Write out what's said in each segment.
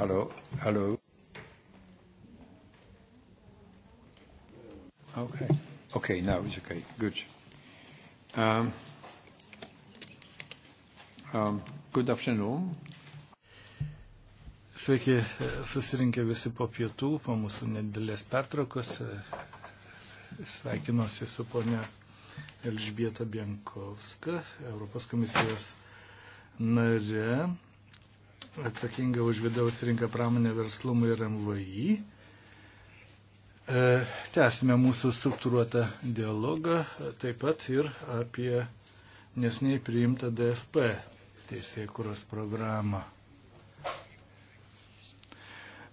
Hello, hello. Okay, okay, now it's okay, good. Um, um, good afternoon. Sveiki, e, susirinkę visi po pietų, po mūsų nedėlės pertraukos. E, sveikinuosi su ponia Elžbieta Bienkovska, Europos komisijos nare atsakinga už vidaus rinką pramonę verslumą ir MVI. E, tęsime mūsų struktūruotą dialogą e, taip pat ir apie nesnei priimtą DFP teisėkuros programą.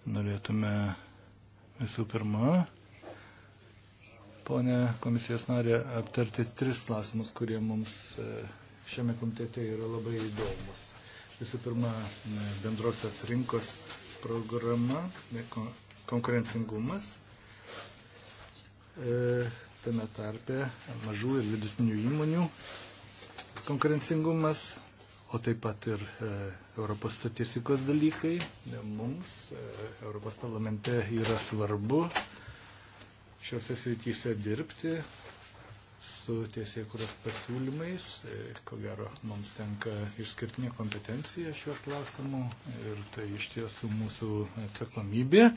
Norėtume visų pirma ponė komisijos narė, aptarti tris klausimus, kurie mums e, šiame komitete yra labai įdomus. Visų pirma, bendrosios rinkos programa, konkurencingumas, e, tame tarpe mažų ir vidutinių įmonių konkurencingumas, o taip pat ir e, Europos statistikos dalykai. Mums e, Europos parlamente yra svarbu šiuose srityse dirbti, su tiesiekuros pasiūlymais. E, ko gero, mums tenka išskirtinė kompetencija šiuo klausimu ir tai iš tiesų mūsų atsakomybė.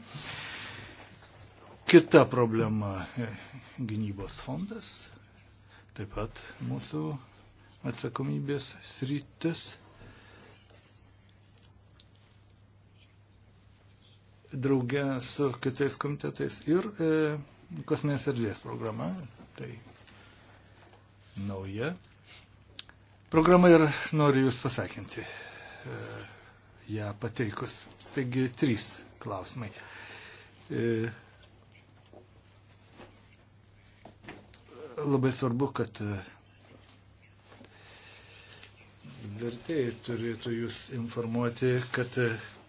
Kita problema e, - gynybos fondas, taip pat mūsų atsakomybės sritis. Drauge su kitais komitetais ir e, kosminės erdvės programa, tai nauja programa ir noriu Jūs pasakinti e, ją pateikus. Taigi trys klausimai. E, labai svarbu, kad e, vertėjai turėtų Jūs informuoti, kad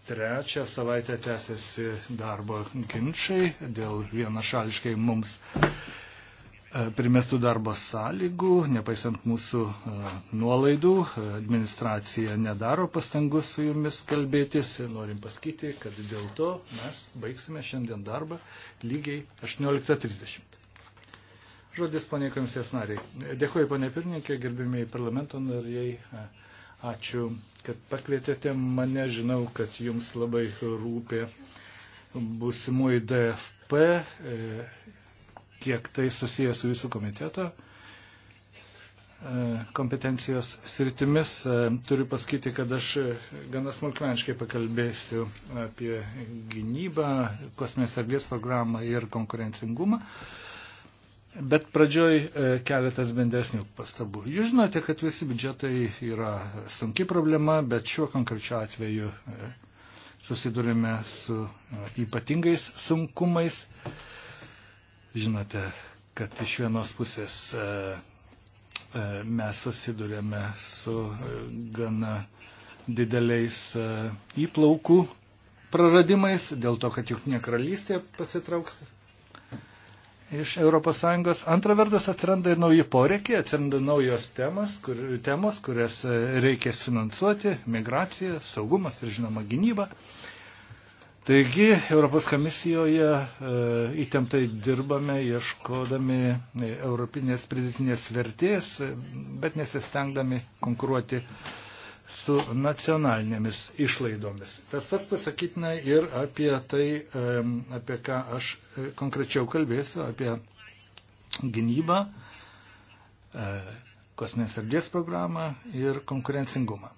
trečią savaitę tęsiasi darbo ginčiai dėl vienašališkai mums E, primestų darbo sąlygų, nepaisant mūsų e, nuolaidų, e, administracija nedaro pastangų su jumis kalbėtis ir norim pasakyti, kad dėl to mes baigsime šiandien darbą lygiai 18.30. Žodis, ponė komisijos nariai. Dėkuoju, ponė pirmininkė, gerbimieji parlamento nariai. Ačiū, kad pakvietėte mane. Žinau, kad jums labai rūpė būsimųjų DFP kiek tai susijęs su jūsų komiteto e, kompetencijos sritimis. E, turiu pasakyti, kad aš e, gana smulkmeniškai pakalbėsiu apie gynybą, kosminės erdvės programą ir konkurencingumą. Bet pradžioj keletas bendresnių pastabų. Jūs žinote, kad visi biudžetai yra sunki problema, bet šiuo konkrečiu atveju susidurime su ypatingais sunkumais. Žinote, kad iš vienos pusės e, e, mes susidurėme su e, gana dideliais įplaukų praradimais, dėl to, kad juk ne karalystė pasitrauks iš ES. Antra vertus atsiranda ir nauji poreikiai, atsiranda naujos temas, kur, temos, kurias reikės finansuoti - migracija, saugumas ir žinoma gynyba. E, Taigi Europos komisijoje e, įtemptai dirbame, ieškodami e, europinės pridėtinės vertės, bet nesistengdami konkuruoti su nacionalinėmis išlaidomis. Tas pats pasakytina ir apie tai, e, apie ką aš e, konkrečiau kalbėsiu, apie gynybą, e, kosminės erdvės programą ir konkurencingumą.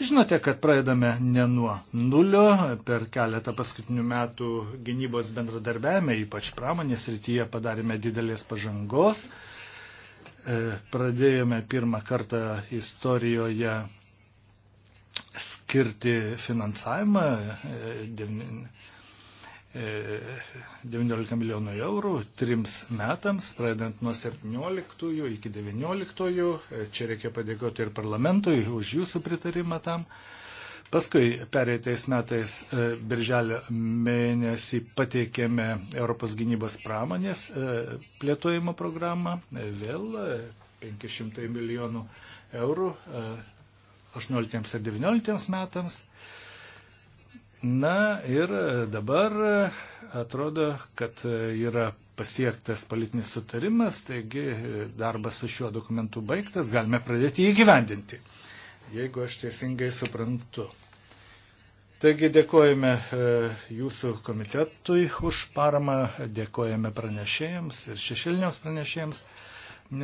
Žinote, kad pradedame ne nuo nulio, per keletą paskutinių metų gynybos bendradarbiavime, ypač pramonės rytyje, padarėme didelės pažangos. E, pradėjome pirmą kartą istorijoje skirti finansavimą e, 19 e, milijonų eurų trims metams, pradedant nuo 17 iki 19. E, čia reikia padėkoti ir parlamentui už jūsų pritarimą tam. Paskui pereitais metais e, birželio mėnesį pateikėme Europos gynybos pramonės plėtojimo programą. Vėl 500 milijonų eurų 18 ir 19 metams. Na ir dabar atrodo, kad yra pasiektas politinis sutarimas, taigi darbas su šiuo dokumentu baigtas, galime pradėti jį gyvendinti, jeigu aš teisingai suprantu. Taigi dėkojame e, jūsų komitetui už paramą, dėkojame pranešėjams ir šešėliniams pranešėjams,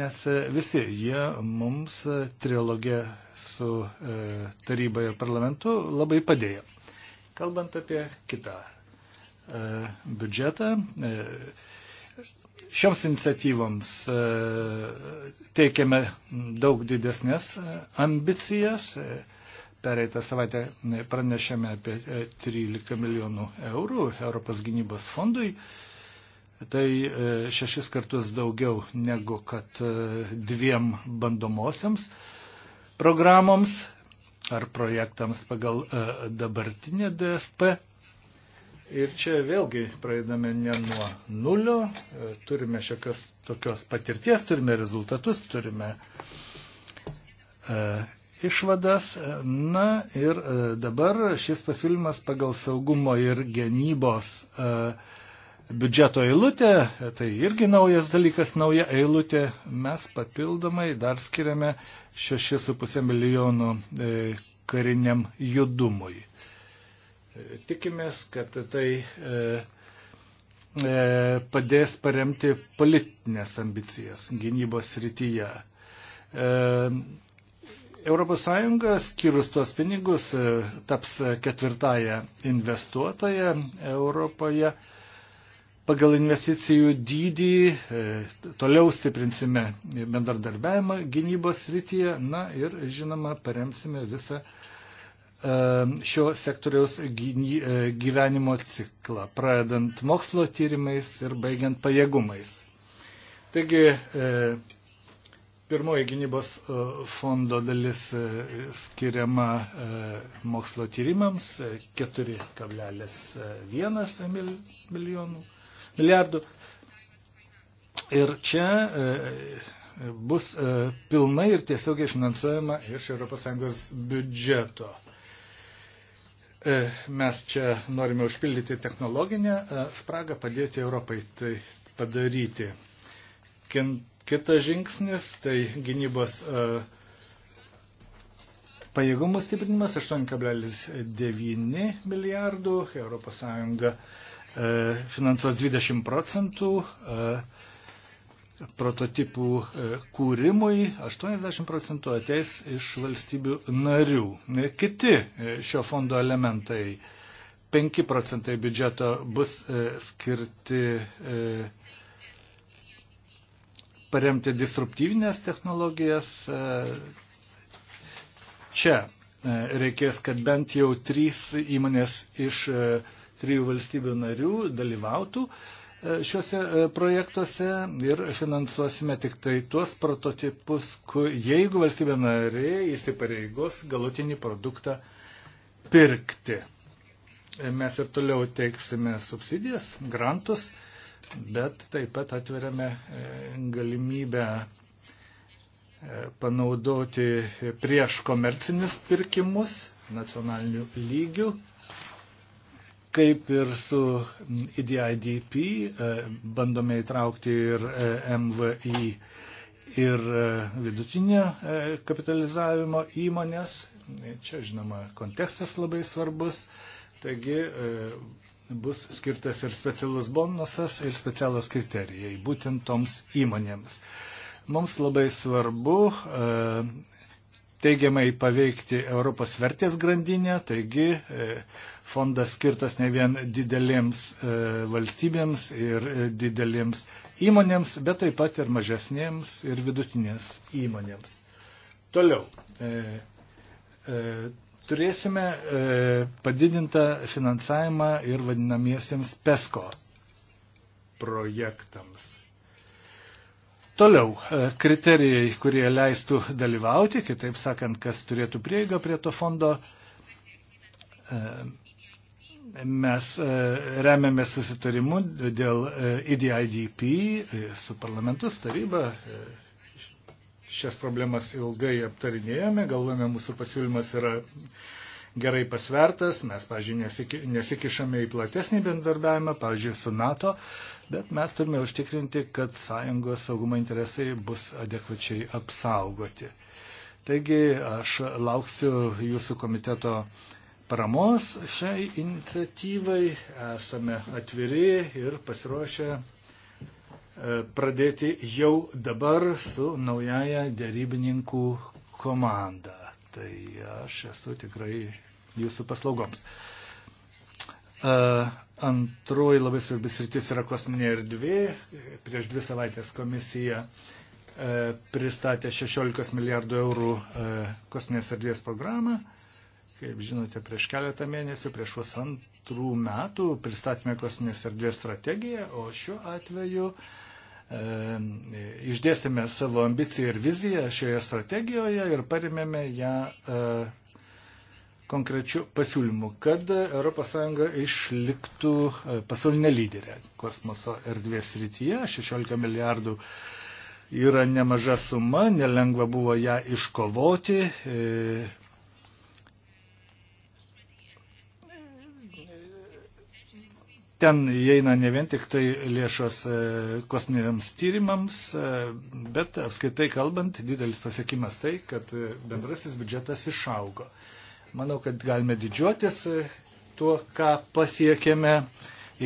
nes visi jie mums trilogė su e, taryba ir parlamentu labai padėjo. Kalbant apie kitą e, biudžetą, e, šioms iniciatyvoms e, teikiame daug didesnės ambicijas. Pereitą savaitę pranešėme apie 13 milijonų eurų Europos gynybos fondui. Tai šešis kartus daugiau negu kad dviem bandomosiams programoms ar projektams pagal e, dabartinę DFP. Ir čia vėlgi praeidame ne nuo nulio, e, turime šiokios tokios patirties, turime rezultatus, turime e, išvadas. Na ir e, dabar šis pasiūlymas pagal saugumo ir gynybos e, biudžeto eilutę, e, tai irgi naujas dalykas, nauja eilutė, mes papildomai dar skiriame 6,5 milijonų e, kariniam judumui. E, tikimės, kad tai e, padės paremti politinės ambicijas gynybos rytyje. ES skirus tuos pinigus taps ketvirtąją investuotoją Europoje pagal investicijų dydį e, toliau stiprinsime bendradarbiavimą gynybos srityje, na ir žinoma, paremsime visą e, šio sektoriaus e, gyvenimo ciklą, pradedant mokslo tyrimais ir baigiant pajėgumais. Taigi, pirmoji gynybos fondo dalis skiriama mokslo tyrimams 4,1 milijonų milijardų. Ir čia e, bus e, pilnai ir tiesiogiai finansuojama iš ES biudžeto. E, mes čia norime užpildyti technologinę spragą, padėti Europai tai padaryti. Kitas žingsnis tai gynybos pajėgumų stiprinimas 8,9 milijardų. ES E, finansuos 20 procentų, e, prototipų e, kūrimui 80 procentų ateis iš valstybių narių. Kiti šio fondo elementai 5 procentai biudžeto bus skirti paremti disruptyvinės technologijas. Čia reikės, kad bent jau trys įmonės iš trijų valstybių narių dalyvautų e, šiuose e, projektuose ir finansuosime tik tai tuos prototipus, jeigu valstybė narė įsipareigos galutinį produktą pirkti. E, mes ir toliau teiksime subsidijas, grantus, bet taip pat atveriame galimybę panaudoti prieš komercinius pirkimus nacionalinių lygių Kaip ir su e IDIDP e, bandome įtraukti ir e, MVI ir vidutinio kapitalizavimo įmonės. Čia, žinoma, kontekstas labai svarbus. Taigi bus skirtas ir specialus bonusas, ir specialus kriterijai būtent toms įmonėms. Mums labai svarbu teigiamai paveikti Europos vertės grandinę, taigi e, fondas skirtas ne vien didelėms e, valstybėms ir e, didelėms įmonėms, bet taip pat ir mažesnėms ir vidutinėms įmonėms. Toliau. Turėsime padidintą finansavimą ir vadinamiesiems PESCO projektams. Toliau e, kriterijai, kurie leistų dalyvauti, kitaip sakant, kas turėtų prieigą prie to fondo. E, mes e, remiame susitarimu dėl EDIDP su parlamentus taryba. Šias problemas ilgai aptarinėjome, galvojame, mūsų pasiūlymas yra gerai pasvertas, mes, pažiūrėjau, nesikišame į platesnį bendarbiavimą, pažiūrėjau, su NATO, bet mes turime užtikrinti, kad sąjungos saugumo interesai bus adekvačiai apsaugoti. Taigi aš lauksiu jūsų komiteto paramos šiai iniciatyvai, esame atviri ir pasiruošę e, pradėti jau dabar su naujaja dėrybininkų komanda tai aš esu tikrai jūsų paslaugoms. Antroji labai svarbi sritis yra kosminė erdvė. Prieš dvi savaitės komisija pristatė 16 milijardų eurų kosminės erdvės programą. Kaip žinote, prieš keletą mėnesių, prieš pusantrų metų pristatėme kosminės erdvės strategiją, o šiuo atveju uh, Ehm, išdėsime savo ambiciją ir viziją šioje strategijoje ir paremėme ją ehm, konkrečių pasiūlymų, kad ES išliktų e, pasaulinė lyderė kosmoso erdvės rytyje. 16 milijardų yra nemaža suma, nelengva buvo ją iškovoti. E, ten įeina ne vien tik tai lėšos e, kosminiams tyrimams, e, bet apskaitai kalbant, didelis pasiekimas tai, kad e, bendrasis biudžetas išaugo. Manau, kad galime didžiuotis tuo, ką pasiekėme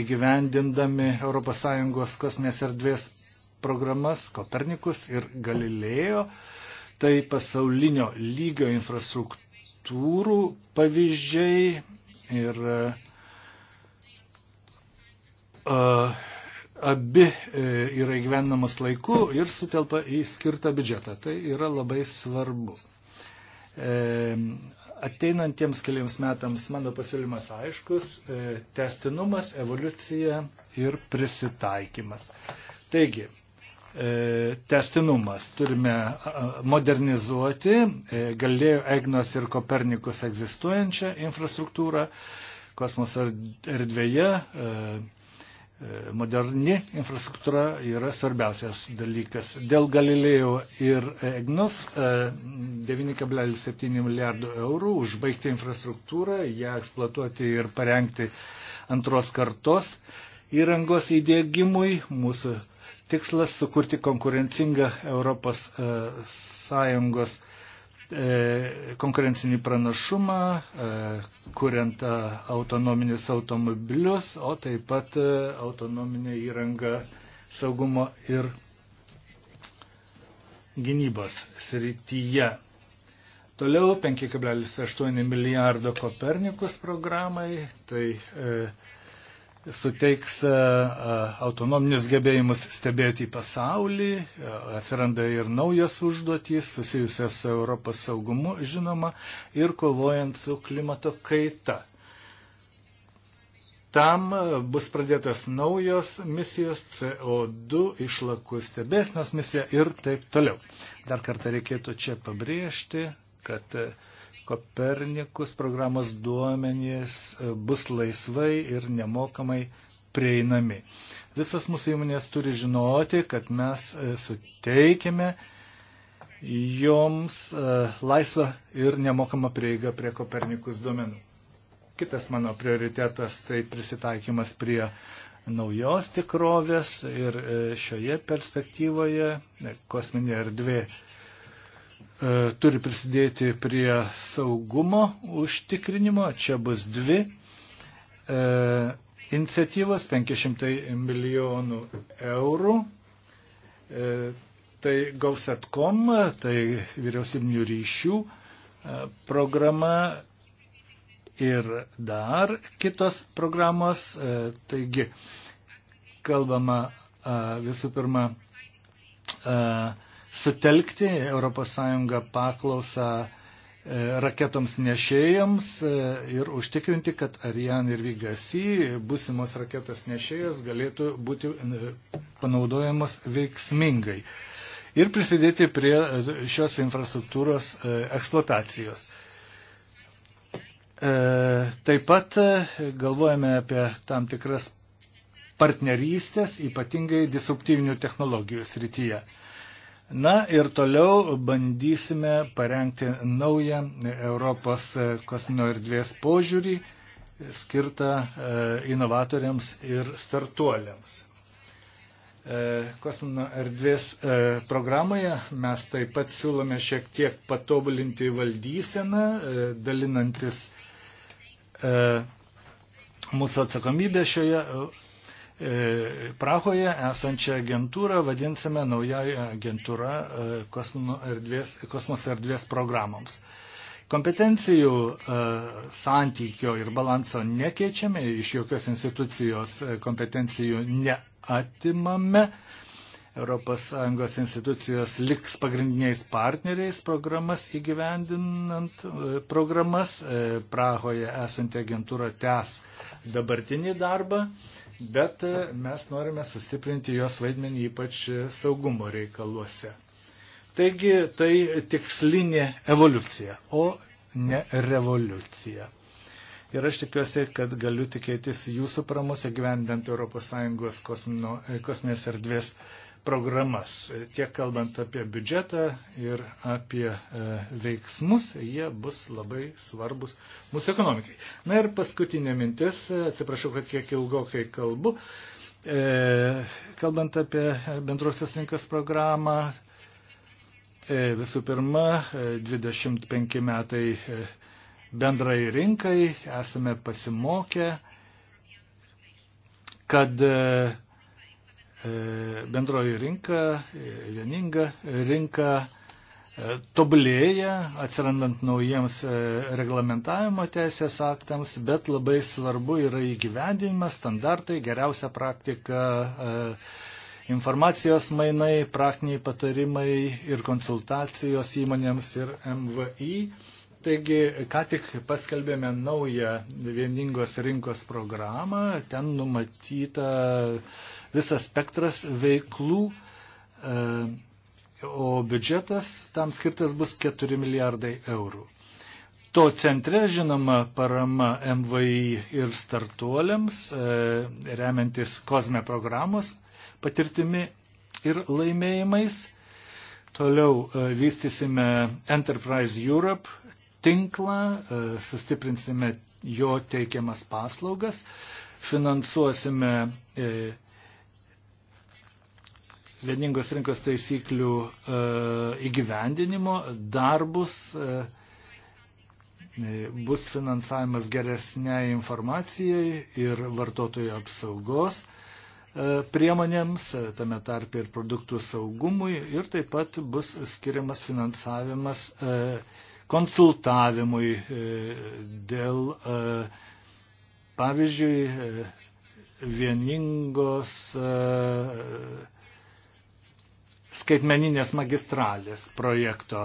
įgyvendindami ES kosminės erdvės programas Kopernikus ir Galilėjo. Tai pasaulinio lygio infrastruktūrų pavyzdžiai ir uh, abi e, yra įgyvendamos laiku ir sutelpa į skirtą biudžetą. Tai yra labai svarbu. E, ateinantiems keliams metams mano pasiūlymas aiškus e, - testinumas, evoliucija ir prisitaikymas. Taigi, testinumas turime modernizuoti Galėjo Egnos ir Kopernikus egzistuojančią infrastruktūrą kosmoso erdvėje moderni infrastruktūra yra svarbiausias dalykas. Dėl Galilėjo ir EGNOS 9,7 e, milijardų eurų užbaigti infrastruktūrą, ją eksploatuoti ir parengti antros kartos įrangos įdėgymui. Mūsų tikslas sukurti konkurencingą Europos e, Sąjungos E, konkurencinį pranašumą, e, kuriant e, autonominius automobilius, o taip pat autonominę įrangą saugumo ir gynybos srityje. Toliau 5,8 milijardo Kopernikus programai, tai e, suteiks e, e, autonominius gebėjimus stebėti pasaulį, e, atsiranda ir naujas užduotys susijusios su Europos saugumu, žinoma, ir kovojant su klimato kaita. Tam bus pradėtos naujos misijos CO2 išlakų stebėsnos misija ir taip toliau. Dar kartą reikėtų čia pabrėžti, kad uh, Kopernikus programos duomenys e, bus laisvai ir nemokamai prieinami. Visas mūsų įmonės turi žinoti, kad mes e, suteikime joms e, laisvą ir nemokamą prieigą prie Kopernikus duomenų. Kitas mano prioritetas tai prisitaikymas prie naujos tikrovės ir šioje perspektyvoje kosminė erdvė E, turi prisidėti prie saugumo užtikrinimo. Čia bus dvi e, iniciatyvas 500 milijonų eurų. E, tai GovSatcom, tai vyriausybinių ryšių programa ir dar kitos programos. Taigi, kalbama visų pirma sutelkti ES paklausą e, raketoms nešėjams e, ir užtikrinti, kad Ariane ir Vigasi, būsimos raketos nešėjas, galėtų būti e, panaudojamos veiksmingai ir prisidėti prie šios infrastruktūros eksploatacijos. Taip pat galvojame apie tam tikras partnerystės, ypatingai disruptyvinių technologijų srityje. Na ir toliau bandysime parengti naują Europos kosminio erdvės požiūrį skirtą e, inovatoriams ir startuoliams. E, kosminio erdvės e, programoje mes taip pat siūlome šiek tiek patobulinti valdyseną, dalinantis mūsų atsakomybė šioje E, Prahoje esančią agentūrą vadinsime naująją agentūrą e, kosmoso erdvės, kosmos erdvės programoms. Kompetencijų e, santykio ir balanso nekeičiame, iš jokios institucijos kompetencijų neatimame. ES institucijos liks pagrindiniais partneriais programas įgyvendinant programas. Prahoje esanti agentūra tęs dabartinį darbą bet e, mes norime sustiprinti jos vaidmenį ypač e, saugumo reikaluose. Taigi tai tikslinė evoliucija, o ne revoliucija. Ir aš tikiuosi, kad galiu tikėtis jūsų paramos įgyvendant ES e, kosminės erdvės programas. Tiek kalbant apie biudžetą ir apie e, veiksmus, jie bus labai svarbus mūsų ekonomikai. Na ir paskutinė mintis, e, atsiprašau, kad kiek ilgokai kalbu. E, kalbant apie bendrosios rinkos programą, visų pirma, 25 metai bendrai rinkai esame pasimokę, kad E, bendroji rinka, e, vieninga rinka e, tobulėja, atsirandant naujiems reglamentavimo teisės aktams, bet labai svarbu yra įgyvendinimas, standartai, geriausia praktika, informacijos mainai, praktiniai patarimai ir konsultacijos įmonėms ir MVI. Taigi, ką tik paskelbėme naują vieningos rinkos programą, ten numatyta uh, visas spektras veiklų, e, o biudžetas tam skirtas bus 4 milijardai eurų. To centre, žinoma, parama MVI ir startuoliams, e, remiantis kozme programos patirtimi ir laimėjimais. Toliau e, vystysime Enterprise Europe tinklą, sustiprinsime jo teikiamas paslaugas, finansuosime vieningos rinkos taisyklių e, įgyvendinimo darbus e, e, bus finansavimas geresniai informacijai ir vartotojų apsaugos priemonėms, tame tarp ir produktų saugumui ir taip pat bus skiriamas finansavimas konsultavimui dėl, pavyzdžiui, vieningos skaitmeninės magistralės projekto.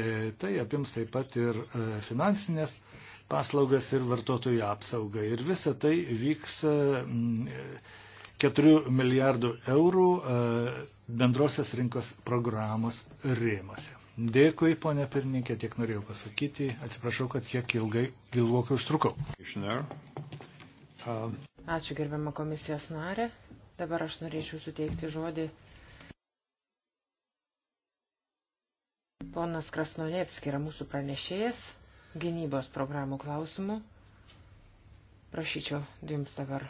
E, tai apims taip pat ir e, finansinės paslaugas ir vartotojų apsaugą. Ir visa tai vyks 4 e, milijardų eurų bendrosios rinkos programos rėmose. Dėkui, ponė pirmininkė, tiek norėjau pasakyti. Atsiprašau, kad kiek ilgai, ilgokai užtrukau. Ačiū gerbiamą komisijos narę. Dabar aš norėčiau suteikti žodį Ponas Krasnodėpski yra mūsų pranešėjas gynybos programų klausimų. Prašyčiau jums dabar,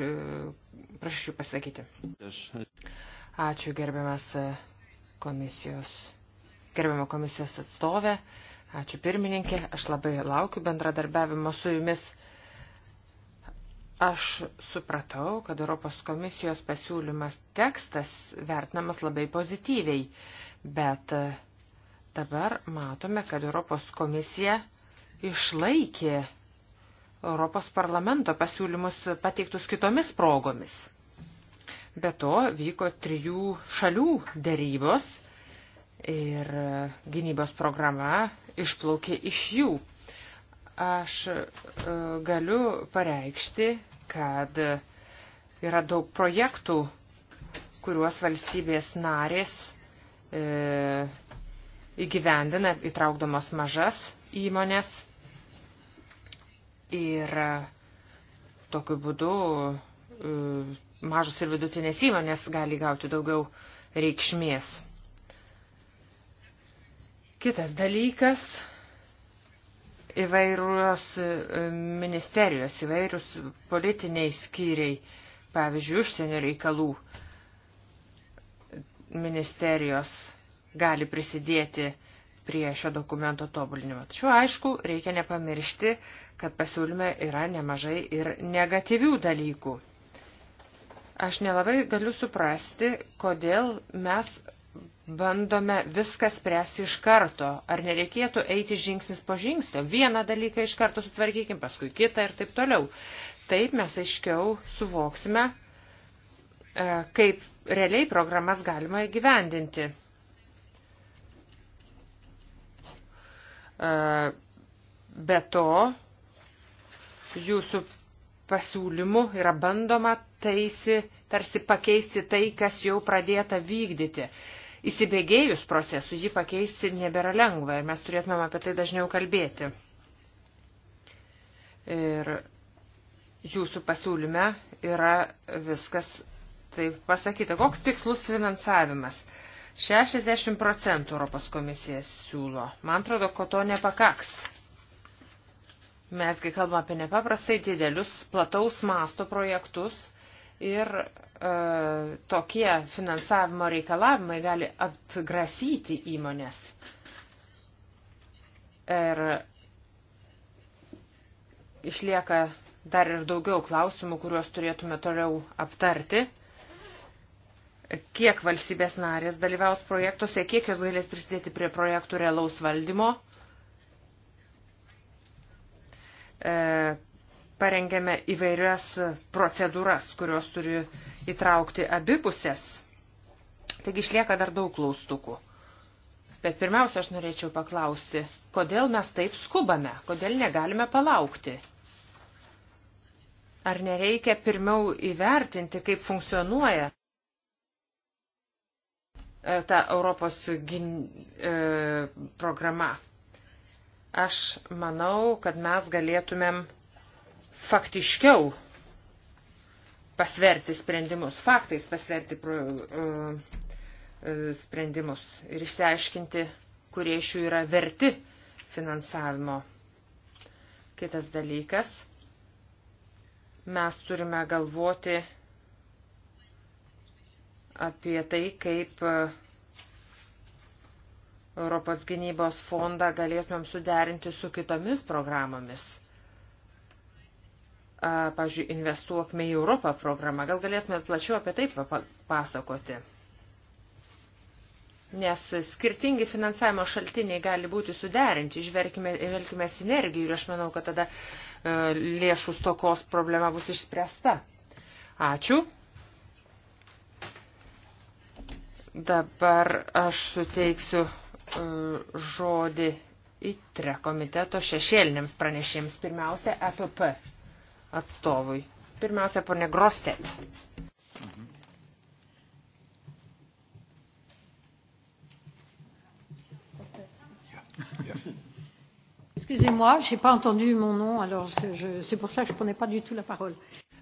e, prašyčiau pasakyti. Ačiū gerbiamas e, komisijos, gerbiamo komisijos atstovė, ačiū pirmininkė, aš labai laukiu bendradarbiavimo su jumis. Aš supratau, kad Europos komisijos pasiūlymas tekstas vertinamas labai pozityviai, bet uh, Dabar matome, kad Europos komisija išlaikė Europos parlamento pasiūlymus pateiktus kitomis progomis. Be to vyko trijų šalių dėrybos ir gynybos programa išplaukė iš jų. Aš e, galiu pareikšti, kad yra daug projektų, kuriuos valstybės narės e, įgyvendina, įtraukdamos mažas įmonės. Ir e, tokiu būdu e, mažos ir vidutinės įmonės gali gauti daugiau reikšmės. Kitas dalykas - įvairios e, ministerijos, įvairius politiniai skyriai, pavyzdžiui, užsienio reikalų ministerijos gali prisidėti prie šio dokumento tobulinimo. Tačiau aišku, reikia nepamiršti, kad pasiūlyme yra nemažai ir negatyvių dalykų. Aš nelabai galiu suprasti, kodėl mes bandome viską spręsti iš karto. Ar nereikėtų eiti žingsnis po žingsnio? Vieną dalyką iš karto sutvarkykim, paskui kitą ir taip toliau. Taip mes aiškiau suvoksime, e, kaip realiai programas galima įgyvendinti. E, be to, jūsų pasiūlymu yra bandoma taisi, tarsi pakeisti tai, kas jau pradėta vykdyti. Įsibėgėjus procesų jį pakeisti nebėra lengva ir mes turėtumėm apie tai dažniau kalbėti. Ir jūsų pasiūlyme yra viskas taip pasakyta. Koks tikslus finansavimas? Uh, 60 procentų Europos komisija siūlo. Man atrodo, ko to nepakaks. Mesgi kalbame apie nepaprastai didelius, plataus masto projektus ir e, tokie finansavimo reikalavimai gali atgrasyti įmonės. Ir išlieka dar ir daugiau klausimų, kuriuos turėtume toliau aptarti kiek valstybės narės dalyvaus projektuose, kiek jos galės prisidėti prie projektų realaus valdymo. E, parengėme įvairias procedūras, kurios turi įtraukti abipusės. Taigi išlieka dar daug klaustukų. Bet pirmiausia, aš norėčiau paklausti, kodėl mes taip skubame, kodėl negalime palaukti. Ar nereikia pirmiau įvertinti, kaip funkcionuoja E, ta Europos gyn, e, programa. Aš manau, kad mes galėtumėm faktiškiau pasverti sprendimus, faktais pasverti pro, e, e, sprendimus ir išsiaiškinti, kurie iš jų yra verti finansavimo. Kitas dalykas, mes turime galvoti apie tai, kaip e, Europos gynybos fondą galėtumėm suderinti su kitomis programomis. Pavyzdžiui, investuokime į Europą programą. Gal galėtumėt plačiau apie tai papasakoti? Nes skirtingi finansavimo šaltiniai gali būti suderinti, žvelgime, žvelgime sinergijų ir aš manau, kad tada e, lėšų stokos problema bus išspręsta. Ačiū. Dabar aš suteiksiu uh, žodį į tre komiteto šešėliniams pranešėjams. Pirmiausia, FP atstovui. Pirmiausia, ponė Grostet. Mhm. Excusez-moi, je n'ai pas entendu mon nom, alors c'est pour ça que je ne prenais pas du tout la parole.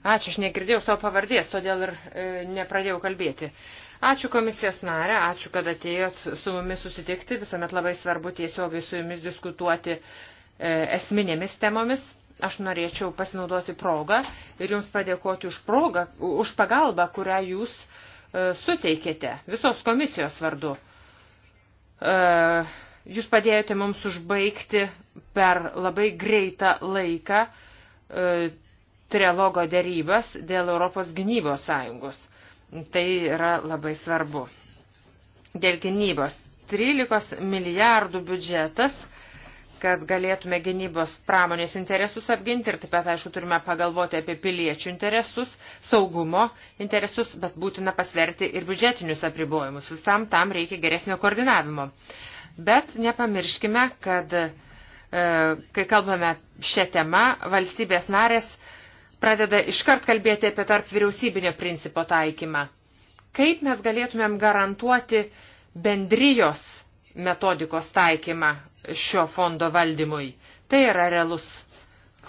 Ačiū, aš negirdėjau savo pavardės, todėl ir e, nepradėjau kalbėti. E, Ačiū komisijos narė, ačiū, kad atėjot su mumis susitikti. Visuomet labai svarbu tiesiogiai su jumis diskutuoti e, esminėmis temomis. Aš norėčiau pasinaudoti progą ir jums padėkoti už, progą, už pagalbą, kurią jūs e, suteikėte visos komisijos vardu. E, jūs padėjote mums užbaigti per labai greitą laiką e, trilogo dėrybas dėl Europos gynybos sąjungos. Tai yra labai svarbu. Dėl gynybos. 13 milijardų biudžetas, kad galėtume gynybos pramonės interesus apginti ir taip pat, aišku, turime pagalvoti apie piliečių interesus, saugumo interesus, bet būtina pasverti ir biudžetinius apribojimus. Visam tam reikia geresnio koordinavimo. Bet nepamirškime, kad e, kai kalbame šią temą, valstybės narės pradeda iškart kalbėti apie tarp vyriausybinio principo taikymą. Kaip mes galėtumėm garantuoti bendrijos metodikos taikymą šio fondo valdymui? Tai yra realus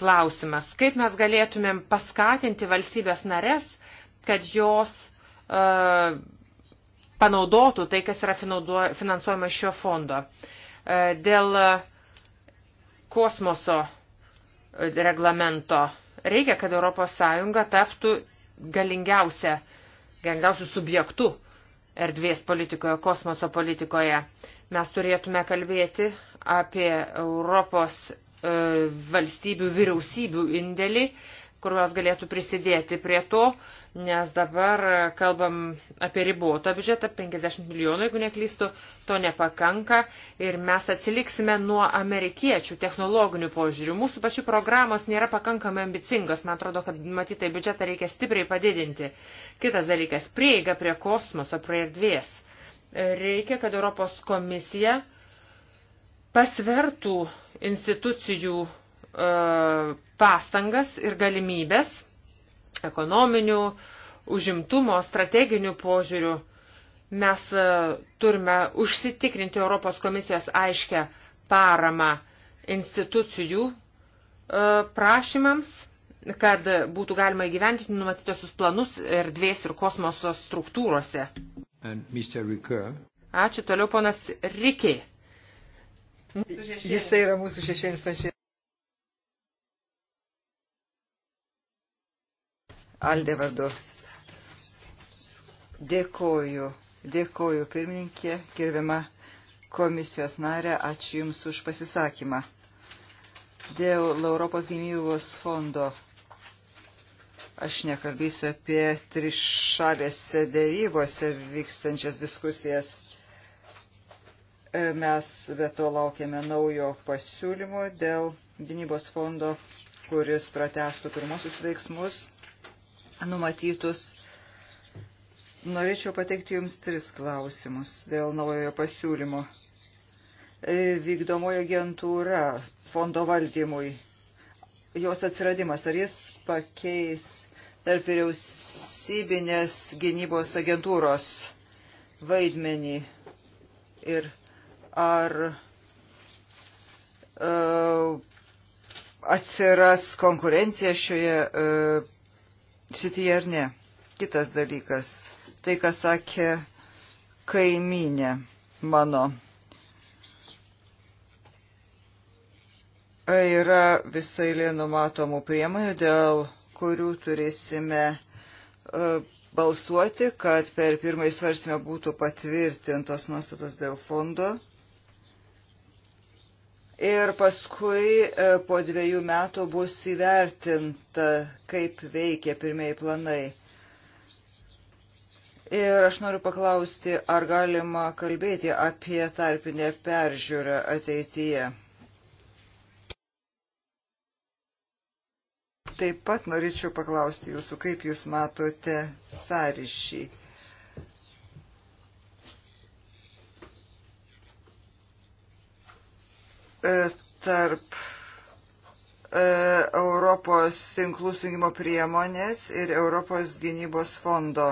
klausimas. Kaip mes galėtumėm paskatinti valstybės narės, kad jos uh, panaudotų tai, kas yra finansuojama iš šio fondo. Uh, dėl uh, kosmoso reglamento uh, Reikia, kad ES taptų galingiausia, galingiausių subjektų erdvės politikoje, kosmoso politikoje. Mes turėtume kalbėti apie Europos e, valstybių vyriausybių indėlį, kurios galėtų prisidėti prie to, e, nes dabar kalbam apie ribotą biudžetą, 50 milijonų, jeigu neklystu, to nepakanka ir mes atsiliksime nuo amerikiečių technologinių požiūrių. Mūsų pačių programos nėra pakankamai ambicingos, man atrodo, kad matytai biudžetą reikia stipriai padidinti. Kitas dalykas - prieiga prie kosmoso, prie erdvės. Reikia, kad Europos komisija pasvertų institucijų e, pastangas ir galimybės ekonominių, užimtumo, strateginių požiūrių mes e, turime užsitikrinti Europos komisijos aiškę paramą institucijų e, prašymams, kad būtų galima įgyventinti numatytosius planus erdvės ir kosmoso struktūrose. Ačiū toliau ponas Rikiai. Jisai yra mūsų šešėlis pačiai. Aldė vardu. Dėkoju, dėkoju pirmininkė, gerbiama komisijos narė, ačiū Jums už pasisakymą. Dėl Europos gynybos fondo aš nekalbėsiu apie trišalėse dėrybose vykstančias diskusijas. Mes be to laukiame naujo pasiūlymo dėl gynybos fondo, kuris pratestų pirmosius veiksmus numatytus. Norėčiau pateikti Jums tris klausimus dėl naujojo pasiūlymo. E, vykdomoji agentūra fondo valdymui, jos atsiradimas, ar jis pakeis tarp vyriausybinės gynybos agentūros vaidmenį ir ar uh, atsiras konkurencija šioje uh, sityje ar ne. Kitas dalykas, tai ką sakė kaiminė mano. Yra visai lė numatomų priemonių, dėl kurių turėsime e, balsuoti, kad per pirmąjį svarstymą būtų patvirtintos nuostatos dėl fondo ir paskui e, po dviejų metų bus įvertinta, kaip veikia pirmieji planai. Ir aš noriu paklausti, ar galima kalbėti apie tarpinę peržiūrą ateityje. Taip pat norėčiau paklausti jūsų, kaip jūs matote sąryšį E, tarp e, Europos tinklų sujungimo priemonės ir Europos gynybos fondo.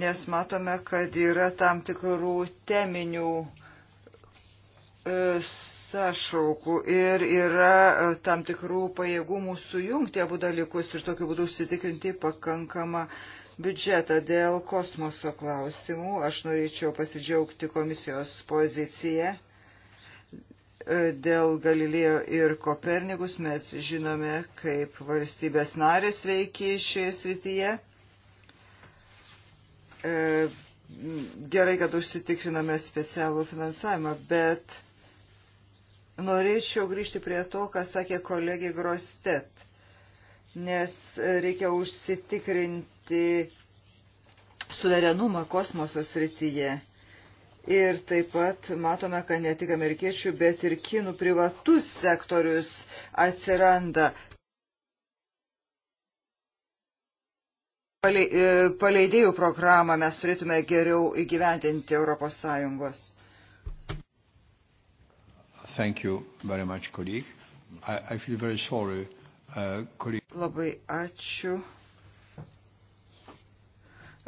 Nes matome, kad yra tam tikrų teminių e, sąšaukų ir yra tam tikrų pajėgumų sujungti abu dalykus ir tokiu būdu užsitikrinti pakankamą uh, biudžetą dėl kosmoso klausimų. Aš norėčiau pasidžiaugti komisijos poziciją e, dėl Galilėjo ir Kopernikus. Mes žinome, kaip valstybės narės veikia šioje srityje. E, gerai, kad užsitikriname specialų finansavimą, bet norėčiau grįžti prie to, ką sakė kolegė Grostet, nes reikia užsitikrinti ginti suverenumą kosmoso srityje. Ir taip pat matome, kad ne tik amerikiečių, bet ir kinų privatus sektorius atsiranda. E, paleidėjų programą mes turėtume geriau įgyventinti Europos Sąjungos. Thank you very much, colleague. I, I feel very sorry, uh, colleague. Labai ačiū.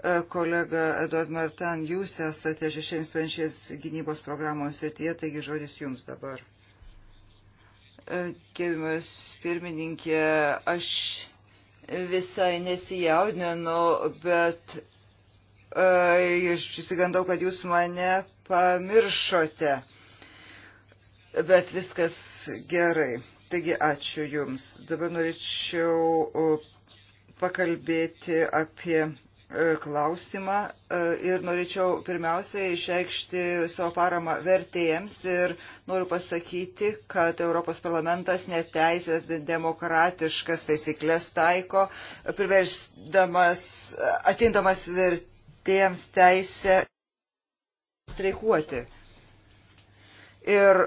E, kolega Eduard Martan, jūs esate šešiems penšiais gynybos programos srityje, taigi žodis jums dabar. E, Gerbimas pirmininkė, aš visai nesijaudinu, bet e, aš įsigandau, kad jūs mane pamiršote. Bet viskas gerai. Taigi ačiū Jums. Dabar norėčiau pakalbėti apie E, klausimą e, ir norėčiau pirmiausiai išreikšti savo paramą vertėjams ir noriu pasakyti, kad Europos parlamentas neteisės demokratiškas taisyklės taiko, priversdamas, atindamas vertėjams teisę streikuoti. Ir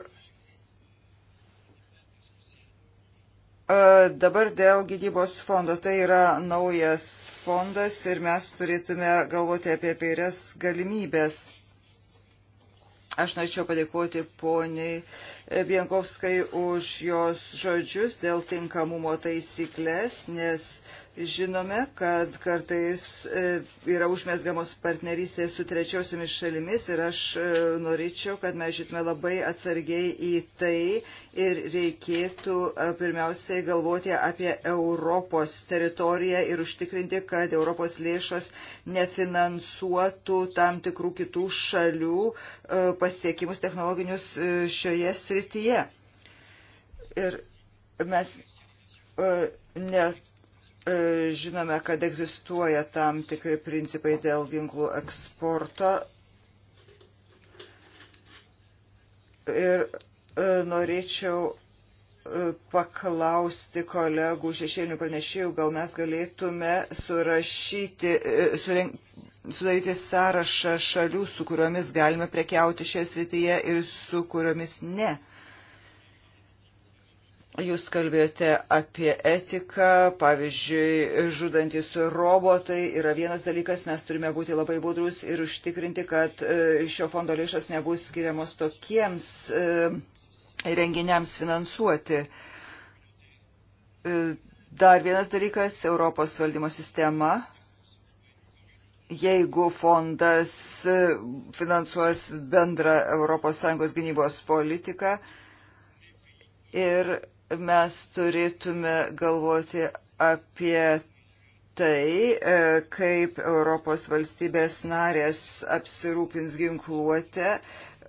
Dabar dėl gynybos fondo. Tai yra naujas fondas ir mes turėtume galvoti apie vairias galimybės. Aš norėčiau padėkoti poniai Bienkovskai už jos žodžius dėl tinkamumo taisyklės, nes Žinome, kad kartais e, yra užmesgamos partnerystės su trečiosiomis šalimis ir aš e, norėčiau, kad mes žytume labai atsargiai į tai ir reikėtų e, pirmiausiai galvoti apie Europos teritoriją ir užtikrinti, kad Europos lėšos nefinansuotų tam tikrų kitų šalių pasiekimus technologinius šioje srityje. Ir mes net E, žinome, kad egzistuoja tam tikri principai dėl ginklų eksporto. Ir e, norėčiau e, paklausti kolegų šešėlinių pranešėjų, gal mes galėtume surašyti, surink, sudaryti sąrašą šalių, su kuriomis galime prekiauti šioje srityje ir su kuriomis ne. Jūs kalbėjote apie etiką, pavyzdžiui, žudantis robotai yra vienas dalykas, mes turime būti labai budrus ir užtikrinti, kad e, šio fondo lėšas nebus skiriamos tokiems e, renginiams finansuoti. E, dar vienas dalykas - Europos valdymo sistema jeigu fondas finansuos bendrą ES gynybos politiką ir mes turėtume galvoti apie tai, e, kaip Europos valstybės narės apsirūpins ginkluotę.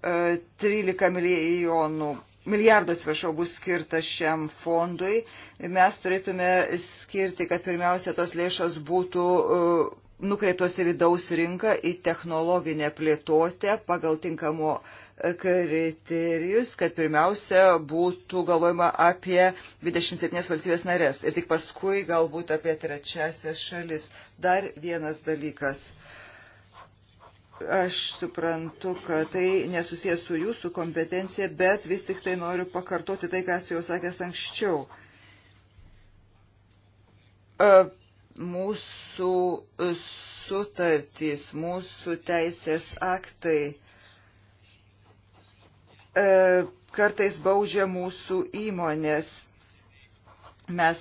13 e, milijonų, milijardų atsiprašau, bus skirta šiam fondui. Mes turėtume skirti, kad pirmiausia tos lėšos būtų e, nukreiptos į vidaus rinką, į technologinę plėtotę pagal tinkamo uh, kriterijus, kad pirmiausia būtų galvojama apie 27 valstybės narės ir tik paskui galbūt apie trečiasias šalis. Dar vienas dalykas. Aš suprantu, kad tai nesusijęs su jūsų kompetencija, bet vis tik tai noriu pakartoti tai, ką jau sakęs anksčiau. E, mūsų sutartys, mūsų teisės aktai E, kartais baudžia mūsų įmonės. Mes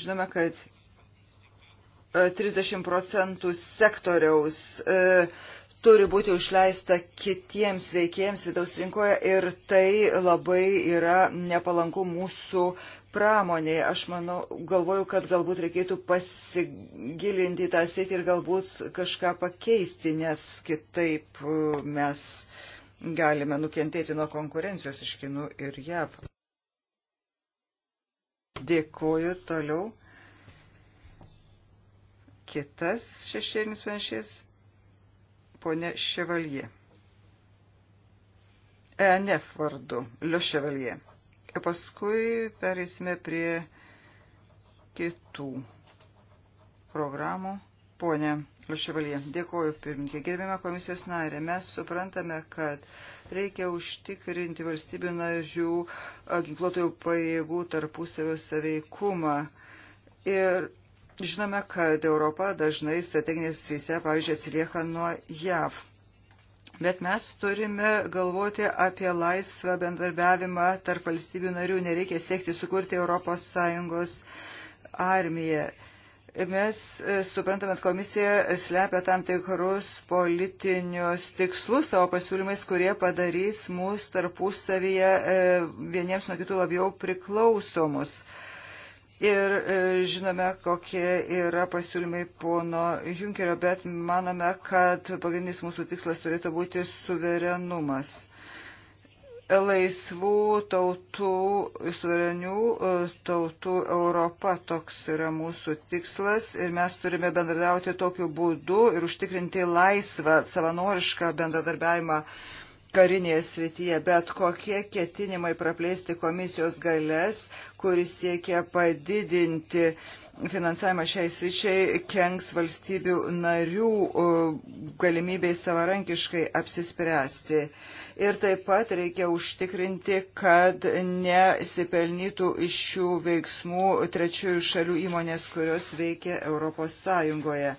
žinome, kad 30 e, procentų sektoriaus e, turi būti užleista kitiems veikėjams vidaus rinkoje ir tai labai yra nepalanku mūsų pramoniai. Aš manau, galvoju, kad galbūt reikėtų pasigilinti tą sėtį ir galbūt kažką pakeisti, nes kitaip mes uh, galime nukentėti nuo konkurencijos iš Kinų ir JAV. Dėkuoju toliau. Kitas šešėlinis panšės, ponė Ševalie. ENF vardu, Liu Ševalie. Ir paskui perėsime prie kitų programų. Ponė Ševalyje. Dėkoju, pirmininkė. Gerbėme komisijos narė. Mes suprantame, kad reikia užtikrinti valstybių narių ginkluotojų pajėgų tarpusavio saveikumą. Ir žinome, kad Europa dažnai strateginės srityse, pavyzdžiui, atsilieka nuo JAV. Bet mes turime galvoti apie laisvą bendarbiavimą tarp valstybių narių. Nereikia siekti sukurti ES armiją Mes e, suprantame, kad komisija slepia tam tikrus politinius tikslus savo pasiūlymais, kurie padarys mus tarpusavyje e, vieniems nuo kitų labiau priklausomus. Ir e, žinome, kokie yra pasiūlymai pono Junkerio, bet manome, kad pagrindinis mūsų tikslas turėtų būti suverenumas laisvų tautų, suverenių e, tautų Europa. Toks yra mūsų tikslas ir mes turime bendradarbiauti tokiu būdu ir užtikrinti laisvą, savanorišką bendradarbiavimą karinėje srityje, bet kokie ketinimai praplėsti komisijos galės, kuris siekia padidinti finansavimą šiai sričiai, kenks valstybių narių e, galimybei savarankiškai apsispręsti ir taip pat reikia užtikrinti, kad nesipelnytų iš šių veiksmų trečiųjų šalių įmonės, kurios veikia Europos Sąjungoje.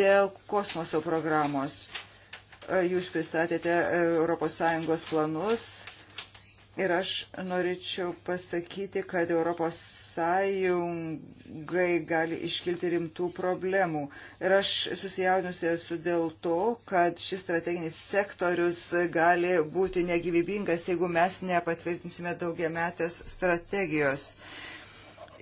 Dėl kosmoso programos jūs pristatėte Europos Sąjungos planus Ir aš norėčiau pasakyti, kad Europos Sąjungai gali iškilti rimtų problemų. Ir aš susijaudinusi esu dėl to, kad šis strateginis sektorius gali būti negyvybingas, jeigu mes nepatvirtinsime daugiametės strategijos. strategijos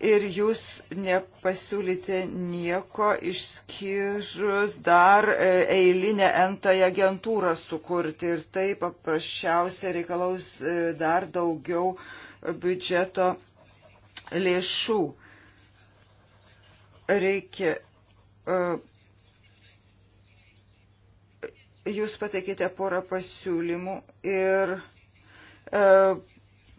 ir jūs nepasiūlyte nieko išskyrus dar e, eilinę entąją agentūrą sukurti ir tai paprasčiausia reikalaus e, dar daugiau biudžeto lėšų. Reikia. E, jūs pateikite porą pasiūlymų ir uh,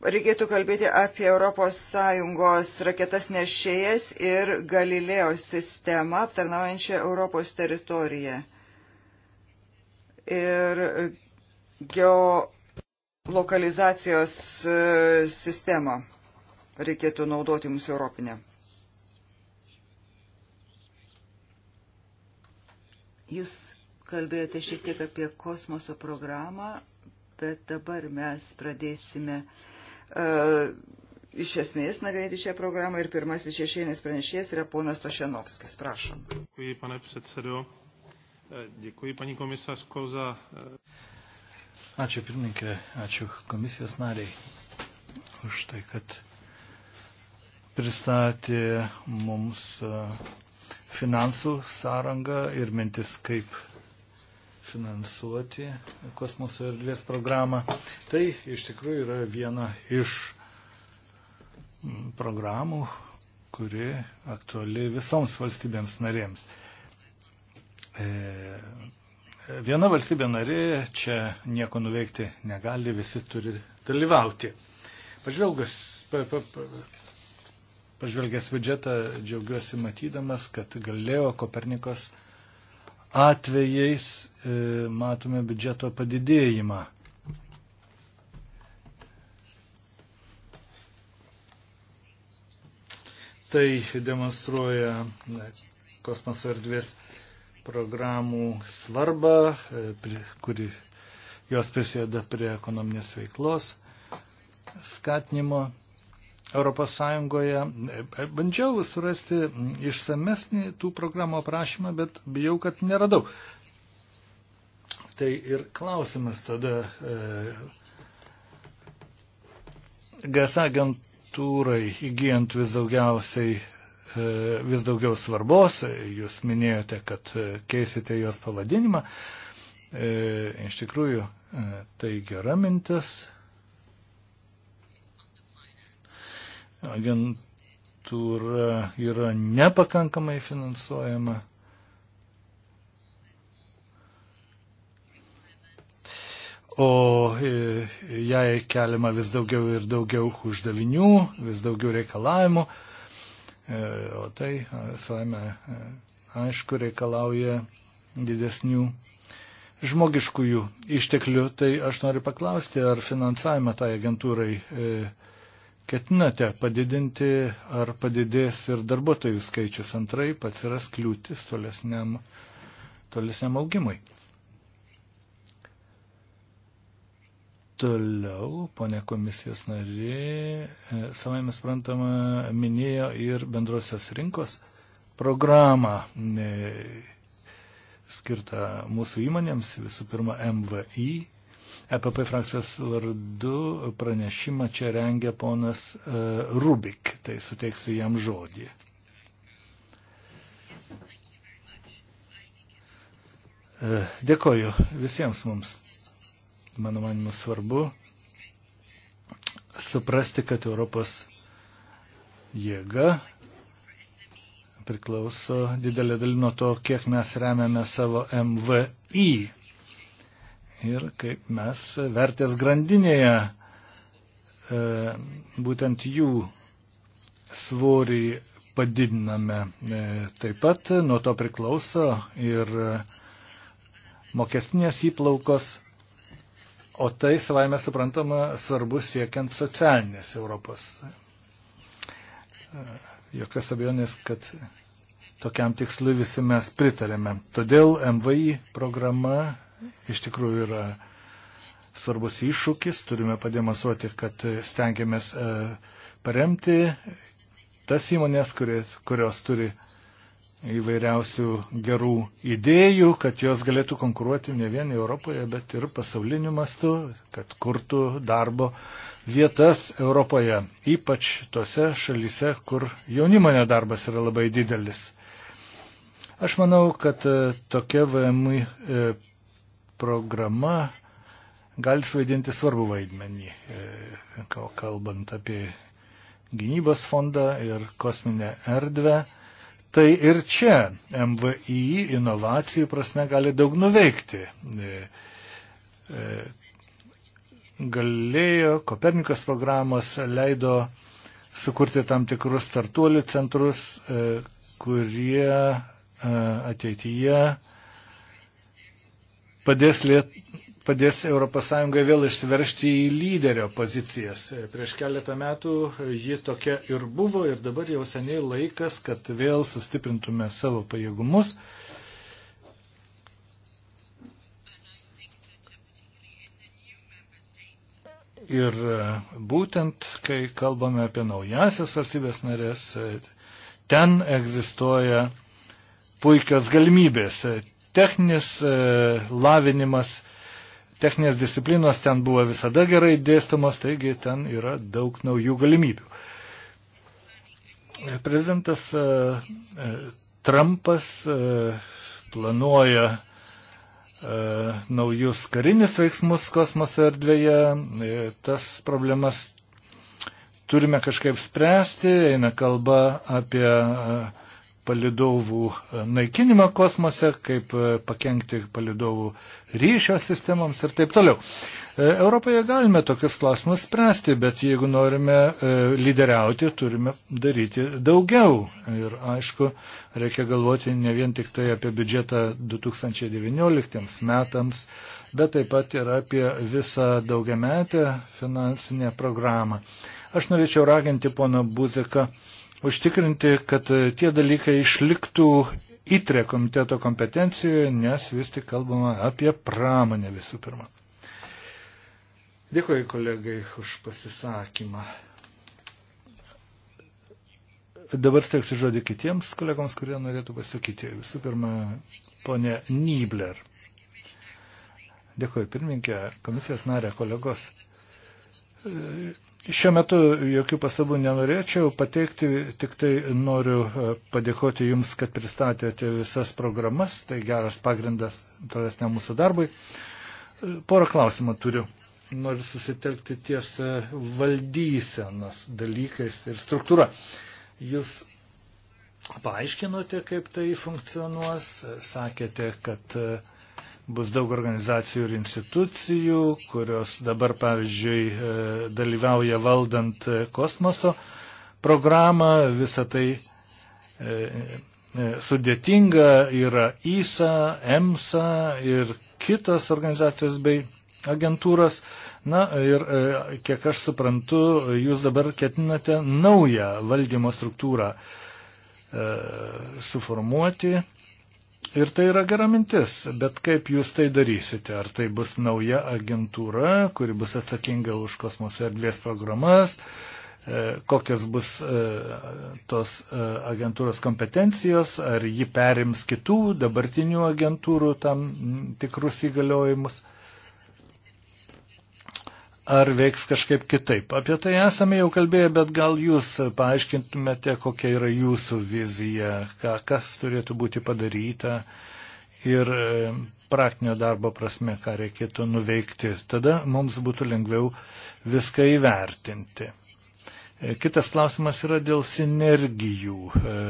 reikėtų kalbėti apie ES raketas nešėjas ir Galileo sistemą aptarnaujančią Europos teritoriją. Ir geolokalizacijos e, sistemą reikėtų naudoti mums Europinę. Jūs kalbėjote šiek tiek apie kosmoso programą, bet dabar mes pradėsime uh, E, iš esmės nagrinėti šią programą ir pirmasis šešėlinis pranešėjas yra ponas Tošenovskis. Prašom. Dėkui, pane predsedo. E, Dėkui, pani komisarko, za. E, ačiū pirmininkė, ačiū komisijos nariai už tai, kad pristatė mums finansų sąrangą ir mintis, kaip finansuoti kosmoso erdvės programą. Tai iš tikrųjų yra viena iš mm, programų, kuri aktuali visoms valstybėms narėms. E, viena valstybė narė čia nieko nuveikti negali, visi turi dalyvauti. Pažvelgus, pa, pa, pa, pažvelgęs biudžetą, džiaugiuosi matydamas, kad Galileo Kopernikos atvejais e, matome biudžeto padidėjimą. Tai demonstruoja e, kosmoso erdvės programų svarbą, e, kuri jos prisėda prie ekonominės veiklos skatinimo ES. E, bandžiau surasti išsamesnį tų programų aprašymą, bet bijau, kad neradau. Tai ir klausimas tada e, GAS agentūrai įgyjant vis daugiausiai e, vis daugiau svarbos, jūs minėjote, kad keisite jos pavadinimą. Iš tikrųjų, tai gera mintis. agentūra yra nepakankamai finansuojama. O e, jai keliama vis daugiau ir daugiau uždavinių, vis daugiau reikalavimų. E, o tai, e, savame, aišku, reikalauja didesnių žmogiškųjų išteklių. Tai aš noriu paklausti, ar finansavimą tai agentūrai ketinate padidinti ar padidės ir darbuotojų skaičius, antraip atsiras kliūtis tolesniam, tolesniam augimui. Toliau, ponė komisijos narė, e, savai mes prantama, minėjo ir bendrosios rinkos programą e, skirtą mūsų įmonėms, visų pirma MVI EPP frakcijos vardu pranešimą čia rengia ponas e, Rubik, tai suteiksiu jam žodį. E, dėkoju visiems mums. Mano manimu svarbu suprasti, kad Europos jėga priklauso didelė dalim nuo to, kiek mes remiame savo MVI ir kaip mes vertės grandinėje e, būtent jų svorį padidiname. E, taip pat nuo to priklauso ir mokestinės įplaukos, o tai savaime suprantama svarbu siekiant socialinės Europos. E, jokios abejonės, kad tokiam tikslui visi mes pritarėme. Todėl MVI programa iš tikrųjų yra svarbus iššūkis, turime pademonstruoti, kad stengiamės e, paremti tas įmonės, kurios, kurios turi įvairiausių gerų idėjų, kad jos galėtų konkuruoti ne vien Europoje, bet ir pasauliniu mastu, kad kurtų darbo vietas Europoje, ypač tose šalyse, kur jaunimo nedarbas yra labai didelis. Aš manau, kad e, tokia VMI e, programa gali suvaidinti svarbų vaidmenį, e, kalbant apie gynybos fondą ir kosminę erdvę. Tai ir čia MVI inovacijų prasme gali daug nuveikti. E, e, galėjo, Kopernikos programos leido sukurti tam tikrus startuolių centrus, kurie ateityje padės, liet, padės ES vėl išsiveršti į lyderio pozicijas. Prieš keletą metų ji tokia ir buvo ir dabar jau seniai laikas, kad vėl sustiprintume savo pajėgumus. Ir būtent, kai kalbame apie naujasias valstybės narės, ten egzistuoja puikios galimybės techninis e, lavinimas, techninės disciplinos ten buvo visada gerai dėstamas, taigi ten yra daug naujų galimybių. Prezidentas e, e, Trumpas planuoja naujus karinius veiksmus kosmoso erdvėje, tas problemas turime kažkaip spręsti, eina kalba apie palidovų e, naikinimą kosmose, kaip e, pakengti palidovų ryšio sistemoms ir taip toliau. E, Europoje galime tokius klausimus spręsti, bet jeigu norime lyderiauti, turime daryti daugiau. Ir aišku, reikia galvoti ne vien tik tai apie biudžetą 2019 metams, bet taip pat ir apie visą daugiametę finansinę programą. Aš norėčiau raginti pono Buzeką užtikrinti, kad tie dalykai išliktų įtre komiteto kompetencijoje, nes vis tik kalbama apie pramonę visų pirma. Dėkuoju kolegai už pasisakymą. Dabar steksiu žodį kitiems kolegoms, kurie norėtų pasakyti. Visų pirma, ponė Nibler. Dėkuoju pirmininkė, komisijos narė, kolegos. Šiuo metu jokių pasabų nenorėčiau pateikti, tik tai noriu e, padėkoti Jums, kad pristatėte visas programas, tai geras pagrindas tolesnė mūsų darbui. E, porą klausimų turiu. Noriu susitelkti ties e, valdysenas dalykais ir struktūra. Jūs paaiškinote, kaip tai funkcionuos, sakėte, kad uh, bus daug organizacijų ir institucijų, kurios dabar, pavyzdžiui, e, dalyvauja valdant e, kosmoso programą. Visą tai e, sudėtinga yra ISA, EMSA ir kitos organizacijos bei agentūros. Na ir, kiek aš suprantu, jūs dabar ketinate naują valdymo struktūrą suformuoti Ir tai yra gera mintis, bet kaip jūs tai darysite? Ar tai bus nauja agentūra, kuri bus atsakinga už kosmoso erdvės programas? E, kokios bus e, tos e, agentūros kompetencijos, ar ji perims kitų dabartinių agentūrų tam tikrus įgaliojimus ar veiks kažkaip kitaip. Apie tai esame jau kalbėję, bet gal jūs paaiškintumėte, kokia yra jūsų vizija, ką, kas turėtų būti padaryta ir e, praktinio darbo prasme, ką reikėtų nuveikti. Tada mums būtų lengviau viską įvertinti. E, kitas klausimas yra dėl sinergijų e,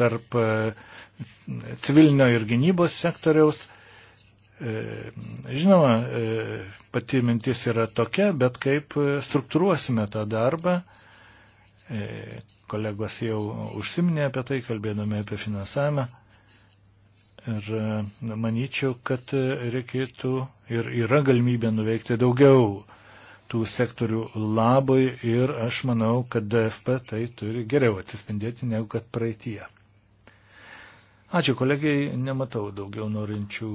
tarp civilinio ir gynybos sektoriaus E, žinoma, e, pati mintis yra tokia, bet kaip e, struktūruosime tą darbą. Kolegos jau užsiminė apie tai, kalbėdami apie finansavimą. Ir manyčiau, kad reikėtų ir yra galimybė nuveikti daugiau tų sektorių labui ir aš manau, kad DFP tai turi geriau atsispindėti negu kad praeitie. Ačiū kolegijai, nematau daugiau norinčių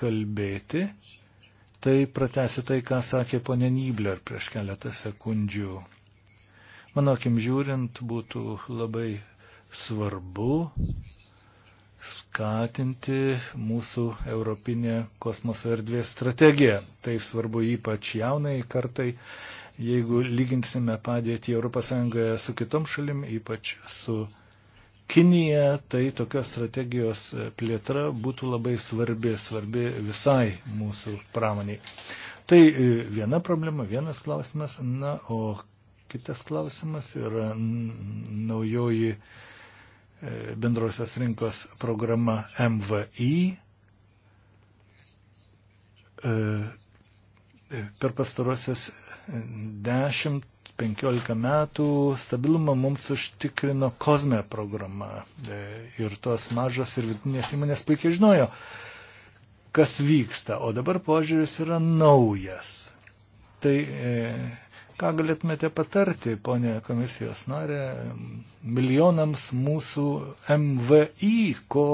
kalbėti, tai pratesi tai, ką sakė ponė Nybler prieš keletą sekundžių. Mano akim žiūrint, būtų labai svarbu skatinti mūsų Europinę kosmoso erdvės strategiją. Tai svarbu ypač jaunai kartai, jeigu lyginsime padėtį ES su kitom šalim, ypač su Kinija, tai tokios strategijos plėtra būtų labai svarbi, svarbi visai mūsų pramoniai. Tai e, viena problema, vienas klausimas, na, o kitas klausimas yra naujoji e, bendrosios rinkos programa MVI. E, per pastarosios dešimt 15 metų stabilumą mums užtikrino kozme programa. E, ir tos mažos ir vidutinės įmonės puikiai žinojo, kas vyksta. O dabar požiūris yra naujas. Tai e, ką galėtumėte patarti, ponė komisijos narė, milijonams mūsų MVI, ko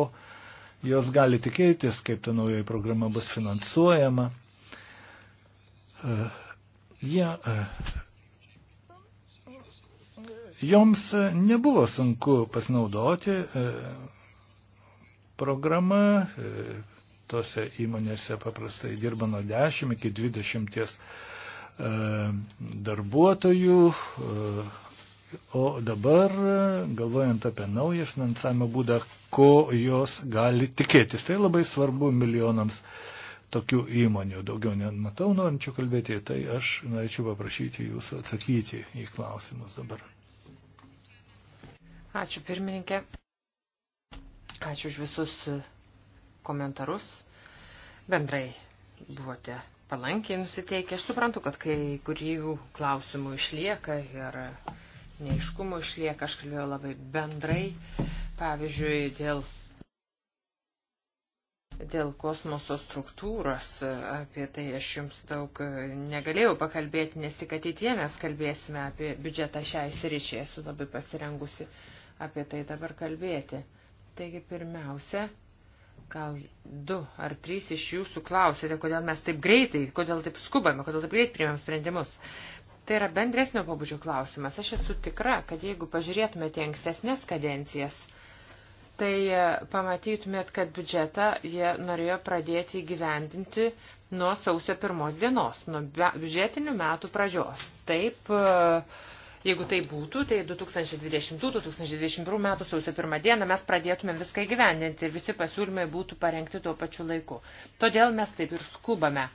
jos gali tikėtis, kaip ta naujoji programa bus finansuojama. E, jie ja, Joms e, nebuvo sunku pasinaudoti e, programą. E, tose įmonėse paprastai dirba nuo 10 iki 20 darbuotojų. O dabar, galvojant apie naują finansavimo būdą, ko jos gali tikėtis. Tai labai svarbu milijonams tokių įmonių. Daugiau nematau norinčių kalbėti, tai aš norėčiau paprašyti jūsų atsakyti į klausimus dabar. Ačiū pirmininkė. Ačiū už visus komentarus. Bendrai buvote palankiai nusiteikę. Aš suprantu, kad kai kurių klausimų išlieka ir neiškumų išlieka. Aš kalbėjau labai bendrai. Pavyzdžiui, dėl, dėl kosmoso struktūros apie tai aš jums daug negalėjau pakalbėti, nes tik ateitie mes kalbėsime apie biudžetą šiai sričiai. Esu labai pasirengusi uh, apie tai dabar kalbėti. Taigi pirmiausia, gal du ar trys iš jūsų klausėte, kodėl mes taip greitai, kodėl taip skubame, kodėl taip greit priimam sprendimus. Tai yra bendresnio pabudžio klausimas. Aš esu tikra, kad jeigu pažiūrėtumėte ankstesnės kadencijas, tai e, pamatytumėt, kad biudžetą jie norėjo pradėti įgyvendinti nuo sausio pirmos dienos, nuo biudžetinių metų pradžios. Taip. Uh, Jeigu tai būtų, tai 2020-2021 metų sausio pirmą dieną mes pradėtumėm viską įgyvendinti ir visi pasiūlymai būtų parengti tuo pačiu laiku. Todėl mes taip ir skubame.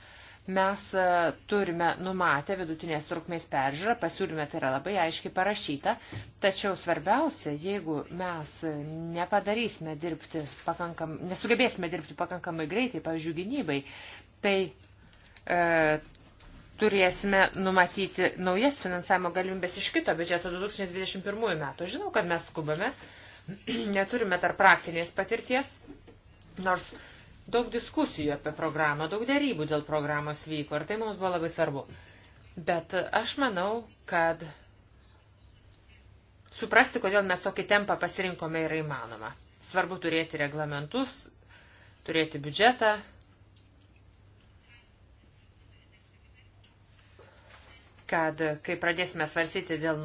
Mes e, turime numatę vidutinės trukmės peržiūrą, pasiūlyme tai yra labai aiškiai parašyta, tačiau svarbiausia, jeigu mes nepadarysime dirbti pakankam, nesugebėsime dirbti pakankamai greitai, pavyzdžiui, gynybai, tai e, turėsime numatyti naujas finansavimo galimybės iš kito biudžeto 2021 metų. Žinau, kad mes skubame, neturime dar praktinės patirties, nors daug diskusijų apie programą, daug dėrybų dėl programos vyko ir tai mums buvo labai svarbu. Bet aš manau, kad suprasti, kodėl mes tokį tempą pasirinkome, yra įmanoma. Svarbu turėti reglamentus, turėti biudžetą, kad kai pradėsime svarsyti dėl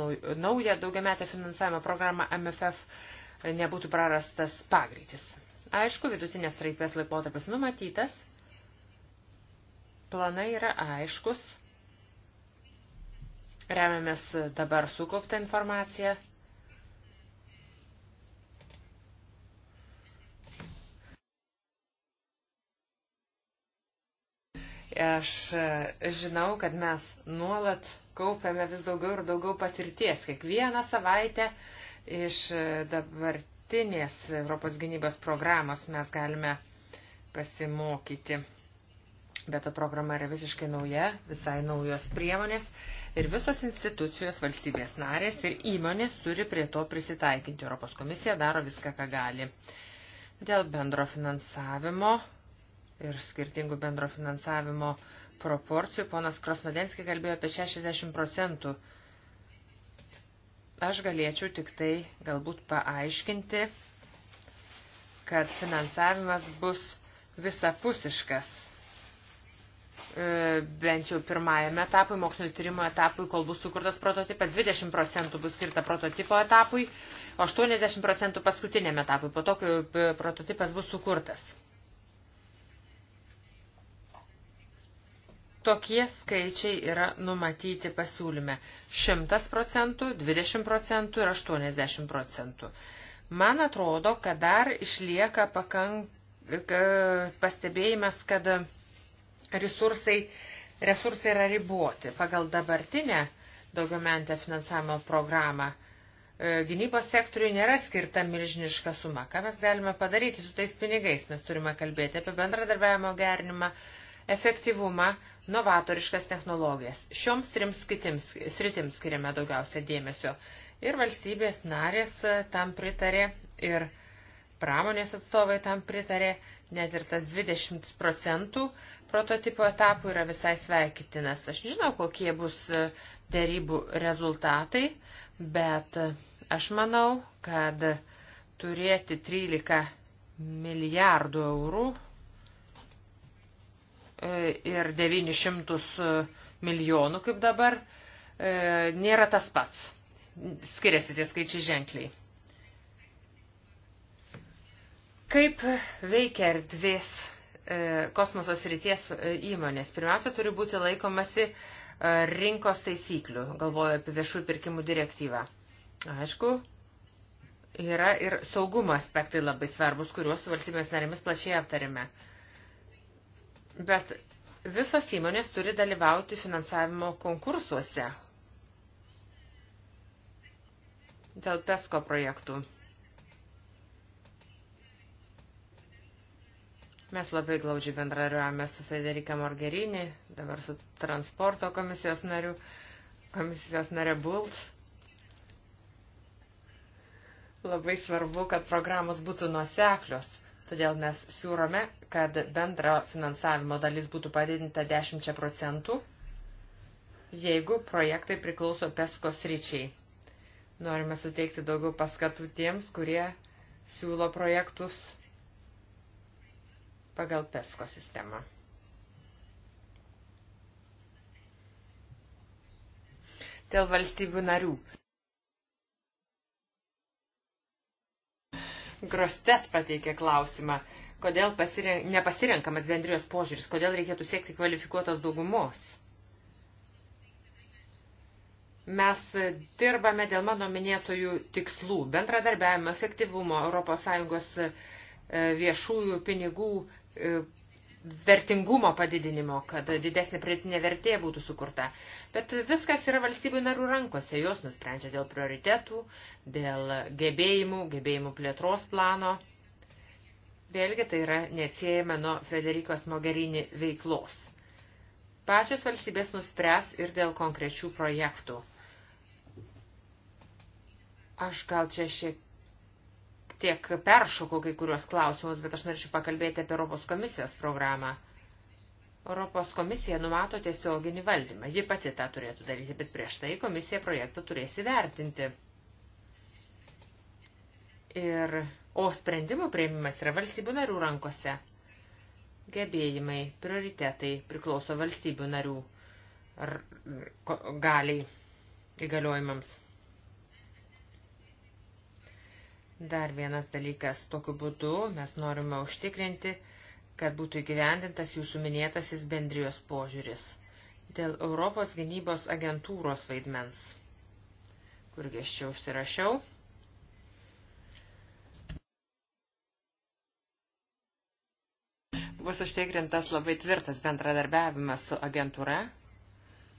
naują daugiametę finansavimo programą MFF nebūtų prarastas pagreitis. Aišku, vidutinės raipės laikotarpis numatytas, planai yra aiškus, remiamės dabar sukauptą informaciją Aš e, žinau, kad mes nuolat kaupiame vis daugiau ir daugiau patirties. Kiekvieną savaitę iš e, dabartinės Europos gynybos programos mes galime pasimokyti. Bet ta programa yra visiškai nauja, visai naujos priemonės ir visos institucijos, valstybės narės ir įmonės turi prie to prisitaikinti. Europos komisija daro viską, ką gali. Dėl bendro finansavimo ir skirtingų bendro finansavimo proporcijų. Ponas Krasnodenskis kalbėjo apie 60 procentų. Aš galėčiau tik tai galbūt paaiškinti, kad finansavimas bus visapusiškas. E, bent jau pirmajame etapui, mokslinio tyrimo etapui, kol bus sukurtas prototipas, 20 procentų bus skirta prototipo etapui, 80 procentų paskutiniam etapui, po to, kai e, prototipas bus sukurtas. Tokie skaičiai yra numatyti pasiūlyme - 100 procentų, 20 procentų ir 80 procentų. Man atrodo, kad dar išlieka pakank... pastebėjimas, kad resursai, resursai yra riboti. Pagal dabartinę daugiamentę finansavimo programą e, gynybos sektoriui nėra skirta milžiniška suma. Ką mes galime padaryti su tais pinigais? Mes turime kalbėti apie bendradarbiavimo gerinimą, efektyvumą, novatoriškas technologijas. Šioms trims kitims sritims skiriame daugiausia dėmesio. Ir valstybės narės tam pritarė, ir pramonės atstovai tam pritarė, net ir tas 20 procentų prototipo etapų yra visai sveikintinas. Aš nežinau, kokie bus e, dėrybų rezultatai, bet e, aš manau, kad turėti 13 milijardų eurų E, ir 900 e, milijonų kaip dabar e, nėra tas pats. Skiriasi tie skaičiai ženkliai. Kaip veikia erdvės kosmosos ryties įmonės? Pirmiausia, turi būti laikomasi rinkos taisyklių, galvoju apie viešųjų pirkimų direktyvą. Aišku, yra ir saugumo aspektai labai svarbus, kuriuos su valstybės narėmis plačiai aptarėme. Bet visos įmonės turi dalyvauti finansavimo konkursuose dėl PESCO projektų. Mes labai glaudžiai bendrariuojame su Frederika Morgerini, dabar su transporto komisijos nariu, komisijos nare Bulls. Labai svarbu, kad programos būtų nuoseklios Todėl mes siūrome, kad bendra finansavimo dalis būtų padidinta 10 procentų, jeigu projektai priklauso peskos ryčiai. Norime suteikti daugiau paskatų tiems, kurie siūlo projektus pagal PESCO sistemą. Dėl valstybių narių. Grostet pateikė klausimą, kodėl pasiren... nepasirenkamas bendrijos požiūris, kodėl reikėtų siekti kvalifikuotos daugumos. Mes dirbame dėl mano minėtojų tikslų - bendradarbiavimo, efektyvumo, ES e, viešųjų pinigų e, vertingumo padidinimo, kad didesnė pridėtinė vertė būtų sukurta. Bet viskas yra valstybių narių rankose, jos nusprendžia dėl prioritetų, dėl gebėjimų, gebėjimų plėtros plano. Vėlgi tai yra neatsiejama nuo Frederikos Mogherini veiklos. Pačios valstybės nuspręs ir dėl konkrečių projektų. Aš gal čia šiek tiek peršoko kai kuriuos klausimus, bet aš norėčiau pakalbėti apie Europos komisijos programą. Europos komisija numato tiesioginį valdymą. Ji pati tą turėtų daryti, bet prieš tai komisija projektą turės įvertinti. Ir, o sprendimų prieimimas yra valstybių narių rankose. Gebėjimai, prioritetai priklauso valstybių narių galiai įgaliojimams. Dar vienas dalykas, tokiu būdu mes norime užtikrinti, kad būtų įgyvendintas jūsų minėtasis bendrijos požiūris dėl Europos gynybos agentūros vaidmens, kurgi aš čia užsirašiau. Bus užtikrintas labai tvirtas bendradarbiavimas su agentūra,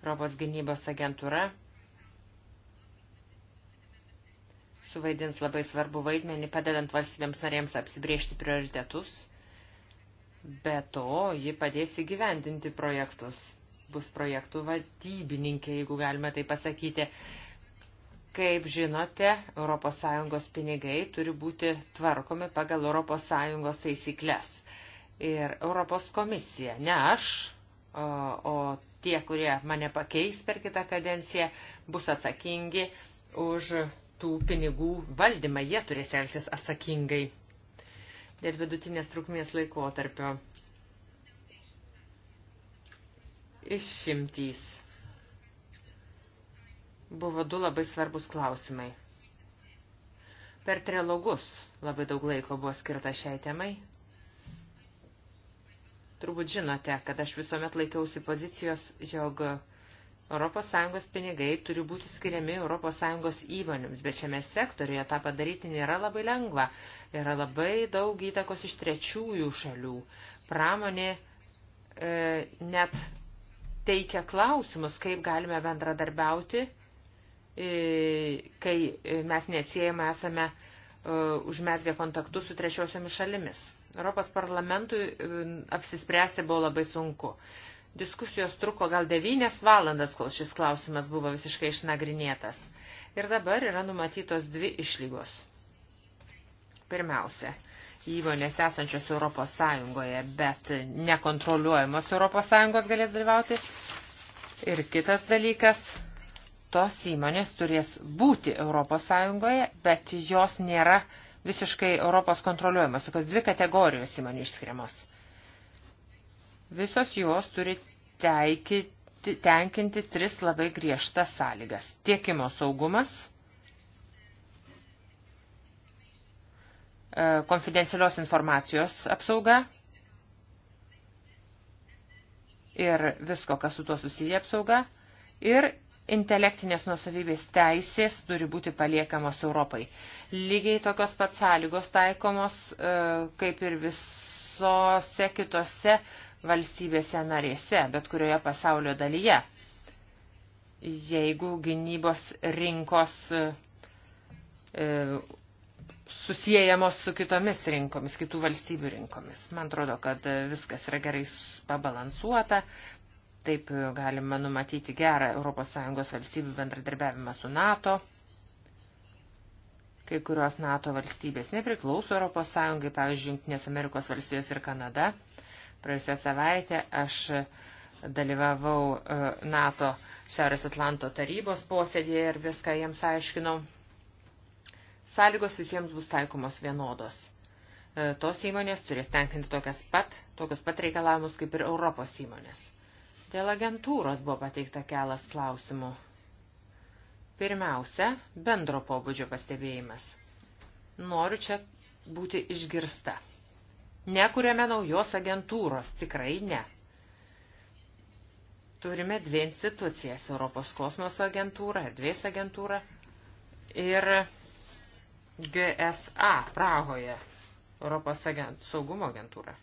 Europos gynybos agentūra suvaidins labai svarbu vaidmenį, padedant valstybėms narėms apsibriežti prioritetus. Be to, ji padės įgyvendinti projektus. Bus projektų vadybininkė, jeigu galime tai pasakyti. Kaip žinote, ES pinigai turi būti tvarkomi pagal ES taisyklės. Ir Europos komisija, ne aš, o, o tie, kurie mane pakeis per kitą kadenciją, bus atsakingi už tų pinigų valdymą. Jie turės elgtis atsakingai dėl vidutinės trukmės laikotarpio. Išimtys. Buvo du labai svarbus klausimai. Per trilogus labai daug laiko buvo skirta šiai temai. Turbūt žinote, kad aš visuomet laikiausi pozicijos, jog ES pinigai turi būti skiriami ES įmonėms, bet šiame sektoriuje tą padaryti nėra labai lengva. Yra labai daug įtakos iš trečiųjų šalių. Pramonė e, net teikia klausimus, kaip galime bendradarbiauti, e, kai mes neatsiejama esame e, užmesgę kontaktus su trečiosiomis šalimis. Europos parlamentui e, apsispręsti buvo labai sunku. E, Diskusijos truko gal devynės valandas, kol šis klausimas buvo visiškai išnagrinėtas. Ir dabar yra numatytos dvi išlygos. Pirmiausia, įmonės esančios Europos Sąjungoje, bet nekontroliuojamos Europos Sąjungos galės dalyvauti. Ir kitas dalykas, tos įmonės turės būti Europos Sąjungoje, bet jos nėra visiškai Europos kontroliuojamos. Tokios dvi kategorijos įmonių išskiriamos. Visos jos turi teikyti, tenkinti tris labai griežtas sąlygas. Tiekimo saugumas, e, konfidencialios informacijos apsauga ir visko, kas su tuo susiję apsauga. Ir intelektinės nusavybės teisės turi būti paliekamos Europai. Lygiai tokios pat sąlygos taikomos, e, kaip ir visose kitose valstybėse narėse, bet kurioje pasaulio dalyje. Jeigu gynybos rinkos e, susijęjamos su kitomis rinkomis, kitų valstybių rinkomis. Man atrodo, kad viskas yra gerai pabalansuota. Taip galima numatyti gerą ES valstybių bendradarbiavimą su NATO. Kai kurios NATO valstybės nepriklauso ES, pavyzdžiui, Junktinės Amerikos valstijos ir Kanada. Praėjusią savaitę aš dalyvavau e, NATO Šiaurės Atlanto tarybos posėdėje ir viską jiems aiškinau. Sąlygos visiems bus taikomos vienodos. E, tos įmonės turės tenkinti tokias pat, tokius pat reikalavimus kaip ir Europos įmonės. Dėl agentūros buvo pateikta kelas klausimų. Pirmiausia, bendro pobūdžio pastebėjimas. Noriu čia būti išgirsta. Nekuriame naujos agentūros, tikrai ne. Turime dvi institucijas - Europos kosmoso agentūrą, erdvės agentūrą ir GSA Prahoje, Europos agent, saugumo agentūra.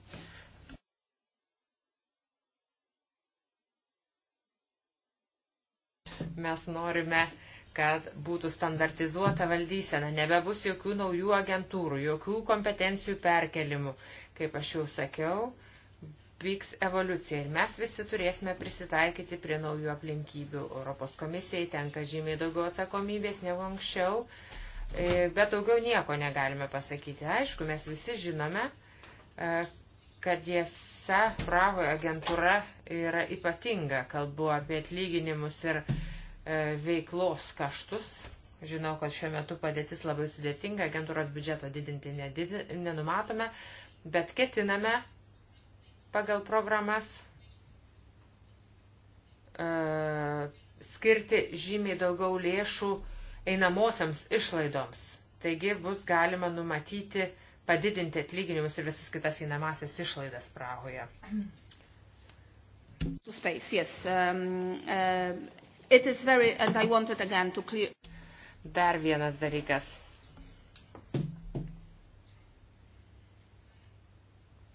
Mes norime uh, kad būtų standartizuota valdysena, nebebus jokių naujų agentūrų, jokių kompetencijų perkelimų. Kaip aš jau sakiau, vyks evoliucija ir mes visi turėsime prisitaikyti prie naujų aplinkybių. Europos komisijai tenka žymiai daugiau atsakomybės negu anksčiau, e, bet daugiau nieko negalime pasakyti. Aišku, mes visi žinome, e, kad jėsa Bravoje agentūra yra ypatinga, kalbu apie atlyginimus ir uh, E, veiklos kaštus. Žinau, kad šiuo metu padėtis labai sudėtinga, agentūros biudžeto didinti nedidin, nenumatome, bet ketiname pagal programas uh, skirti žymiai daugiau lėšų einamosiams išlaidoms. Taigi bus galima numatyti, padidinti atlyginimus ir visas kitas einamasias išlaidas Prahoje. To space, yes. Um, uh... Very, clear... Dar vienas dalykas.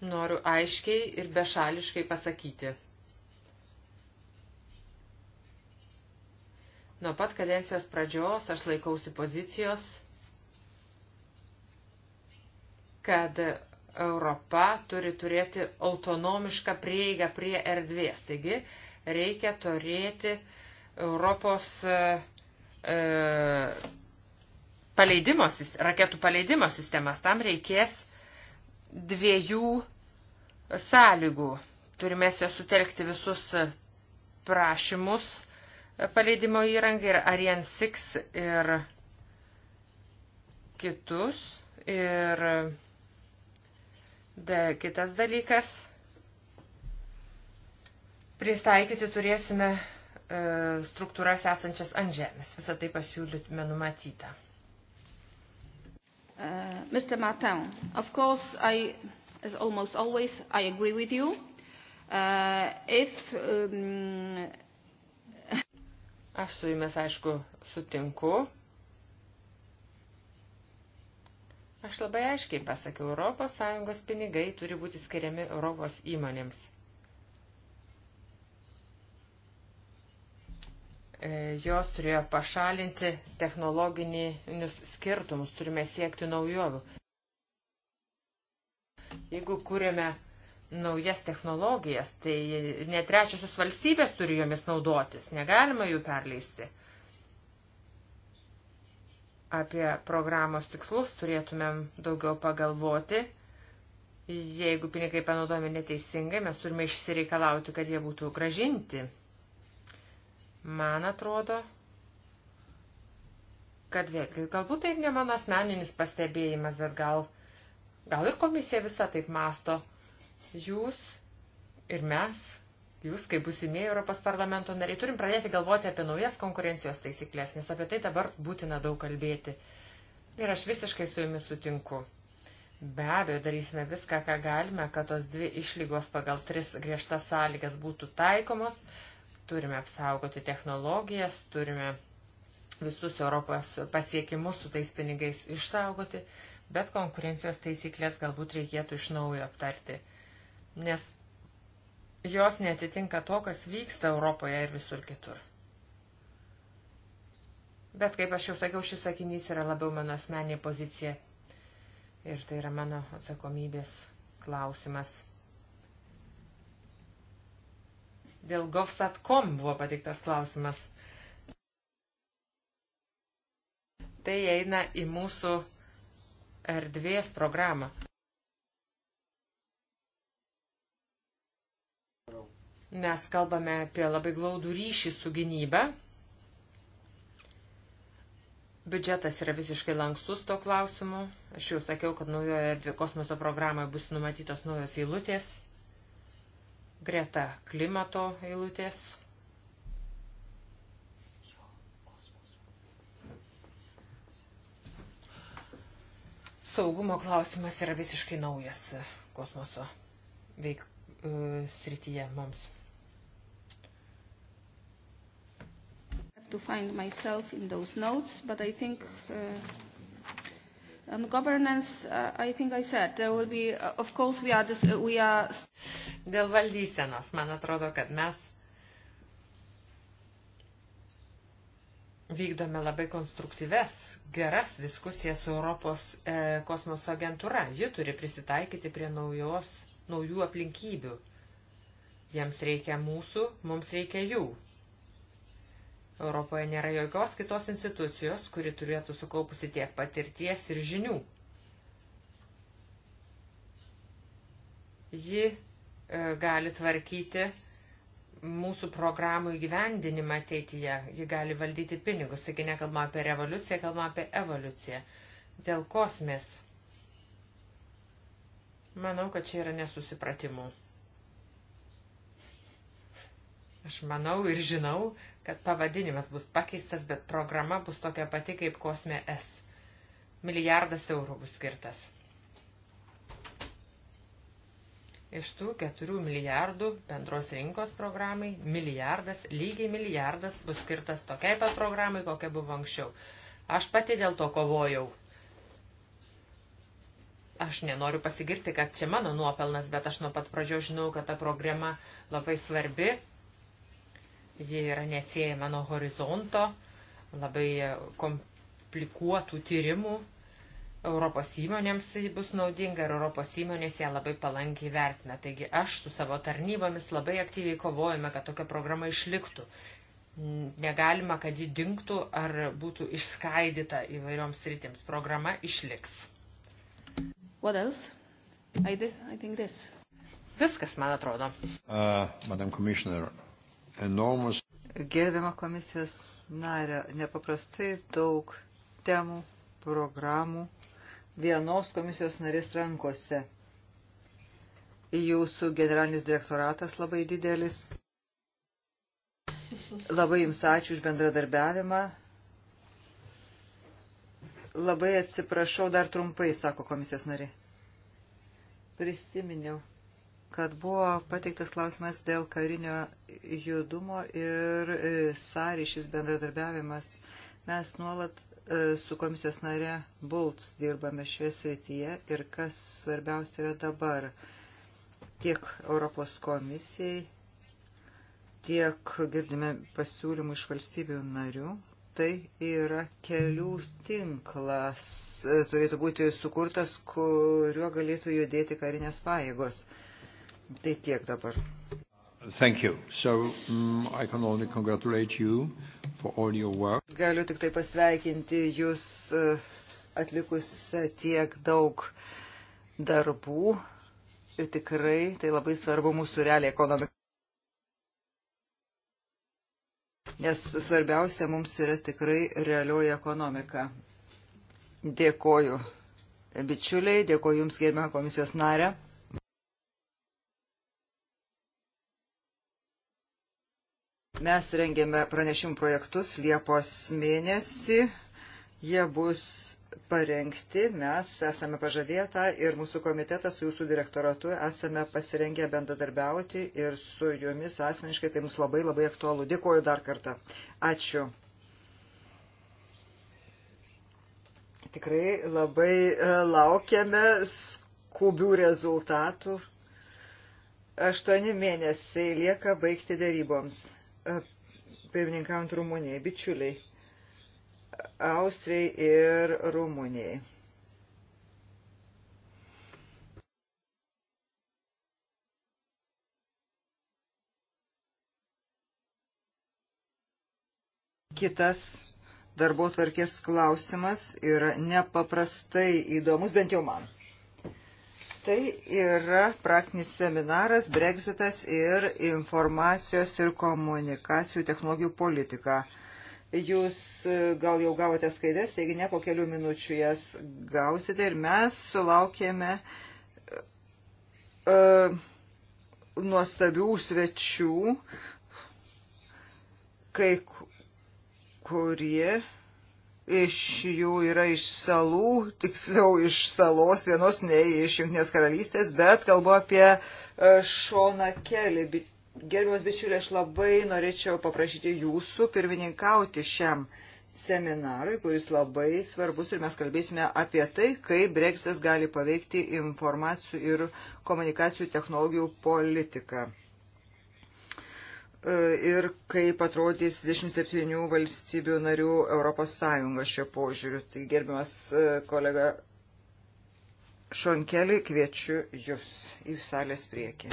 Noriu aiškiai ir bešališkai pasakyti. Nuo pat kadencijos pradžios aš laikausi pozicijos, kad Europa turi turėti autonomišką prieigą prie erdvės. Taigi reikia turėti uh, Europos e, e, paleidimo, raketų paleidimo sistemas. Tam reikės dviejų sąlygų. Turime sutelkti visus prašymus paleidimo įrangą ir Ariane 6 ir kitus. Ir da, kitas dalykas. Pristaikyti turėsime E, struktūras esančias ant žemės. Visą tai pasiūlytume numatytą. Uh, Mr. Martin, of course, I, as almost always, I agree with you. Uh, if, um... Aš su jumis, aišku, sutinku. Aš labai aiškiai pasakiau, ES pinigai turi būti skiriami Europos įmonėms. E, jos turėjo pašalinti technologinius skirtumus, turime siekti naujovių. Jeigu kūrėme naujas technologijas, tai net trečiosios valstybės turi jomis naudotis, negalima jų perleisti. Apie programos tikslus turėtumėm daugiau pagalvoti. Jeigu pinigai panaudojami neteisingai, mes turime išsireikalauti, kad jie būtų gražinti Man atrodo, kad vėlgi, galbūt tai ne mano asmeninis pastebėjimas, bet gal, gal ir komisija visa taip masto. Jūs ir mes, jūs kaip busimieji Europos parlamento nariai, turim pradėti galvoti apie naujas konkurencijos taisyklės, nes apie tai dabar būtina daug kalbėti. Ir aš visiškai su jumis sutinku. Be abejo, darysime viską, ką galime, kad tos dvi išlygos pagal tris griežtas sąlygas būtų taikomos, Turime apsaugoti technologijas, turime visus Europos pasiekimus su tais pinigais išsaugoti, bet konkurencijos taisyklės galbūt reikėtų iš naujo aptarti, nes jos netitinka to, kas vyksta Europoje ir visur kitur. Bet kaip aš jau sakiau, šis sakinys yra labiau mano asmeninė pozicija ir tai yra mano atsakomybės klausimas. Dėl govsat.com buvo pateiktas klausimas. Tai eina į mūsų erdvės programą. Mes kalbame apie labai glaudų ryšį su gynyba. Biudžetas yra visiškai lankstus to klausimu. Aš jau sakiau, kad naujoje kosmoso programoje bus numatytos naujos eilutės greta klimato eilutės. Saugumo klausimas yra visiškai naujas kosmoso veik e, srityje mums. to find myself in those notes, but I think uh, On um, governance, uh, I think I said, there will be, uh, of course, we are, this, uh, we are... Dėl valdysenos, man atrodo, kad mes vykdome labai konstruktyves, geras diskusijas su Europos e, kosmoso agentūra. Ji turi prisitaikyti prie naujos, naujų aplinkybių. Jiems reikia mūsų, mums reikia jų. Europoje nėra jokios kitos institucijos, kuri turėtų sukaupusi tiek patirties ir žinių. Ji e, gali tvarkyti mūsų programų įgyvendinimą ateityje, ji gali valdyti pinigus, taigi nekalbama apie revoliuciją, kalbama apie evoliuciją. Dėl kosmės. Manau, kad čia yra nesusipratimų. Aš manau ir žinau, kad pavadinimas bus pakeistas, bet programa bus tokia pati kaip Kosme S. Milijardas eurų bus skirtas. Iš tų keturių milijardų bendros rinkos programai milijardas, lygiai milijardas bus skirtas tokiai pat programai, kokia buvo anksčiau. Aš pati dėl to kovojau. Aš nenoriu pasigirti, kad čia mano nuopelnas, bet aš nuo pat pradžio žinau, kad ta programa labai svarbi Ji yra neatsiejama nuo horizonto, labai komplikuotų tyrimų. Europos įmonėms ji bus naudinga ir Europos įmonės ją labai palankiai vertina. Taigi aš su savo tarnybomis labai aktyviai kovojame, kad tokia programa išliktų. Negalima, kad ji dinktų ar būtų išskaidyta įvairioms rytims. Programa išliks. What else? I, did, I think this. Viskas, man atrodo. Uh, Madam Commissioner, enormous. Gerbiama komisijos narė, nepaprastai daug temų, programų vienos komisijos narės rankose. Jūsų generalinis direktoratas labai didelis. Labai jums ačiū už bendradarbiavimą. Labai atsiprašau dar trumpai, sako komisijos narė. Prisiminiau kad buvo pateiktas klausimas dėl karinio judumo ir e, sąryšis bendradarbiavimas. Mes nuolat e, su komisijos nare Bults dirbame šioje srityje ir kas svarbiausia yra dabar tiek Europos komisijai, tiek girdime pasiūlymų iš valstybių narių. Tai yra kelių tinklas, e, turėtų būti sukurtas, kuriuo galėtų judėti karinės pajėgos Tai tiek dabar. Thank you. So um, I can only congratulate you for all your work. Galiu tik tai pasveikinti jūs e, atlikus tiek daug darbų. Ir tikrai tai labai svarbu mūsų realiai ekonomikai. Nes svarbiausia mums yra tikrai realioji ekonomika. Dėkoju bičiuliai, dėkoju Jums, gerbė komisijos narė. Mes rengėme pranešimų projektus Liepos mėnesį. Jie bus parengti, mes esame pažadėta ir mūsų komitetas su jūsų direktoratu esame pasirengę bendradarbiauti ir su jumis asmeniškai tai mums labai labai aktualu. Dėkuoju dar kartą. Ačiū. Tikrai labai e, laukiame skubių rezultatų. Aštuoni mėnesiai lieka baigti daryboms. E, pirmininkaujant Rumunijai, bičiuliai, Austrijai ir Rumunijai. Kitas darbo tvarkės klausimas yra nepaprastai įdomus, bent jau man. Tai yra praktinis seminaras Brexitas ir informacijos ir komunikacijų technologijų politika. Jūs e, gal jau gavote skaidrės, jeigu ne, po kelių minučių jas gausite ir mes sulaukėme uh, nuostabių svečių, kai kurie iš jų yra iš salų, tiksliau iš salos vienos, ne iš Junktinės karalystės, bet kalbu apie e, Šoną Kelį. Gerbiamas bičiulė, aš labai norėčiau paprašyti jūsų pirmininkauti šiam seminarui, kuris labai svarbus ir mes kalbėsime apie tai, kaip Brexitas gali paveikti informacijų ir komunikacijų technologijų politiką. E, ir kaip atrodys 27 valstybių narių Europos Sąjunga šio požiūriu. Tai gerbiamas e, kolega Šonkelį, kviečiu Jūs į salės priekį.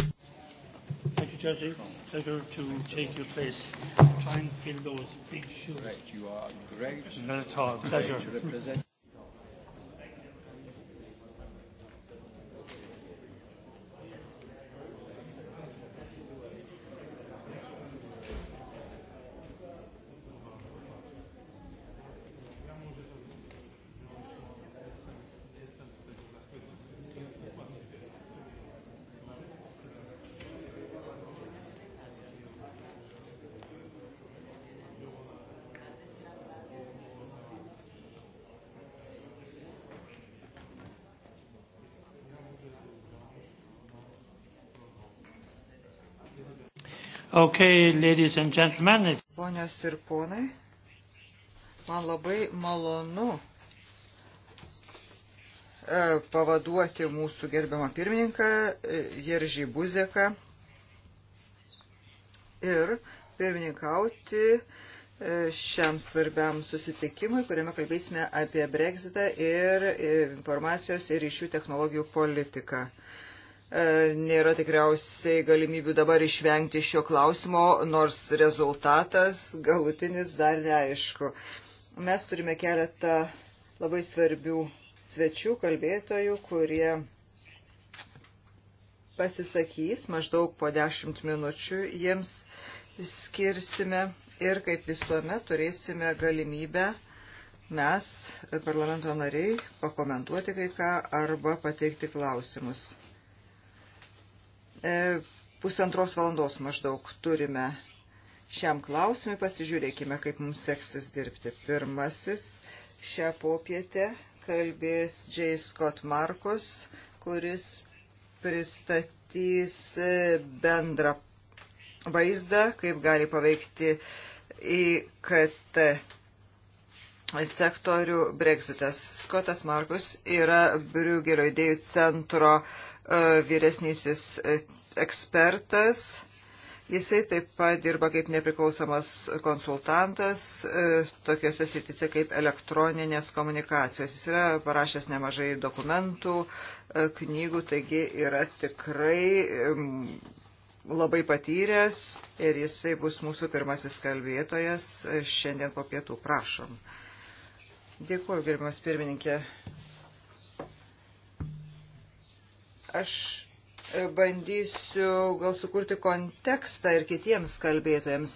Thank you, Jesse. Pleasure to take your place. Try and fill those big shoes. Great, you are great. Not at all. Pleasure. Great to represent. Okay, ladies and gentlemen. Ponios ir ponai, man labai malonu e, pavaduoti mūsų gerbiamą pirmininką e, Jeržį Buzeką ir pirmininkauti e, šiam svarbiam susitikimui, kuriame kalbėsime apie Brexitą ir informacijos ir ryšių technologijų politiką. E, nėra tikriausiai galimybių dabar išvengti šio klausimo, nors rezultatas galutinis dar neaišku. Mes turime keletą labai svarbių svečių, kalbėtojų, kurie pasisakys maždaug po 10 minučių jiems skirsime ir kaip visuomet turėsime galimybę mes, parlamento nariai, pakomentuoti kai ką arba pateikti klausimus. E, pusantros valandos maždaug turime šiam klausimui. Pasižiūrėkime, kaip mums seksis dirbti. Pirmasis šią popietę kalbės J. Scott Markus, kuris pristatys bendrą vaizdą, kaip gali paveikti IKT sektorių Brexitas. Skotas Markus yra Briugelio idėjų centro uh, E, vyresnysis e, ekspertas. Jisai taip pat dirba kaip nepriklausomas konsultantas e, tokiuose srityse kaip elektroninės komunikacijos. Jis yra parašęs nemažai dokumentų, knygų, taigi yra tikrai labai patyręs ir jisai bus mūsų pirmasis kalbėtojas šiandien po pietų. Prašom. Dėkuoju, gerbimas pirmininkė. Aš e, bandysiu gal sukurti kontekstą ir kitiems kalbėtojams.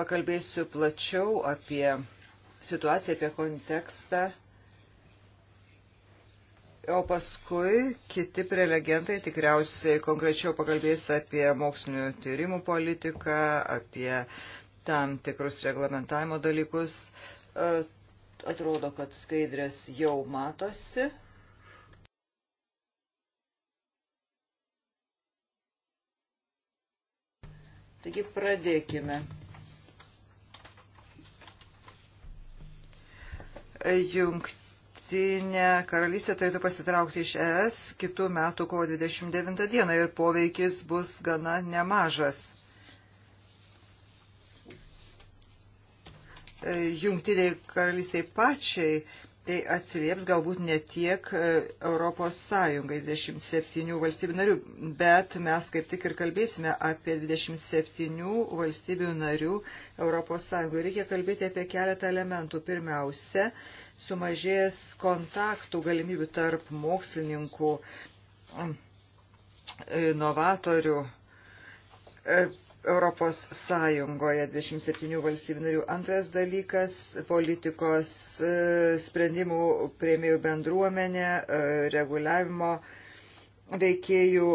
Pakalbėsiu plačiau apie situaciją, apie kontekstą. O paskui kiti prelegentai tikriausiai konkrečiau pakalbės apie mokslinių tyrimų politiką, apie tam tikrus reglamentavimo dalykus. E, atrodo, kad skaidrės jau matosi. Taigi pradėkime. Jungtinė karalystė turėtų pasitraukti iš ES kitų metų kovo 29 dieną ir poveikis bus gana nemažas. Jungtiniai karalystiai pačiai tai atsilieps galbūt ne tiek e, Europos Sąjungai 27 valstybių narių, bet mes kaip tik ir kalbėsime apie 27 valstybių narių Europos Sąjungai. Reikia kalbėti apie keletą elementų. Pirmiausia, sumažės kontaktų galimybių tarp mokslininkų, novatorių e, Europos Sąjungoje 27 valstybių narių. Antras dalykas - politikos e, sprendimų prieimėjų bendruomenė, e, reguliavimo veikėjų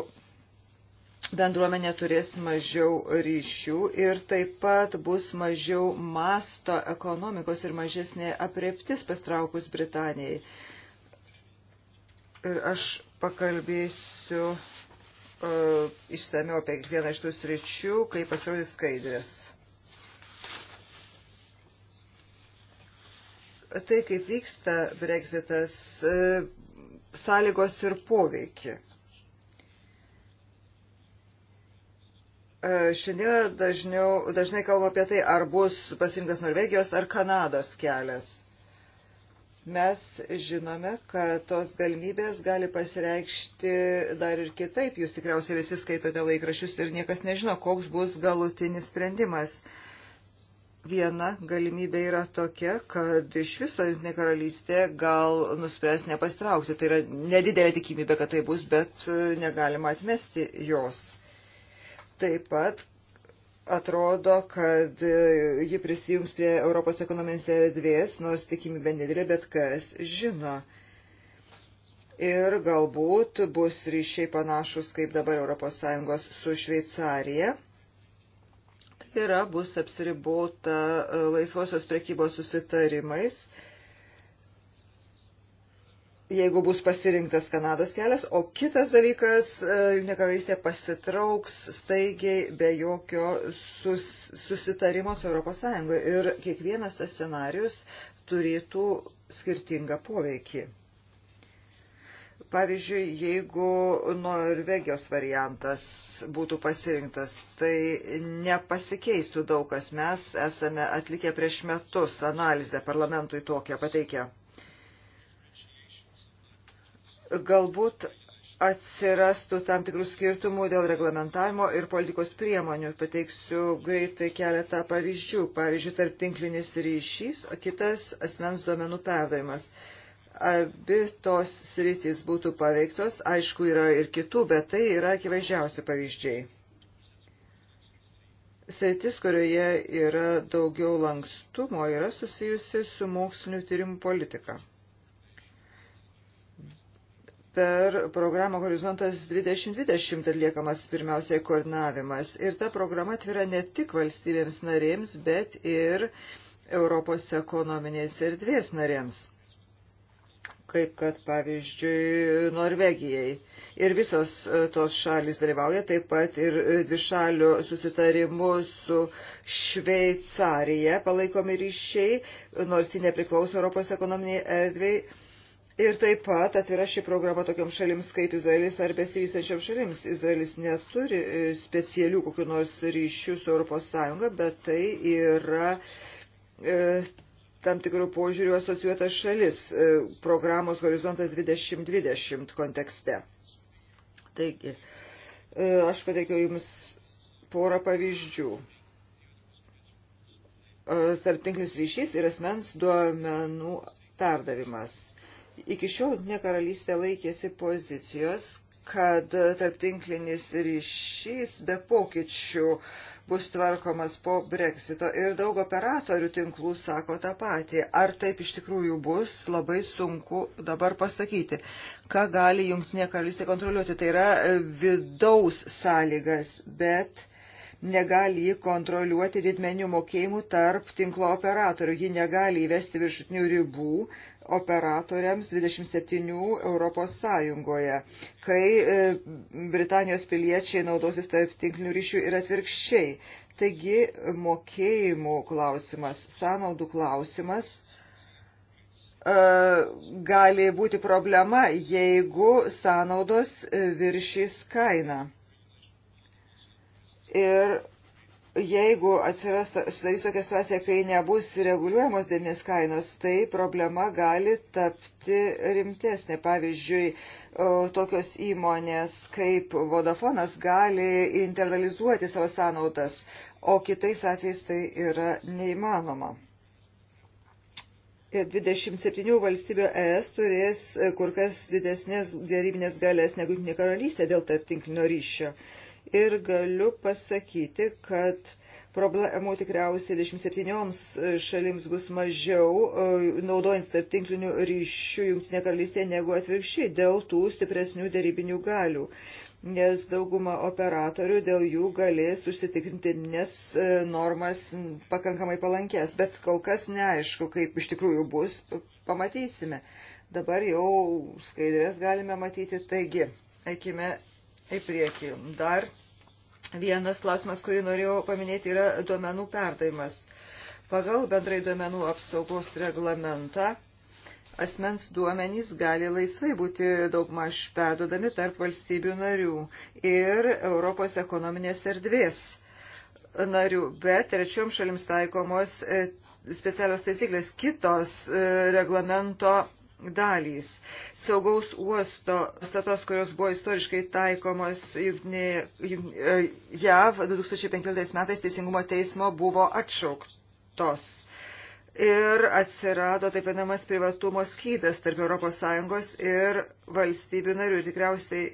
bendruomenė turės mažiau ryšių ir taip pat bus mažiau masto ekonomikos ir mažesnė apreptis pastraukus Britanijai. Ir aš pakalbėsiu E, išsameu apie kiekvieną iš tų sričių, kai pasirodys skaidrės. Tai, kaip vyksta Brexitas, e, sąlygos ir poveikį. E, Šiandien dažniau, dažnai kalbam apie tai, ar bus pasirinktas Norvegijos ar Kanados kelias mes žinome, kad tos galimybės gali pasireikšti dar ir kitaip. Jūs tikriausiai visi skaitote laikrašius ir niekas nežino, koks bus galutinis sprendimas. Viena galimybė yra tokia, kad iš viso Junktinė karalystė gal nuspręs nepastraukti. Tai yra nedidelė tikimybė, kad tai bus, bet e, negalima atmesti jos. Taip pat atrodo, kad e, ji prisijungs prie Europos ekonominės erdvės, nors tikimybė nedidelė, bet kas žino. Ir galbūt bus ryšiai panašus kaip dabar ES su Šveicarija. Tai yra, bus apsiribota e, laisvosios prekybos susitarimais. Uh, jeigu bus pasirinktas Kanados kelias, o kitas dalykas, e, Junktinė karalystė pasitrauks staigiai be jokio sus, susitarimo su ES ir kiekvienas tas scenarius turėtų skirtingą poveikį. Pavyzdžiui, jeigu Norvegijos variantas būtų pasirinktas, tai nepasikeistų daug kas. Mes esame atlikę prieš metus analizę parlamentui tokią pateikę Galbūt atsirastų tam tikrų skirtumų dėl reglamentavimo ir politikos priemonių. Pateiksiu greitai keletą pavyzdžių. Pavyzdžiui, tarp tinklinis ryšys, o kitas asmens duomenų perdavimas. Abi tos sritys būtų paveiktos, aišku, yra ir kitų, bet tai yra akivaizdžiausi pavyzdžiai. Sritis, kurioje yra daugiau lankstumo, yra susijusi su mokslinių tyrimų politika per programą Horizontas 2020 atliekamas pirmiausiai koordinavimas. Ir ta programa atvira ne tik valstybėms narėms, bet ir Europos ekonominės erdvės narėms. Kaip kad, pavyzdžiui, Norvegijai. Ir visos e, tos šalis dalyvauja taip pat ir e, dvišalių susitarimų su Šveicarija palaikomi ryšiai, nors ji nepriklauso Europos ekonominiai erdvėjai Ir taip pat atvira ši programa tokiam šalims kaip Izraelis ar besivystančiam šalims. Izraelis neturi e, specialių kokiu nors ryšių su ES, bet tai yra e, tam tikrų požiūrių asociuota šalis e, programos Horizontas 2020 kontekste. Taigi, e, aš pateikiau Jums porą pavyzdžių e, tarptinklis ryšys ir asmens duomenų perdavimas. Iki šiol ne karalystė laikėsi pozicijos, kad tarptinklinis ryšys be pokyčių bus tvarkomas po breksito ir daug operatorių tinklų sako tą patį. Ar taip iš tikrųjų bus, labai sunku dabar pasakyti. Ką gali jungtinė karalystė kontroliuoti, tai yra e, vidaus sąlygas, bet negali jį kontroliuoti didmenių mokėjimų tarp tinklo operatorių. Ji negali įvesti viršutinių ribų, operatoriams 27 Europos Sąjungoje, kai e, Britanijos piliečiai naudosis tarp tinklinių ryšių ir atvirkščiai. Taigi mokėjimų klausimas, sąnaudų klausimas e, gali būti problema, jeigu sąnaudos e, viršys kainą. Ir jeigu atsiras sudarys tokia situacija, kai nebus reguliuojamos dėmes kainos, tai problema gali tapti rimtesnė. Pavyzdžiui, tokios įmonės kaip Vodafonas gali internalizuoti savo sąnaudas, o kitais atvejais tai yra neįmanoma. 27 valstybių ES turės e, kur kas didesnės gerybinės galės negu Karalystė dėl tarptinklinio ryšio. Uh, ir galiu pasakyti, kad problemų tikriausiai 27 šalims bus mažiau, e, naudojant tarp tinklinių ryšių Junktinė karalystė, negu atvirkščiai dėl tų stipresnių darybinių galių. Nes dauguma operatorių dėl jų galės užsitikrinti nes e, normas pakankamai palankės, bet kol kas neaišku, kaip iš tikrųjų bus, pamatysime. Dabar jau skaidrės galime matyti, taigi, eikime į priekį. Dar Vienas klausimas, kurį norėjau paminėti, yra duomenų perdavimas. Pagal bendrai duomenų apsaugos reglamentą asmens duomenys gali laisvai būti daugmaž perdodami tarp valstybių narių ir Europos ekonominės erdvės narių, bet trečiom šalims taikomos e, specialios taisyklės kitos e, reglamento dalys. Saugaus uosto statos, kurios buvo istoriškai taikomos jungtinėje, jungtinėje, JAV 2015 metais Teisingumo teismo buvo atšauktos. Ir atsirado taip vadinamas privatumo skydas tarp ES ir valstybių narių. Ir tikriausiai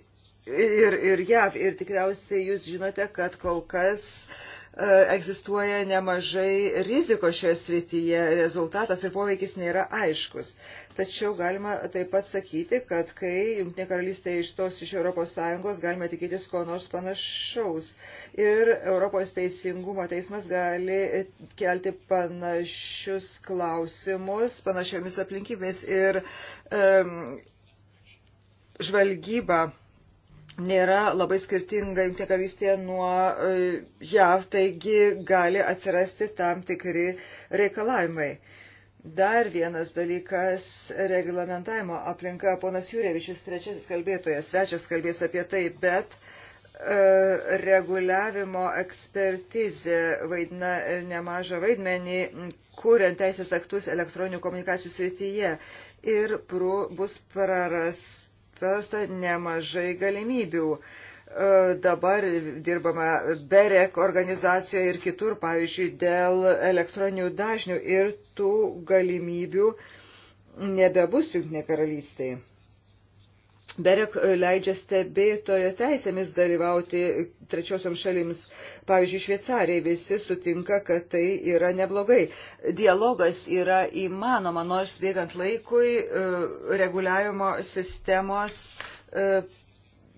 ir, ir JAV. Ir tikriausiai jūs žinote, kad kol kas uh, E, egzistuoja nemažai riziko šioje srityje, rezultatas ir poveikis nėra aiškus. Tačiau galima taip pat sakyti, kad kai Junktinė karalystė išstos iš ES, galima tikėtis ko nors panašaus. Ir Europos teisingumo teismas gali kelti panašius klausimus, panašiomis aplinkybėmis ir um, žvalgyba nėra labai skirtinga Junktinė karalystė nuo e, JAV, taigi gali atsirasti tam tikri reikalavimai. Dar vienas dalykas - reglamentavimo aplinka. Ponas Jūrievičius, trečiasis kalbėtojas, svečias kalbės apie tai, bet e, reguliavimo ekspertizė vaidina nemažą vaidmenį, kuriant teisės aktus elektroninių komunikacijų srityje ir pru, bus praras atrasta nemažai galimybių. E, dabar dirbama BEREK organizacijoje ir kitur, pavyzdžiui, dėl elektroninių dažnių ir tų galimybių nebebus jungtinė karalystėje. Berek leidžia stebėtojo teisėmis dalyvauti trečiosiam šalims. Pavyzdžiui, Šveicarijai visi sutinka, kad tai yra neblogai. Dialogas yra įmanoma, nors bėgant laikui e, reguliavimo sistemos e,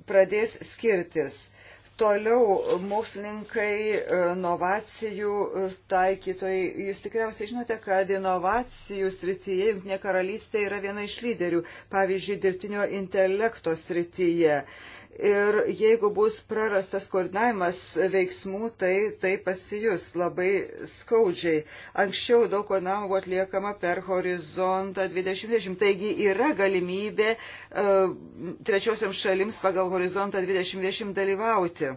pradės skirtis. Toliau mokslininkai, inovacijų taikytojai. Jūs tikriausiai žinote, kad inovacijų srityje Junktinė karalystė yra viena iš lyderių, pavyzdžiui, dirbtinio intelekto srityje. Ir jeigu bus prarastas koordinavimas veiksmų, tai tai pasijus labai skaudžiai. Anksčiau daug koordinavimo buvo atliekama per horizontą 2020. Taigi yra galimybė uh, trečiosiam šalims pagal horizontą 2020 dalyvauti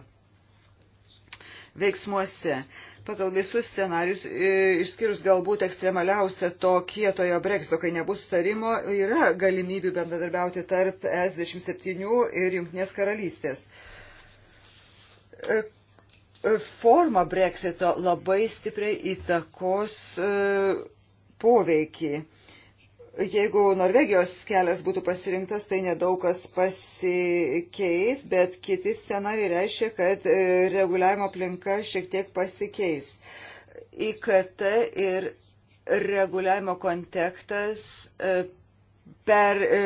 veiksmuose. Uh, pagal visus scenarius, e, išskyrus galbūt ekstremaliausią to kietojo breksito, kai nebus sutarimo, yra galimybių bendradarbiauti tarp e S27 ir Junktinės karalystės. E, forma breksito labai stipriai įtakos poveikį Jeigu Norvegijos kelias būtų pasirinktas, tai nedaug kas pasikeis, bet kiti scenarijai reiškia, kad e, reguliavimo aplinka šiek tiek pasikeis. IKT ir reguliavimo kontekstas e, per e,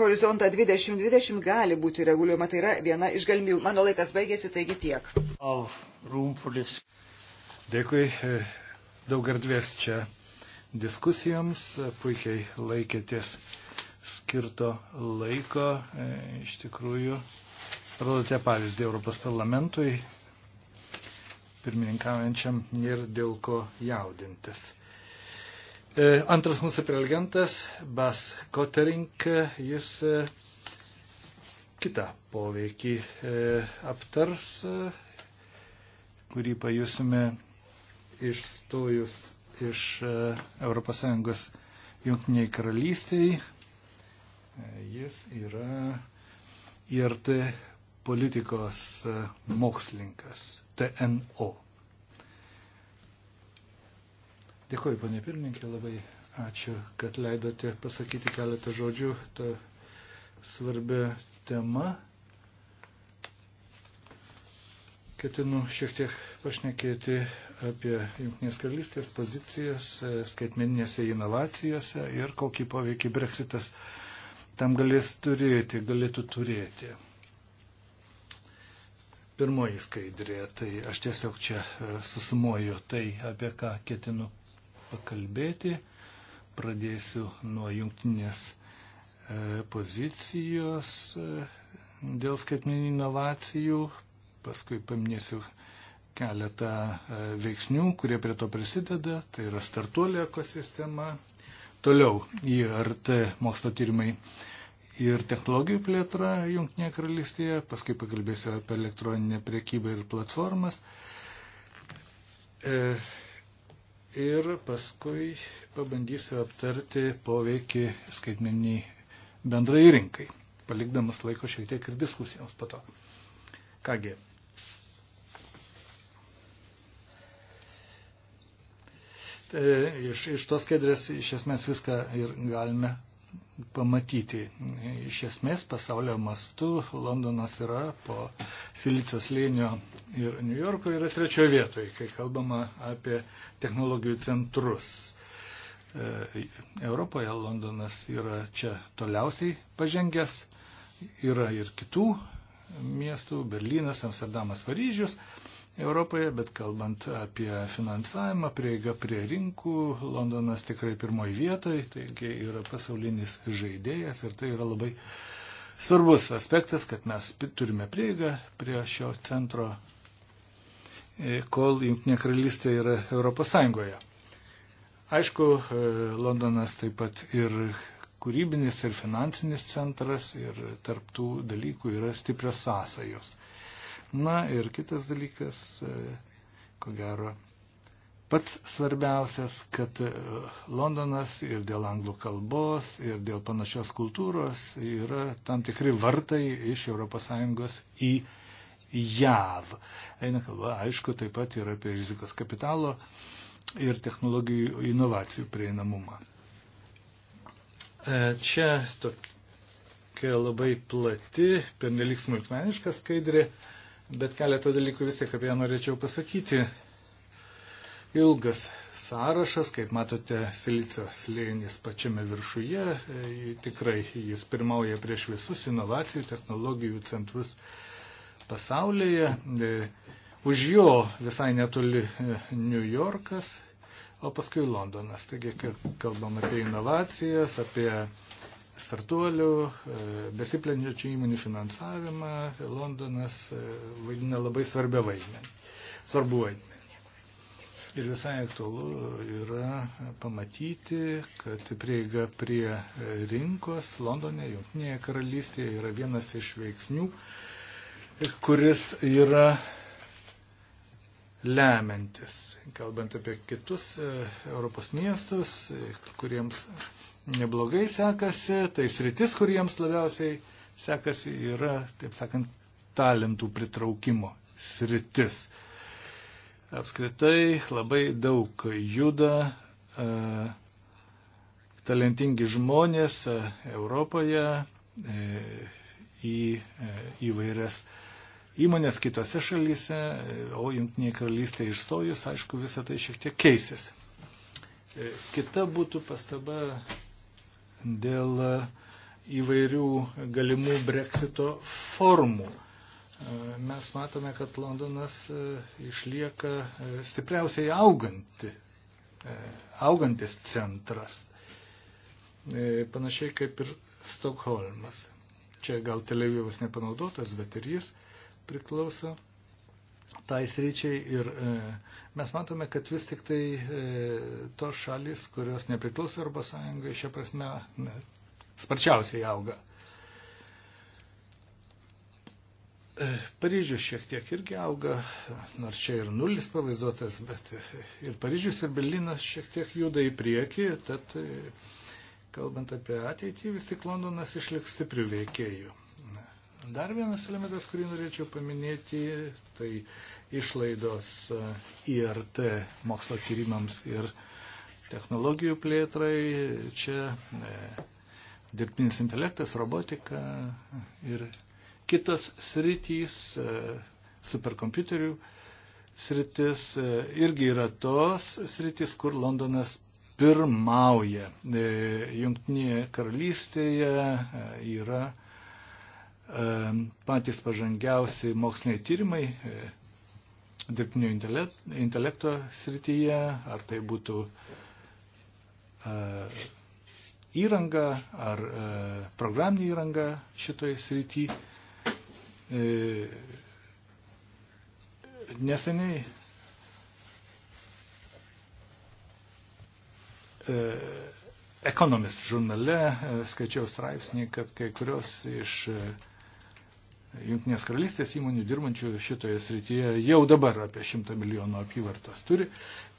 horizontą 2020 gali būti reguliuojama. Tai yra viena iš galimybių. Mano laikas baigėsi, taigi tiek. Dėkui. Daug erdvės čia diskusijoms, puikiai laikėtės skirto laiko, e, iš tikrųjų, rodote pavyzdį Europos parlamentui, pirmininkaujančiam ir dėl ko jaudintis. E, antras mūsų prelegentas, Bas Kotering, e, jis kitą poveikį aptars, kurį pajusime išstojus iš ES jungtiniai karalystiai. E, jis yra IRT politikos e, mokslininkas TNO. Dėkuoju, ponė pirmininkė, labai ačiū, kad leidote pasakyti keletą žodžių tą svarbę temą. Ketinu šiek tiek pašnekėti apie Junktinės karalystės pozicijas e, skaitmeninėse inovacijose ir kokį poveikį Brexitas tam galės turėti, galėtų turėti. Pirmoji skaidrė, tai aš tiesiog čia e, susumuoju tai, apie ką ketinu pakalbėti. Pradėsiu nuo jungtinės e, pozicijos dėl skaitmeninių inovacijų, paskui paminėsiu keletą e, veiksnių, kurie prie to prisideda. Tai yra startuolio ekosistema, toliau IRT mokslo tyrimai ir technologijų plėtra Junktinėje karalystėje, paskui pakalbėsiu apie elektroninę priekybą ir platformas. E, ir paskui pabandysiu aptarti poveikį skaitmeniniai bendrai rinkai, palikdamas laiko šiek tiek ir diskusijoms po to. Kągi, E, iš, iš tos skaidrės iš esmės viską ir galime pamatyti. Iš esmės pasaulio mastu Londonas yra po Silicio slėnio ir New Yorko yra trečioje vietoje, kai kalbama apie technologijų centrus. E, Europoje Londonas yra čia toliausiai pažengęs, yra ir kitų miestų - Berlynas, Amsterdamas, Paryžius. Europoje, bet kalbant apie finansavimą, prieigą prie rinkų, Londonas tikrai pirmoji vietoje, taigi yra pasaulinis žaidėjas ir tai yra labai svarbus aspektas, kad mes turime prieigą prie šio centro, e, kol Junktinė karalystė yra Europos Sąjungoje. Aišku, e, Londonas taip pat ir kūrybinis, ir finansinis centras, ir tarptų dalykų yra stiprios sąsajos. Na ir kitas dalykas, e, ko gero, pats svarbiausias, kad e, Londonas ir dėl anglų kalbos, ir dėl panašios kultūros yra tam tikri vartai iš ES į JAV. Eina kalba, aišku, taip pat ir apie rizikos kapitalo ir technologijų inovacijų prieinamumą. E, čia tokia labai plati, pernelik smulkmeniška skaidrė bet keletą dalykų vis tiek apie ją norėčiau pasakyti. Ilgas sąrašas, kaip matote, silicio slėnis pačiame viršuje, tikrai jis pirmauja prieš visus inovacijų, technologijų centrus pasaulyje. Už jo visai netoli e, New Yorkas, o paskui Londonas. Taigi, kai kalbam apie inovacijas, apie startuolių, e, besiplėniančių įmonių finansavimą, Londonas e, vaidina labai svarbią vaidmenį. Svarbu vaidmenį. Ir visai aktualu yra pamatyti, kad prieiga prie e, rinkos Londone, Junktinėje karalystėje yra vienas iš veiksnių, kuris yra lemiantis. Kalbant apie kitus Europos miestus, kuriems neblogai sekasi, tai sritis, kur jiems labiausiai sekasi, yra, taip sakant, talentų pritraukimo sritis. Apskritai labai daug juda e, talentingi žmonės e, Europoje e, į e, įvairias įmonės kitose šalyse, o Junktinėje karalystėje išstojus, aišku, visą tai šiek tiek keisėsi. E, kita būtų pastaba dėl e, įvairių galimų breksito formų. E, mes matome, kad Londonas e, išlieka stipriausiai auganti, augantis centras. Panašiai kaip ir Stokholmas. Čia gal televizijos nepanaudotas, bet ir jis priklauso tai sryčiai ir e, mes matome, kad vis tik tai e, tos šalis, kurios nepriklauso Europos Sąjungai, šia prasme sparčiausiai auga. E, Paryžius šiek tiek irgi auga, nors čia ir nulis pavaizduotas, bet ir Paryžius, ir Berlinas šiek tiek juda į priekį, tad kalbant apie ateitį, vis tik Londonas išliks stiprių veikėjų. Dar vienas elementas, kurį norėčiau paminėti, tai išlaidos e, IRT mokslo tyrimams ir technologijų plėtrai. Čia e, dirbtinis intelektas, robotika ir kitos sritys, e, superkompiuterių sritis irgi yra tos sritis, kur Londonas pirmauja. Junktinėje karalystėje yra patys pažangiausi moksliniai tyrimai dirbtinio intelekto srityje, ar tai būtų uh, įranga ar uh, programinė įranga šitoje srityje. Uh, neseniai uh, Economist žurnale skaičiau straipsnį, kad kai kurios iš uh, Junktinės karalystės įmonių dirbančių šitoje srityje jau dabar apie 100 milijonų apyvartos turi.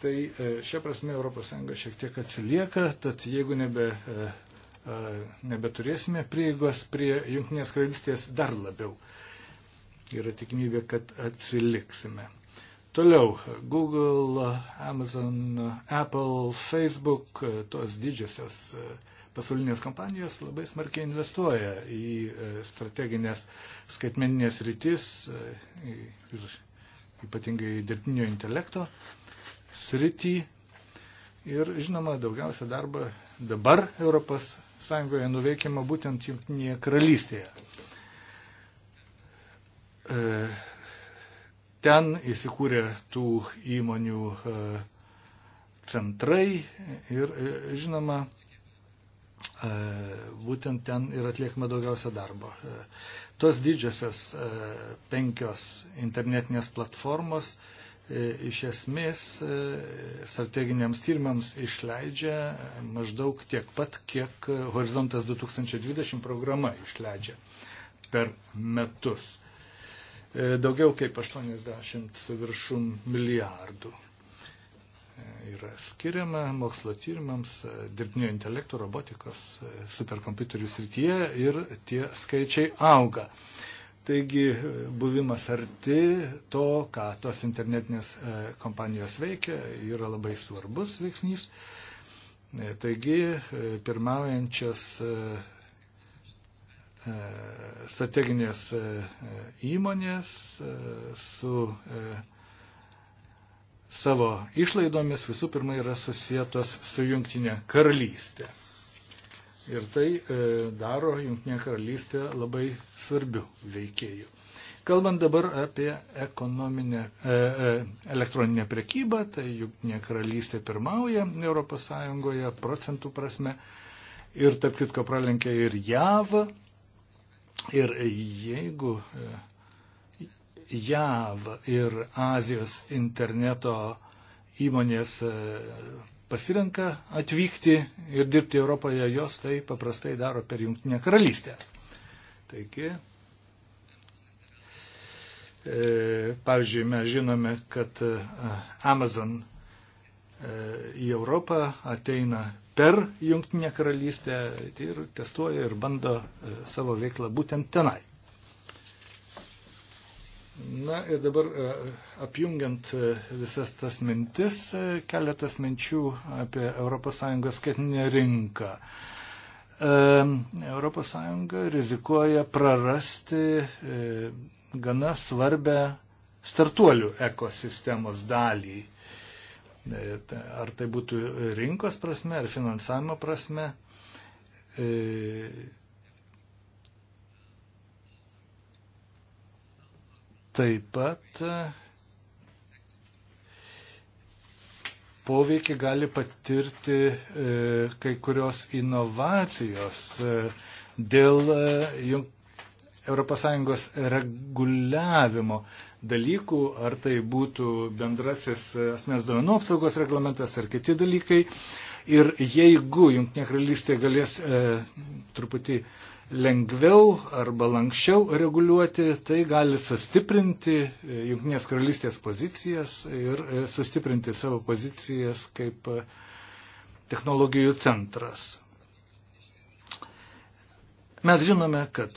Tai e, šia prasme ES šiek tiek atsilieka, tad jeigu nebe, e, e, nebeturėsime prieigos prie Junktinės karalystės dar labiau, yra tikimybė, kad atsiliksime. Toliau Google, Amazon, Apple, Facebook, tos didžiosios uh, pasaulinės kompanijos labai smarkiai investuoja į e, strateginės skaitmeninės rytis e, ir ypatingai dirbtinio intelekto srity. Ir žinoma, daugiausia darbo dabar ES nuveikiama būtent Junktinėje karalystėje. E, ten įsikūrė tų įmonių centrai ir, žinoma, E, būtent ten ir atliekama daugiausia darbo. E, tos didžiosios e, penkios internetinės platformos iš esmės strateginiams tyrimams išleidžia maždaug tiek pat, kiek Horizontas 2020 programa išleidžia per metus. Daugiau kaip 80 su viršum milijardų yra skiriama mokslo tyrimams, e, dirbtinio intelekto, robotikos, e, superkompiuterių srityje ir tie skaičiai auga. Taigi e, buvimas arti to, ką tos internetinės kompanijos veikia, yra labai svarbus veiksnys. Taigi pirmaujančios strateginės įmonės su savo išlaidomis visų pirma yra susijėtos su jungtinė karalystė. Ir tai e, daro jungtinė karalystė labai svarbių veikėjų. Kalbant dabar apie ekonominę, e, e, elektroninę prekybą, tai jungtinė karalystė pirmauja ES procentų prasme ir tarp kitko pralenkia ir JAV. Ir jeigu e, JAV ir Azijos interneto įmonės e, pasirenka atvykti ir dirbti Europoje, jos tai paprastai daro per Junktinę karalystę. Taigi, e, pavyzdžiui, mes žinome, kad e, Amazon į Europą ateina per Junktinę karalystę ir testuoja ir bando savo veiklą būtent tenai. Na ir dabar e, apjungiant e, visas tas mintis, e, keletas minčių apie ES skaitinę rinką. ES rizikuoja prarasti gana svarbę startuolių ekosistemos dalį. Ar tai būtų rinkos prasme, ar finansavimo prasme Taip pat e, poveikį gali patirti e, kai kurios inovacijos e, dėl e, ES reguliavimo dalykų, ar tai būtų bendrasis e, asmens duomenų apsaugos reglamentas ar kiti dalykai. Ir jeigu Junktinė karalystė galės e, truputį e, lengviau arba lankščiau reguliuoti, tai gali sustiprinti e, Junktinės karalystės pozicijas ir e, sustiprinti savo pozicijas kaip e, technologijų centras. Mes žinome, kad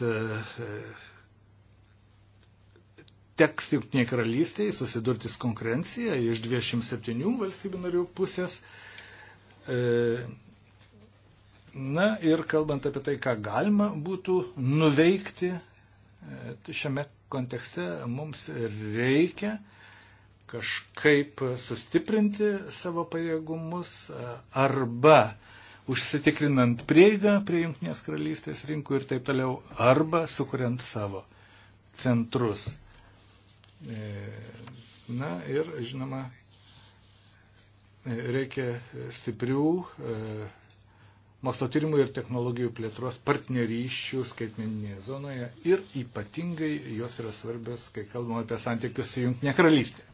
teks Junktinė karalystėje susidurtis konkurencija iš 27 valstybių narių pusės. Na ir kalbant apie tai, ką galima būtų nuveikti e, šiame kontekste, mums reikia kažkaip sustiprinti savo pajėgumus e, arba užsitikrinant prieigą prie Junktinės karalystės rinkų ir taip toliau, arba sukuriant savo centrus. E, na ir, žinoma, reikia stiprių mokslo tyrimų ir technologijų plėtros partnerysčių skaitmeninėje zonoje ir ypatingai jos yra svarbios, kai kalbame apie santykius su Junktinė karalystė.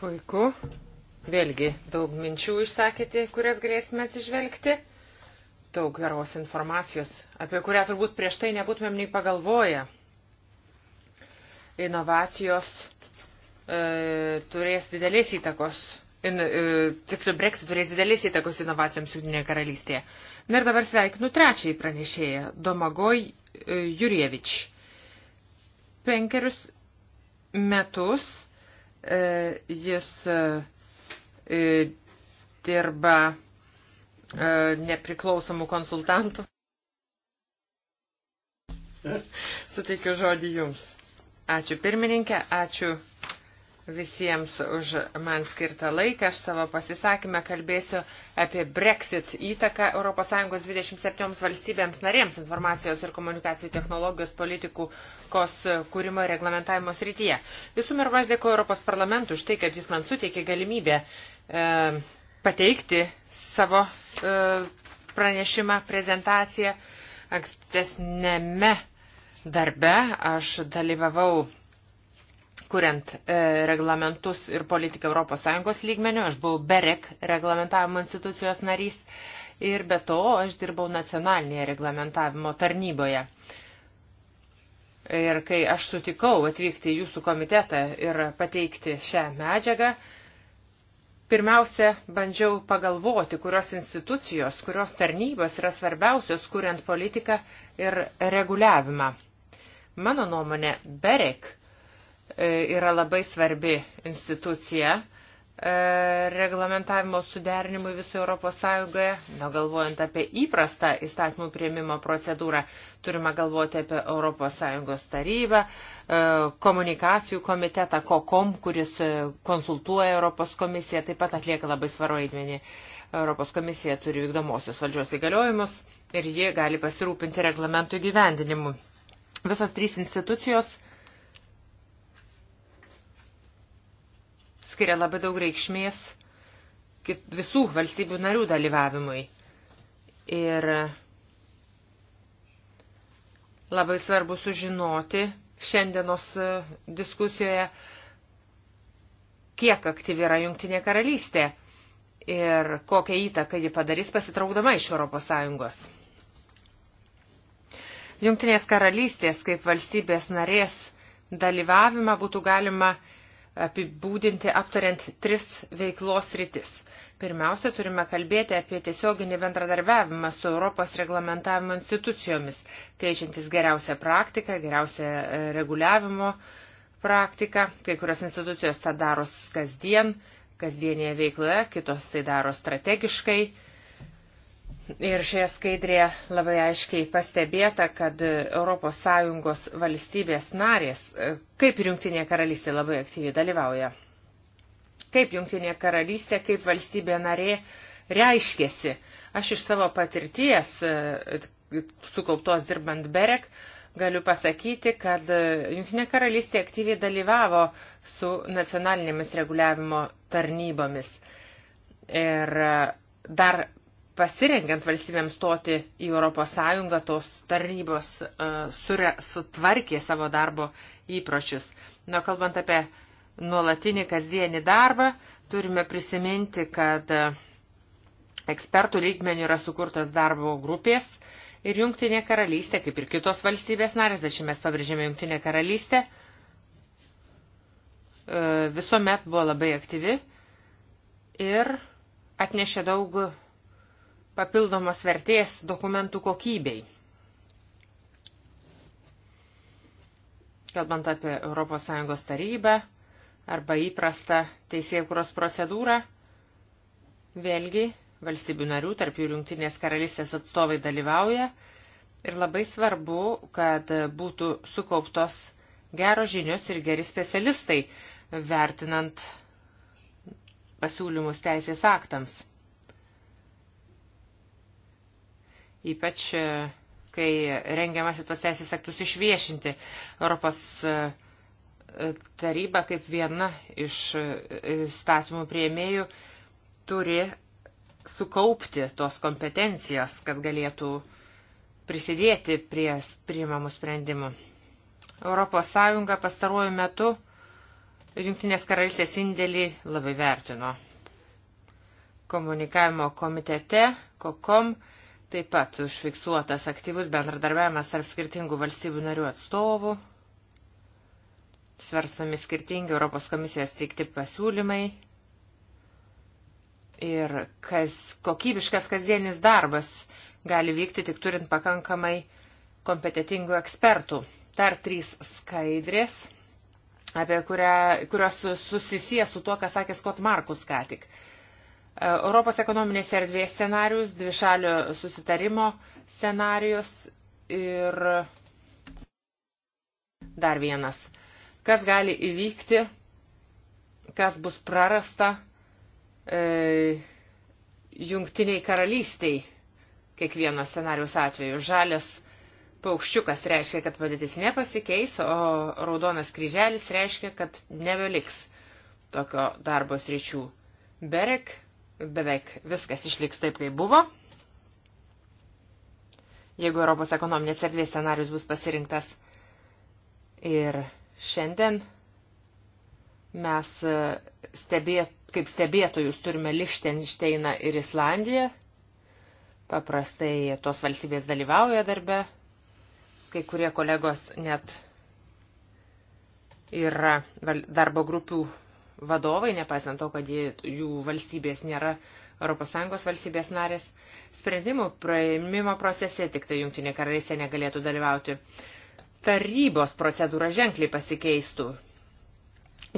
Puiku. Vėlgi, daug minčių išsakėte, kurias grėsime atsižvelgti. Daug geros informacijos, apie kurią turbūt prieš tai nebūtumėm nei pagalvoję. Inovacijos e, turės didelės įtakos in, e, tiksliau Brexit turės didelės įtakos inovacijoms Junktinėje karalystėje. Na ir dabar sveikinu trečiąjį pranešėją, Domagoj e, Jurievič. Penkerius metus e, jis e, dirba e, nepriklausomų konsultantų. Suteikiu žodį Jums. Ačiū pirmininkė, ačiū visiems už man skirtą laiką. Aš savo pasisakymę kalbėsiu apie Brexit įtaką ES 27 valstybėms narėms informacijos ir komunikacijų technologijos politikų kos kūrimo ir reglamentavimo srityje. Visų mirva aš dėkoju Europos parlamentui už tai, kad jis man suteikė galimybę e, pateikti savo e, pranešimą, prezentaciją ankstesnėme darbe. Aš dalyvavau kuriant e, reglamentus ir politiką ES lygmenių. Aš buvau BEREK reglamentavimo institucijos narys ir be to aš dirbau nacionalinėje reglamentavimo tarnyboje. Ir kai aš sutikau atvykti į jūsų komitetą ir pateikti šią medžiagą, pirmiausia, bandžiau pagalvoti, kurios institucijos, kurios tarnybos yra svarbiausios, kuriant politiką ir reguliavimą. Mano nuomonė, BEREK E, yra labai svarbi institucija e, reglamentavimo suderinimui visoje Europos Sąjungoje, negalvojant apie įprastą įstatymų prieimimo procedūrą, turime galvoti apie Europos Sąjungos tarybą, e, komunikacijų komitetą, kokom, kuris konsultuoja Europos komisiją, taip pat atlieka labai svarų vaidmenį. Europos komisija turi vykdomosios valdžios įgaliojimus ir ji gali pasirūpinti reglamentų įgyvendinimu. Visos trys institucijos skiria labai daug reikšmės visų valstybių narių dalyvavimui. Ir labai svarbu sužinoti šiandienos e, diskusijoje, kiek aktyvi yra Junktinė karalystė ir kokią įtaką ji padarys pasitraukdama iš ES. Junktinės karalystės kaip valstybės narės dalyvavimą būtų galima apibūdinti aptariant tris veiklos rytis. Pirmiausia, turime kalbėti apie tiesioginį bendradarbiavimą su Europos reglamentavimo institucijomis, keičiantis geriausią praktiką, geriausią e, reguliavimo praktiką. Kai kurios institucijos tą daro kasdien, kasdienėje veikloje, kitos tai daro strategiškai Ir šioje skaidrėje labai aiškiai pastebėta, kad ES valstybės narės, e, kaip Junktinė karalystė labai aktyviai dalyvauja, kaip Junktinė karalystė, kaip valstybė narė reiškėsi. Aš iš savo patirties, e, sukauptos dirbant Berek, galiu pasakyti, kad e, Junktinė karalystė aktyviai dalyvavo su nacionalinėmis reguliavimo tarnybomis. Ir dar pasirengiant valstybėms stoti į ES, tos tarnybos uh, e, surė, sutvarkė savo darbo įpročius. Nu, kalbant apie nuolatinį kasdienį darbą, turime prisiminti, kad e, ekspertų lygmenių yra sukurtos darbo grupės ir Junktinė karalystė, kaip ir kitos valstybės narės, bet šiandien mes pabrėžėme Junktinė karalystė, uh, e, visuomet buvo labai aktyvi ir atnešė daug papildomos vertės dokumentų kokybei. Kalbant apie ES tarybą arba įprastą teisėkuros procedūrą, vėlgi valstybių narių, tarp jų Junktinės karalystės atstovai dalyvauja ir labai svarbu, kad būtų sukauptos geros žinios ir geri specialistai, vertinant pasiūlymus teisės aktams. ypač e, kai rengiamasi tuos teisės aktus išviešinti. Europos e, e, taryba kaip viena iš statymų prieimėjų turi sukaupti tos kompetencijos, kad galėtų prisidėti prie priimamų sprendimų. Europos Sąjunga pastaruoju metu Junktinės karalystės indėlį labai vertino. Komunikavimo komitete, kokom, Taip pat užfiksuotas aktyvus bendradarbiavimas tarp skirtingų valstybių narių atstovų, svarstami skirtingi Europos komisijos teikti pasiūlymai ir kas, kokybiškas kasdienis darbas gali vykti tik turint pakankamai kompetitingų ekspertų. Dar trys skaidrės, apie kurią, kurios susisies su tuo, ką sakė Scott Markus ką tik. Europos ekonominės erdvės scenarius, dvišalio susitarimo scenarius ir dar vienas. Kas gali įvykti, kas bus prarasta e, jungtiniai karalystiai kiekvieno scenarius atveju. Žalės paukščiukas reiškia, kad padėtis nepasikeis, o raudonas kryželis reiškia, kad nebeliks tokio darbo sričių. Berek beveik viskas išliks taip, kaip buvo. Jeigu Europos ekonominės erdvės scenarius bus pasirinktas ir šiandien mes e, stebėt, kaip stebėtojus turime Lichtensteiną ir Islandiją. Paprastai tos valstybės dalyvauja darbe. Kai kurie kolegos net yra darbo grupių vadovai, nepaisant to, kad jie, jų valstybės nėra ES valstybės narės, sprendimų praėmimo procese tik tai Junktinė karalystė negalėtų dalyvauti. Tarybos procedūra ženkliai pasikeistų.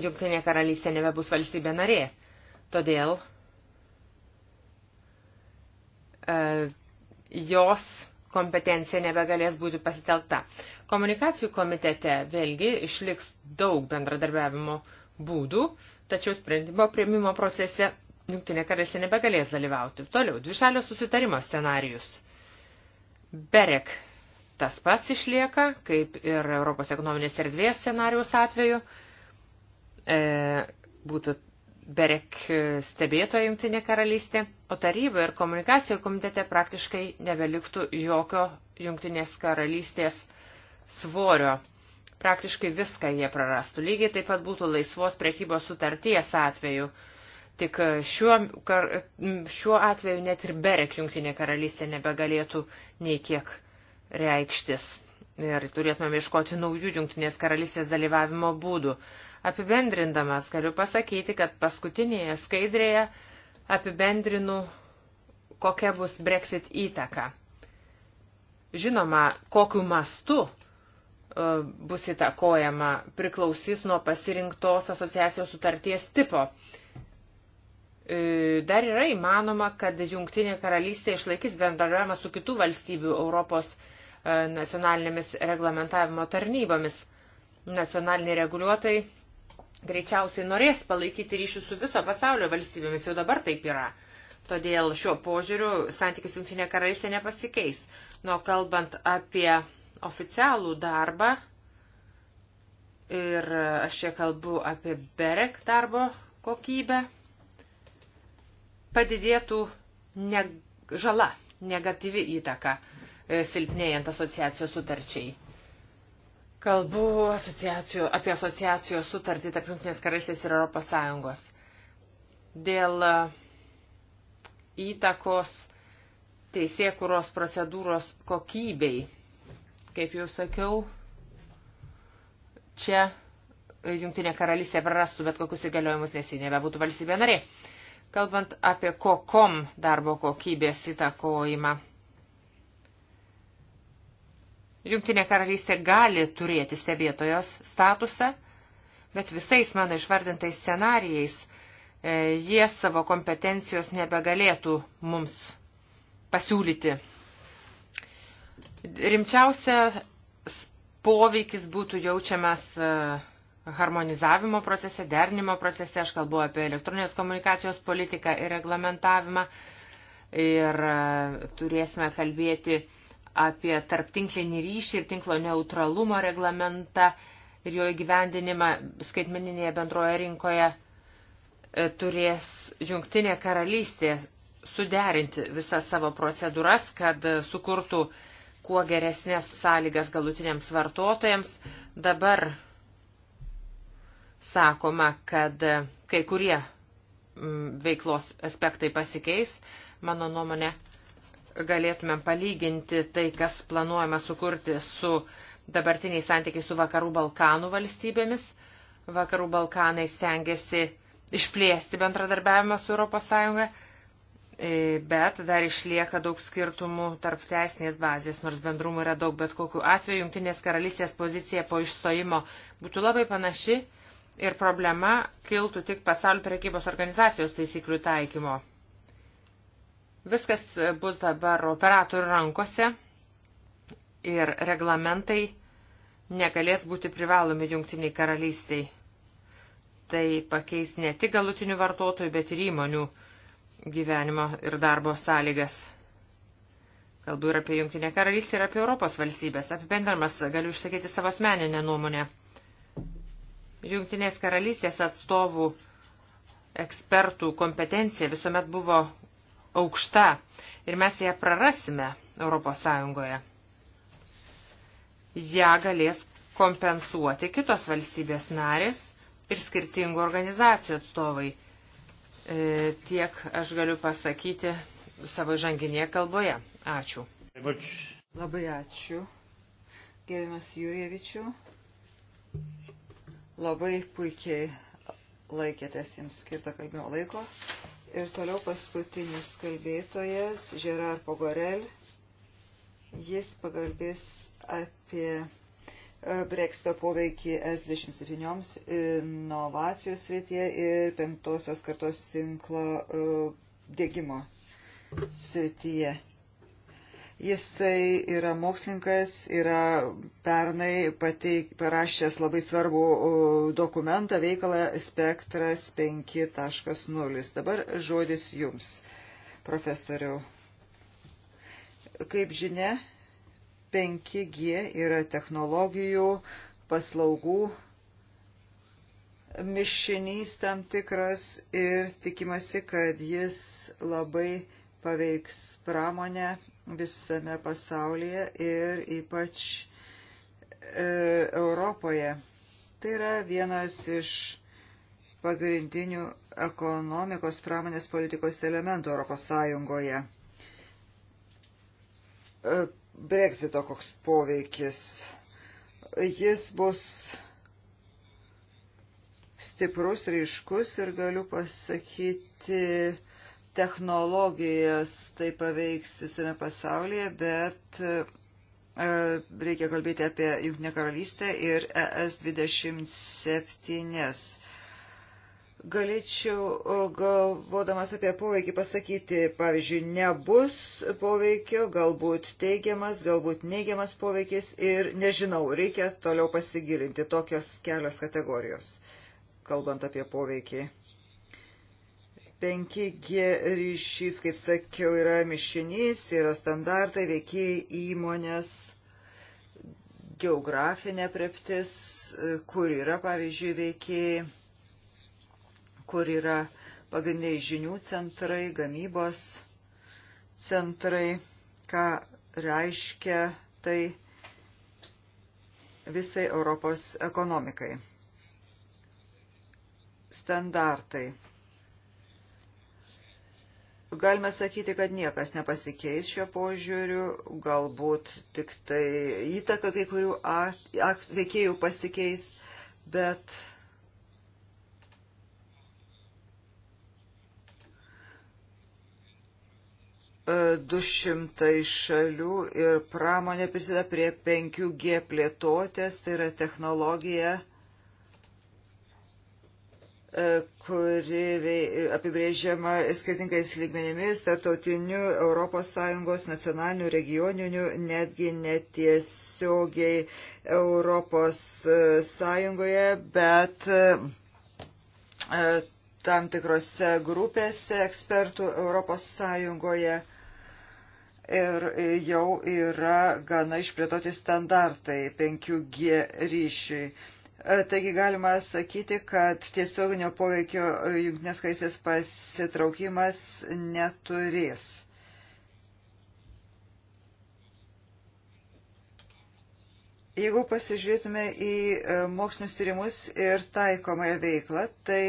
Junktinė karalystė nebebus valstybė narė. Todėl e, jos kompetencija nebegalės būti pasitelkta. Komunikacijų komitete vėlgi išliks daug bendradarbiavimo uh, būdų, tačiau sprendimo prieimimo procese Junktinė karalystė nebegalės dalyvauti. Toliau, dvišalio susitarimo scenarius. Berek tas pats išlieka, kaip ir Europos ekonominės erdvės scenarius atveju. E, būtų Berek stebėtoja Junktinė karalystė, o taryboje ir komunikacijų komitete praktiškai nebeliktų jokio Junktinės karalystės svorio praktiškai viską jie prarastų. Lygiai taip pat būtų laisvos prekybos sutarties atveju. Tik e, šiuo, kar, e, šiuo atveju net ir berek jungtinė karalystė nebegalėtų nei kiek reikštis. Ir turėtume ieškoti naujų jungtinės karalystės dalyvavimo būdų. Apibendrindamas galiu pasakyti, kad paskutinėje skaidrėje apibendrinu, kokia bus Brexit įtaka. Žinoma, kokiu mastu E, bus įtakojama priklausys nuo pasirinktos asociacijos sutarties tipo. E, dar yra įmanoma, kad Junktinė karalystė išlaikys bendradarbiavimą su kitų valstybių Europos e, nacionalinėmis reglamentavimo tarnybomis. Nacionaliniai reguliuotojai greičiausiai norės palaikyti ryšių su viso pasaulio valstybėmis, jau dabar taip yra. Todėl šiuo požiūriu santykis Junktinė karalystė nepasikeis. Nuo kalbant apie oficialų darbą ir aš čia kalbu apie berek darbo kokybę, padidėtų ne, žala, negatyvi įtaka e, silpnėjant asociacijos sutarčiai. Kalbu asociacijų, apie asociacijos sutartį tarp Junktinės karalystės ir ES. Dėl e, įtakos teisėkuros procedūros kokybei Kaip jau sakiau, čia Junktinė karalystė prarastų bet kokius įgaliojimus, nes ji nebebūtų valstybė narė. Kalbant apie kokom darbo kokybės įtakojimą. Junktinė karalystė gali turėti stebėtojos statusą, bet visais mano išvardintais scenarijais e, jie savo kompetencijos nebegalėtų mums pasiūlyti. Rimčiausias poveikis būtų jaučiamas e, harmonizavimo procese, derinimo procese, aš kalbu apie elektroninės komunikacijos politiką ir reglamentavimą ir e, turėsime kalbėti apie tarptinklinį ryšį ir tinklo neutralumo reglamentą ir jo įgyvendinimą skaitmeninėje bendroje rinkoje e, turės Junktinė karalystė suderinti visas savo procedūras, kad sukurtų uh, kuo geresnės sąlygas galutiniams vartotojams. Dabar sakoma, kad kai kurie mm, veiklos aspektai pasikeis, mano nuomonė, galėtumėm palyginti tai, kas planuojama sukurti su dabartiniai santykiai su Vakarų Balkanų valstybėmis. Vakarų Balkanai stengiasi išplėsti bendradarbiavimą su ES E, bet dar išlieka daug skirtumų tarp teisinės bazės, nors bendrumų yra daug, bet kokiu atveju Junktinės karalystės pozicija po išstojimo būtų labai panaši ir problema kiltų tik pasaulio prekybos organizacijos taisyklių taikymo. Viskas bus dabar operatorių rankose ir reglamentai negalės būti privalomi Junktiniai karalystiai. Tai pakeis ne tik galutinių vartotojų, bet ir įmonių gyvenimo ir darbo sąlygas. Kalbu ir apie Junktinę karalystę, ir apie Europos valstybės. Apibendramas galiu išsakyti savo asmeninę nuomonę. Junktinės karalystės atstovų ekspertų kompetencija visuomet buvo aukšta ir mes ją prarasime Europos Sąjungoje. Ja galės kompensuoti kitos valstybės narės ir skirtingų organizacijų atstovai – E, tiek aš galiu pasakyti savo žanginėje kalboje. Ačiū. Labai ačiū. Gerimas Jurievičių. Labai puikiai laikėtės jums skirtą kalbimo laiko. Ir toliau paskutinis kalbėtojas, Žerar Pogorel. Jis pagalbės apie Brexito poveikį S27 inovacijos srityje ir penktosios kartos tinklo e, dėgymo srityje. Jisai yra mokslininkas, yra pernai pateik, parašęs labai svarbų e, dokumentą, veikalą Spektras 5.0. Dabar žodis jums, profesoriau. Kaip žinia, 5G yra technologijų, paslaugų mišinys tam tikras ir tikimasi, kad jis labai paveiks pramonę visame pasaulyje ir ypač e, Europoje. Tai yra vienas iš pagrindinių ekonomikos pramonės politikos elementų Europos Sąjungoje. E, Brexito koks poveikis. Jis bus stiprus, ryškus ir galiu pasakyti, technologijas tai paveiks visame pasaulyje, bet e, reikia kalbėti apie Junktinę karalystę ir ES 27. Galėčiau galvodamas apie poveikį pasakyti, pavyzdžiui, nebus poveikio, galbūt teigiamas, galbūt neigiamas poveikis ir nežinau, reikia toliau pasigilinti tokios kelios kategorijos, kalbant apie poveikį. 5G ryšys, kaip sakiau, yra mišinys, yra standartai, veikiai įmonės, geografinė preptis, kur yra, pavyzdžiui, veikiai kur yra pagrindiniai žinių centrai, gamybos centrai, ką reiškia tai visai Europos ekonomikai. Standartai. Galime sakyti, kad niekas nepasikeis šio požiūriu, galbūt tik tai įtaka kai kurių veikėjų pasikeis, bet 200 šalių ir pramonė prisideda prie 5G plėtotės, tai yra technologija, e, kuri apibrėžiama skirtingais lygmenimis, tarptautiniu, ES, nacionaliniu, regioniniu, netgi netiesiogiai ES, e, bet e, tam tikrose grupėse ekspertų ES ir jau yra gana išplėtoti standartai 5G ryšiui. E, taigi galima sakyti, kad tiesioginio poveikio jungtinės kaisės pasitraukimas neturės. Jeigu pasižiūrėtume į e, mokslinius tyrimus ir taikomąją veiklą, tai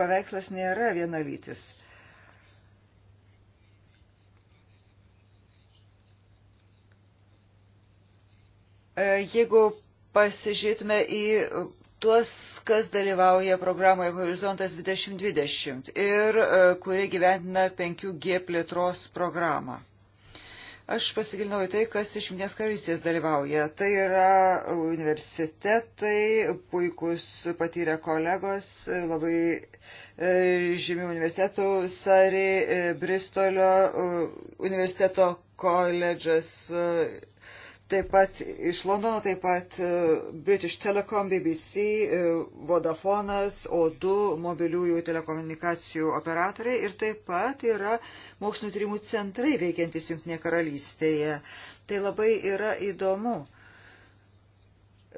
paveikslas nėra vienalytis. E, jeigu pasižiūrėtume į tuos, kas dalyvauja programoje Horizontas 2020 ir e, kurie gyventina 5G plėtros programą. Aš pasigilinau į tai, kas iš Junės karalystės dalyvauja. Tai yra universitetai, puikus patyrę kolegos, labai e, žymių universitetų, Sari, Bristolio universiteto koledžas Taip pat iš Londono, taip pat e, British Telecom, BBC, e, Vodafonas, O2, mobiliųjų telekomunikacijų operatoriai ir taip pat yra mokslinio tyrimų centrai veikiantis Junktinėje karalystėje. Tai labai yra įdomu.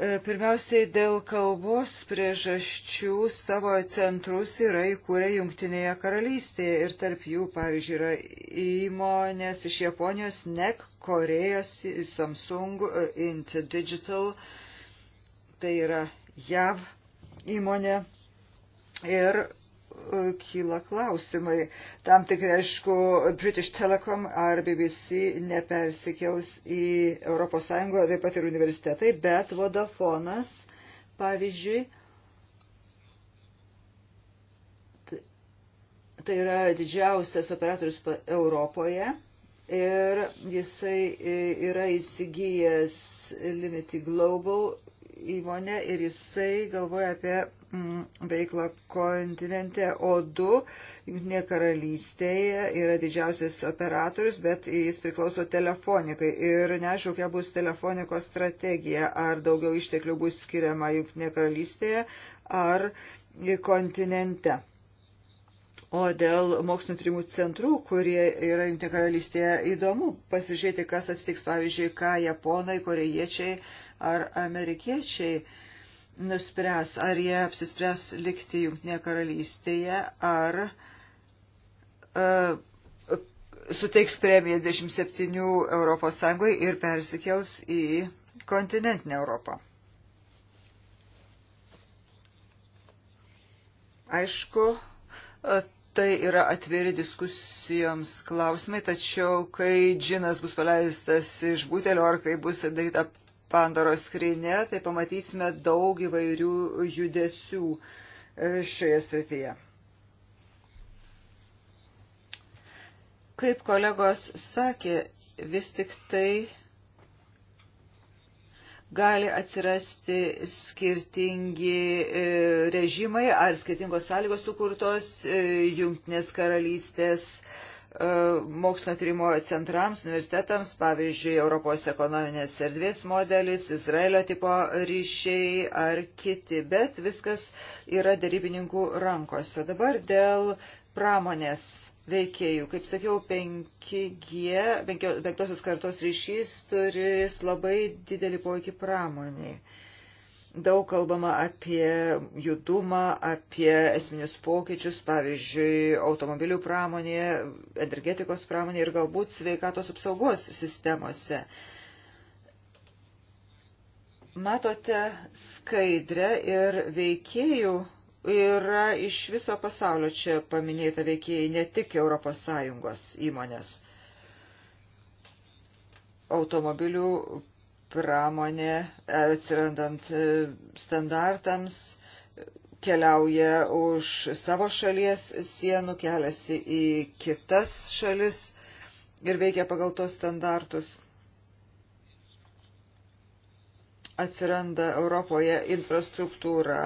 E, pirmiausiai dėl kalbos priežasčių savo centrus yra įkūrę Jungtinėje karalystėje ir tarp jų, pavyzdžiui, yra įmonės iš Japonijos, NEC, Korejos, Samsung, e, Inti Digital, tai yra JAV įmonė ir kyla klausimai. Tam tikrai, aišku, British Telecom ar BBC nepersikels į ES, taip pat ir universitetai, bet Vodafonas, pavyzdžiui, tai yra didžiausias operatorius Europoje ir jisai yra įsigijęs Limity Global įmonę ir jisai galvoja apie Mm, veiklą kontinente, o du Junktinėje karalystėje yra didžiausias operatorius, bet jis priklauso telefonikai. Ir neaišku, kokia bus telefonikos strategija, ar daugiau išteklių bus skiriama Junktinėje karalystėje ar kontinente. O dėl mokslinio tyrimų centrų, kurie yra Junktinė karalystėje, įdomu pasižiūrėti, kas atsitiks, pavyzdžiui, ką japonai, korejiečiai ar amerikiečiai nuspręs, ar jie apsispręs likti Junktinėje karalystėje, ar uh, suteiks premiją 27 Europos Sąjungoje ir persikels į kontinentinę Europą. Aišku, e, tai yra atviri diskusijoms klausimai, tačiau kai džinas bus paleistas iš butelio ar kai bus daryta Pandoros skrinė, tai pamatysime daug įvairių judesių e, šioje srityje. Kaip kolegos sakė, vis tik tai gali atsirasti skirtingi e, režimai ar skirtingos sąlygos sukurtos e, jungtinės karalystės E, mokslinio tyrimo centrams, universitetams, pavyzdžiui, Europos ekonominės erdvės modelis, Izraelio tipo ryšiai ar kiti, bet viskas yra darybininkų rankose. Dabar dėl pramonės veikėjų. Kaip sakiau, 5G, penkiosios kartos ryšys turi labai didelį poveikį pramoniai. Daug kalbama apie judumą, apie esminius pokyčius, pavyzdžiui, automobilių pramonėje, energetikos pramonėje ir galbūt sveikatos apsaugos sistemose. Matote skaidrę ir veikėjų yra iš viso pasaulio čia paminėta veikėjai, ne tik ES įmonės automobilių pramonė, e, atsirandant e, standartams, keliauja už savo šalies sienų, keliasi į kitas šalis ir veikia pagal tos standartus. Atsiranda Europoje infrastruktūra,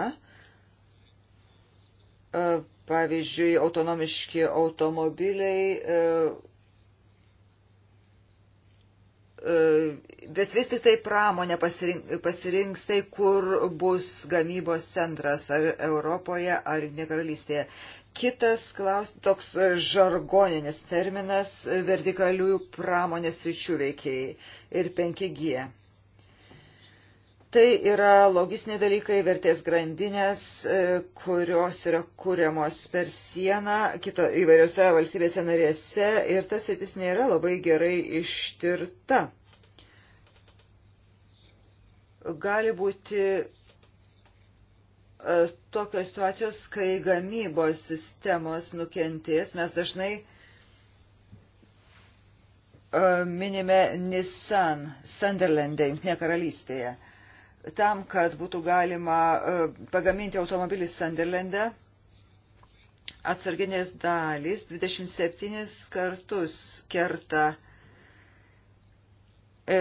e, pavyzdžiui, autonomiški automobiliai, E, bet vis tik tai pramonė pasirink, pasirinks tai, kur bus gamybos centras, ar Europoje, ar nekaralystėje. Kitas klaus, toks žargoninis terminas vertikalių pramonės ryčių veikėjai ir 5G. Tai yra logistiniai dalykai, vertės grandinės, e, kurios yra kūriamos per sieną kito, įvairiose valstybėse narėse ir tas sritis nėra labai gerai ištirta. Gali būti e, tokios situacijos, kai gamybos sistemos nukentės. Mes dažnai e, minime Nissan Sunderlandė, Junktinėje karalystėje tam, kad būtų galima e, pagaminti automobilį Sunderlande, atsarginės dalys 27 kartus kerta e,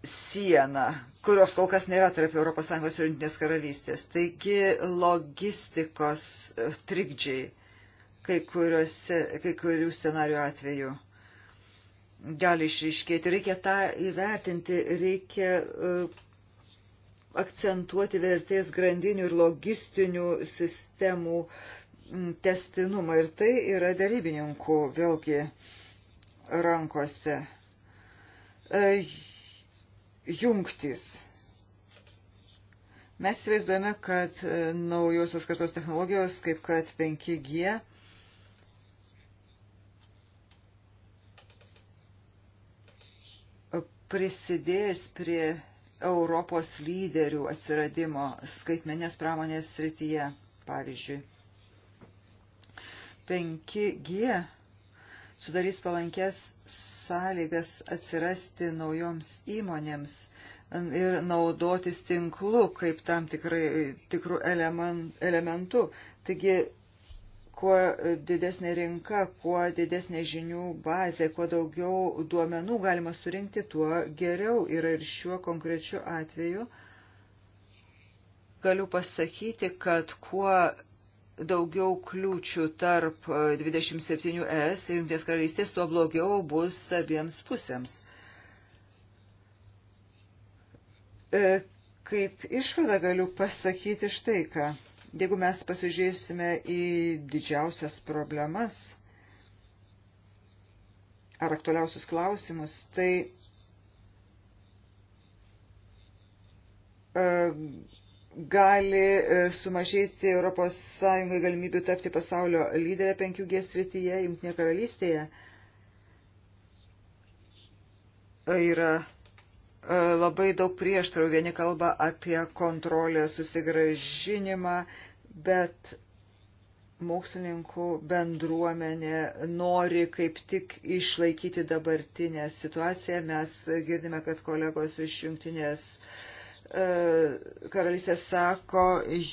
sieną, kurios kol kas nėra tarp ES ir Junktinės karalystės. Taigi logistikos e, trikdžiai kai, kuriuose, kai kurių scenarių atveju gali išriškėti. Reikia tą įvertinti, reikia uh, akcentuoti vertės grandinių ir logistinių sistemų mm, testinumą. Ir tai yra darybininkų vėlgi rankose. E, Jungtys. Mes įsivaizduojame, kad e, naujosios kartos technologijos, kaip kad 5G, prisidės prie Europos lyderių atsiradimo skaitmenės pramonės srityje, pavyzdžiui. 5G sudarys palankės sąlygas atsirasti naujoms įmonėms ir naudotis tinklu kaip tam tikrai, tikrų elementų. Taigi kuo didesnė rinka, kuo didesnė žinių bazė, kuo daugiau duomenų galima surinkti, tuo geriau yra ir šiuo konkrečiu atveju. Galiu pasakyti, kad kuo daugiau kliūčių tarp 27S ir Junktinės karalystės, tuo blogiau bus abiems pusėms. E, kaip išvada galiu pasakyti štai ką. Jeigu mes pasižiūrėsime į didžiausias problemas ar aktualiausius klausimus, tai e, gali e, sumažėti ES galimybių tapti pasaulio lyderę 5G srityje, Junktinėje karalystėje. E, yra E, labai daug prieštarų. Vieni kalba apie kontrolę susigražinimą, bet mokslininkų bendruomenė nori kaip tik išlaikyti dabartinę situaciją. Mes girdime, kad kolegos iš jungtinės e, karalystės sako,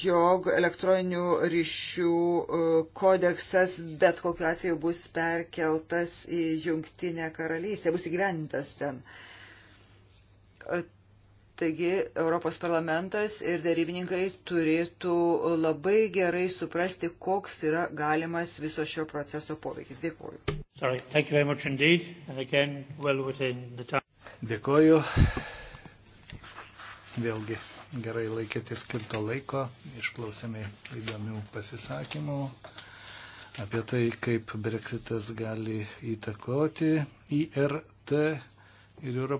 jog elektroninių ryšių e, kodeksas bet kokiu atveju bus perkeltas į jungtinę karalystę, bus įgyvendintas ten. Uh, Taigi Europos parlamentas ir darybininkai turėtų labai gerai suprasti, koks yra galimas viso šio proceso poveikis. Dėkuoju. Well Dėkuoju. Vėlgi gerai laikėte skirto laiko, išklausėme įdomių pasisakymų apie tai, kaip Brexitas gali įtakoti IRT ir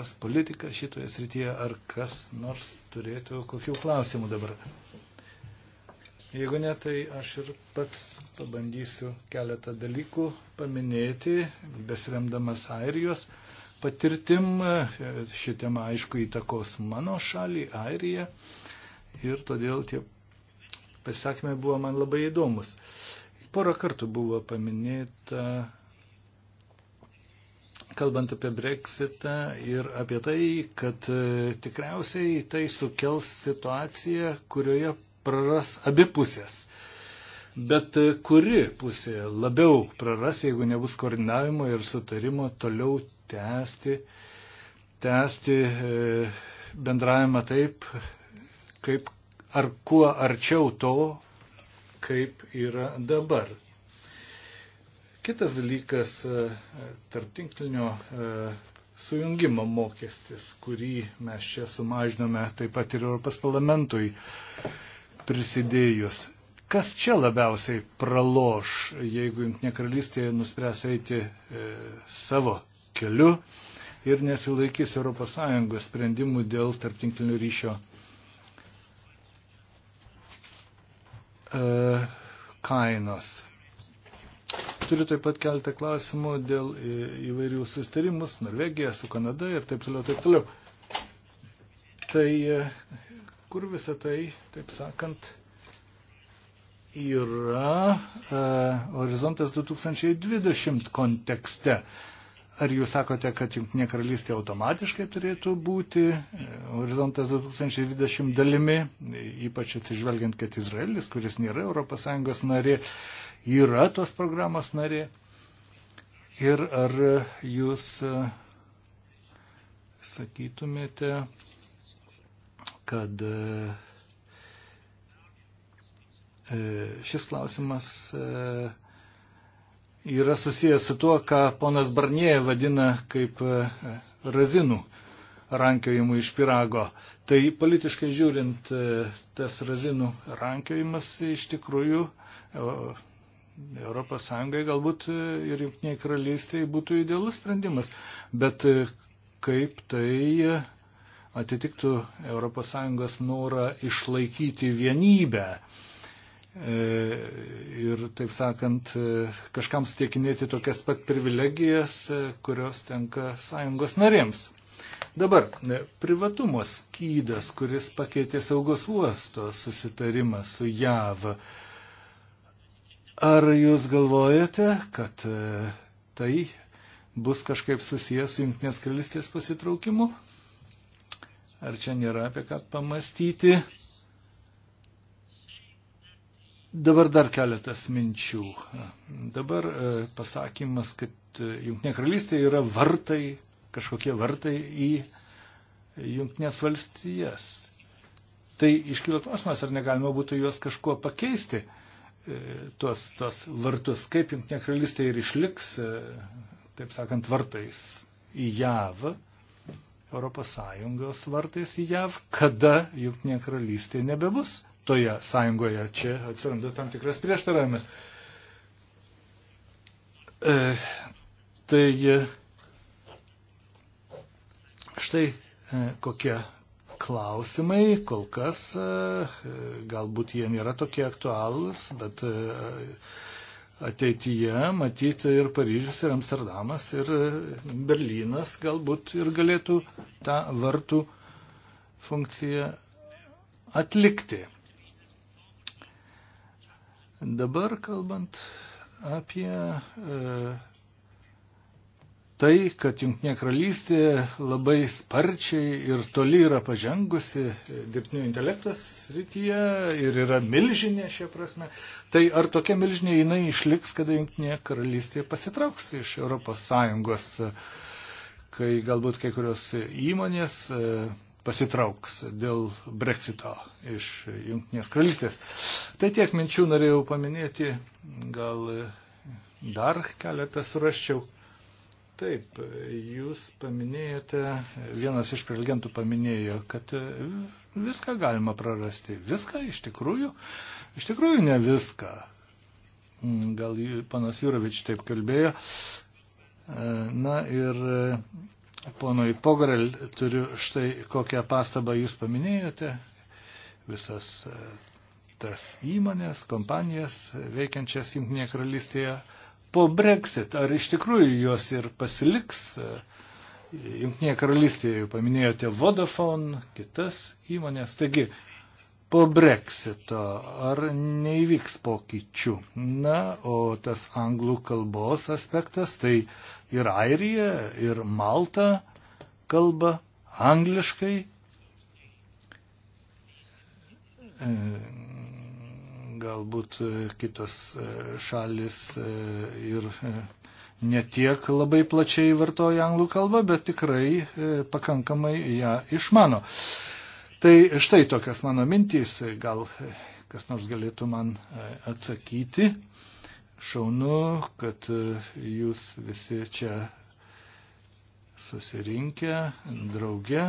ES politiką šitoje srityje, ar kas nors turėtų kokių klausimų dabar. Jeigu ne, tai aš ir pats pabandysiu keletą dalykų paminėti, besiremdamas Airijos patirtim. Ši tema, aišku, įtakos mano šalį, Airiją. Ir todėl tie pasisakymai buvo man labai įdomus. Porą kartų buvo paminėta kalbant apie breksitą ir apie tai, kad e, tikriausiai tai sukels situaciją, kurioje praras abi pusės. Bet e, kuri pusė labiau praras, jeigu nebus koordinavimo ir sutarimo toliau tęsti, tęsti e, bendravimą taip, kaip ar kuo arčiau to, kaip yra dabar. Kitas dalykas e, - tarptinklinio e, sujungimo mokestis, kurį mes čia sumažinome taip pat ir Europos parlamentui prisidėjus. Kas čia labiausiai praloš, jeigu Junktinė karalystė nuspręs eiti e, savo keliu ir nesilaikys ES sprendimų dėl tarptinklinio ryšio? E, kainos. Turiu taip pat keltą klausimų dėl e, įvairių sustarimų su Norvegija, su Kanada ir taip toliau, taip toliau. Tai e, kur visą tai, taip sakant, yra e, horizontas 2020 kontekste. Ar jūs sakote, kad Junktinė karalystė automatiškai turėtų būti e, horizontas 2020 dalimi, ypač atsižvelgiant, kad Izraelis, kuris nėra ES narė, yra tos programos narė ir ar jūs e, sakytumėte, kad e, e, šis klausimas yra susijęs su tuo, ką ponas Barnėje vadina kaip razinų rankiojimu iš pirago. Tai politiškai žiūrint, tas razinų rankiojimas iš tikrųjų ES galbūt ir Junktiniai karalystiai būtų idealus sprendimas, bet kaip tai atitiktų ES norą išlaikyti vienybę e, ir, taip sakant, e, kažkam stiekinėti tokias pat privilegijas, e, kurios tenka sąjungos narėms. Dabar privatumo skydas, kuris pakeitė saugos uosto susitarimą su JAV. E, Ar jūs galvojate, kad e, tai bus kažkaip susijęs su Junktinės karalystės pasitraukimu? Ar čia nėra apie ką pamastyti? Dabar dar keletas minčių. Dabar e, pasakymas, kad e, Junktinė karalystė yra vartai, kažkokie vartai į Junktinės valstijas. Tai iškilo klausimas, ar negalima būtų juos kažkuo pakeisti. E, tuos, tuos vartus, kaip Junktinė karalystė ir išliks, e, taip sakant, vartais į JAV, ES vartais į JAV, kada Junktinė karalystė nebebus toje sąjungoje. Čia atsiranda tam tikras prieštaravimas. E, tai e, štai e, kokia klausimai, kol kas e, e, galbūt jie nėra tokie aktualūs, bet e, ateityje matyti ir Paryžius, ir Amsterdamas, ir Berlynas galbūt ir galėtų tą vartų funkciją atlikti. Dabar kalbant apie e, tai, kad Junktinė karalystė labai sparčiai ir toli yra pažengusi e, dirbtinio intelektas rytyje ir yra milžinė šia prasme. Tai ar tokia milžinė jinai išliks, kada Junktinė karalystė pasitrauks iš ES, e, kai galbūt kai kurios įmonės e, pasitrauks dėl breksito iš Junktinės karalystės. Tai tiek minčių norėjau paminėti, gal dar keletą suraščiau. Taip, jūs paminėjote, vienas iš prelegentų paminėjo, kad e, viską galima prarasti. Viską iš tikrųjų, iš tikrųjų ne viską. Mm, gal panas Jūrovič taip kalbėjo. E, na ir e, ponui Pogarel turiu štai kokią pastabą jūs paminėjote. Visas tas įmonės, kompanijas veikiančias Junktinėje karalystėje po Brexit, ar iš tikrųjų jos ir pasiliks? Junktinėje karalystėje paminėjote Vodafone, kitas įmonės. Taigi, po breksito, ar neįvyks pokyčių. Na, o tas anglų kalbos aspektas, tai ir Airija, ir Malta kalba angliškai galbūt e, kitos e, šalis e, ir netiek labai plačiai vartoja anglų kalbą, bet tikrai pakankamai ją išmano. Tai štai tokias mano mintys, gal kas nors galėtų man atsakyti. Šaunu, kad jūs visi čia susirinkę, drauge.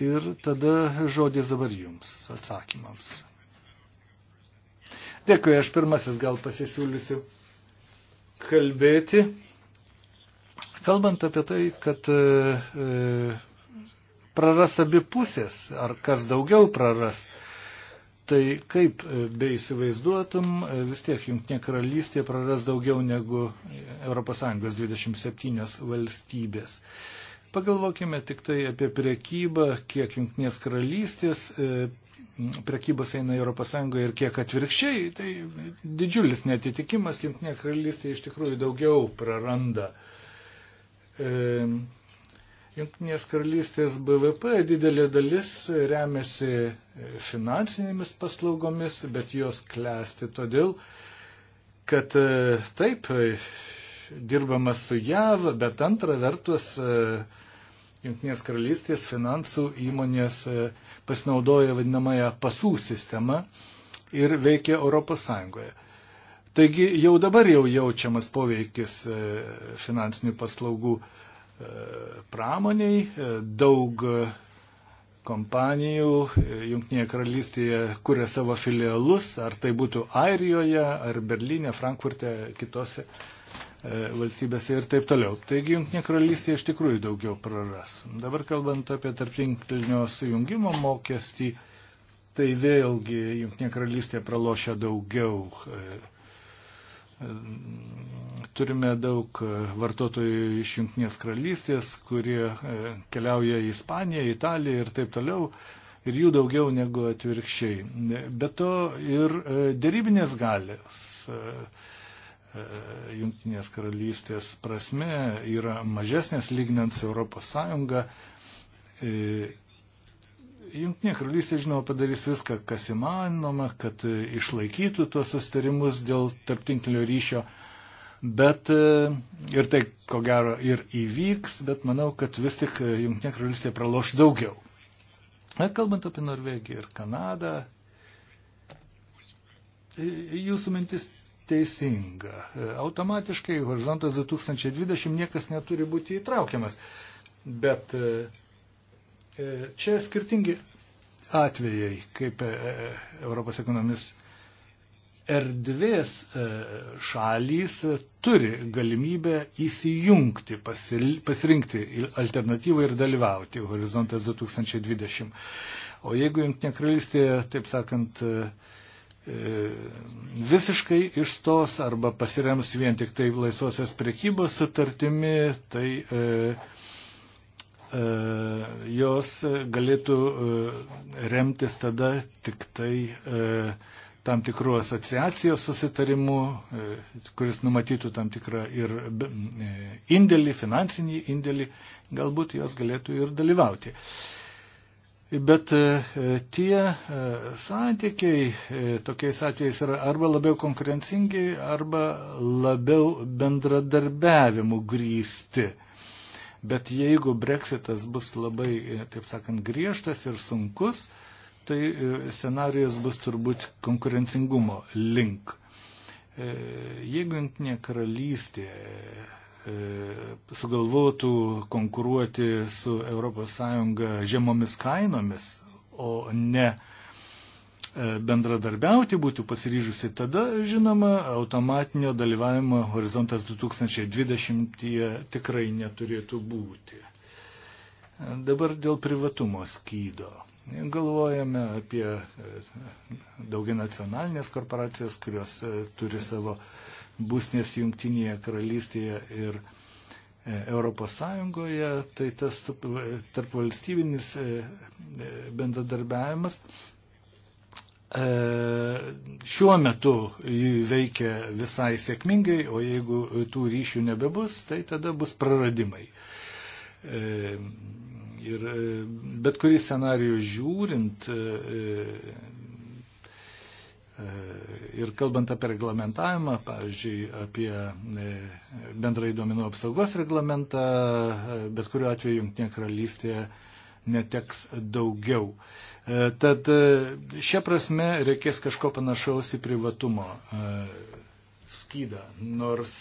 Ir tada žodis dabar jums atsakymams. Dėkui, aš pirmasis gal pasisiūlysiu kalbėti. Kalbant apie tai, kad e, e praras abi pusės, ar kas daugiau praras, tai kaip e, be įsivaizduotum, e, vis tiek Junktinė karalystė praras daugiau negu ES 27 valstybės. E, Pagalvokime tik tai apie priekybą, kiek Junktinės karalystės e, prekybos eina ES ir kiek atvirkščiai, tai didžiulis netitikimas, Junktinė karalystė iš tikrųjų daugiau praranda. E, Junktinės karalystės BVP didelė dalis remiasi finansinėmis paslaugomis, bet jos klesti todėl, kad e, taip, dirbama su JAV, bet antra vertus e, Junktinės karalystės finansų įmonės e, pasinaudoja vadinamąją pasų sistemą ir veikia ES. Taigi jau dabar jau jaučiamas poveikis e, finansinių paslaugų pramoniai, daug kompanijų Junktinėje karalystėje kuria savo filialus, ar tai būtų Airijoje, ar Berlyne, Frankfurte, kitose E, valstybėse ir taip toliau. Taigi Junktinė karalystė iš tikrųjų daugiau praras. Dabar kalbant apie tarptinklinio sujungimo mokestį, tai vėlgi Junktinė karalystė pralošia daugiau. E, e, turime daug vartotojų iš Junktinės karalystės, kurie keliauja į Ispaniją, Italiją ir taip toliau ir jų daugiau negu atvirkščiai. Be to ir dėrybinės galios E, Junktinės karalystės prasme yra mažesnės lygnant su Europos Sąjunga. E, Junktinė karalystė, žinoma, padarys viską, kas įmanoma, kad e, išlaikytų tuos sustarimus dėl tarptinklinio ryšio, bet ir tai, ko gero, ir įvyks, bet manau, kad vis tik Junktinė karalystė praloš daugiau. Kalbant apie Norvegiją ir Kanadą, jūsų mintis teisinga. E, automatiškai horizontas 2020 niekas neturi būti įtraukiamas. Bet e, e, čia skirtingi atvejai, kaip Europos ekonomis erdvės šalys turi galimybę įsijungti, pasirinkti alternatyvą ir dalyvauti horizontas 2020. O jeigu jungtinė karalystė, taip sakant, E, visiškai išstos arba pasirems vien tik tai laisvosios priekybos sutartimi, tai e, e, jos galėtų e, remtis tada tik tai e, tam tikrų asociacijos susitarimų, e, kuris numatytų tam tikrą ir e, indėlį, finansinį indėlį, galbūt jos galėtų ir dalyvauti. E, Bet e, tie e, santykiai e, tokiais atvejais yra arba labiau konkurencingi, arba labiau bendradarbiavimu grįsti. Bet jeigu breksitas bus labai, taip sakant, griežtas ir sunkus, tai scenarius bus turbūt konkurencingumo link. Jeigu jungtinė karalystė E, sugalvotų konkuruoti su ES žemomis kainomis, o ne e, bendradarbiauti būtų pasiryžusi, tada, žinoma, automatinio dalyvavimo horizontas 2020 tikrai neturėtų būti. Dabar dėl privatumo skydo. Galvojame apie e, daugia nacionalinės korporacijas, kurios turi savo uh, būsnės jungtinėje karalystėje ir e, Europos Sąjungoje, tai tas tarp valstybinis e, e, bendradarbiavimas šiuo metu veikia visai sėkmingai, o jeigu tų ryšių nebebus, tai tada bus praradimai. Ir bet kurį scenarijų žiūrint, Ir kalbant apie reglamentavimą, pavyzdžiui, apie e, bendrai duomenų apsaugos reglamentą, e, bet kuriuo atveju Junktinė karalystė neteks daugiau. E, tad šia prasme reikės kažko panašaus į privatumo skydą. Nors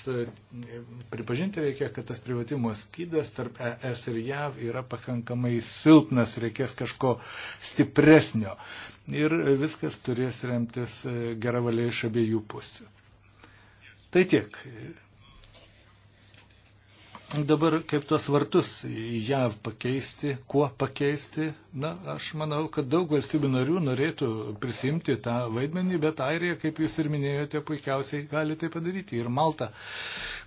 pripažinti reikia, kad tas privatumo skydas tarp ES ir JAV yra pakankamai silpnas, reikės kažko stipresnio ir viskas turės remtis e, geravalė iš abiejų pusių. Tai tiek. Dabar kaip tuos vartus į JAV pakeisti, kuo pakeisti, na, aš manau, kad daug valstybių narių norėtų prisimti tą vaidmenį, bet Airija, kaip jūs ir minėjote, puikiausiai gali tai padaryti. Ir Malta,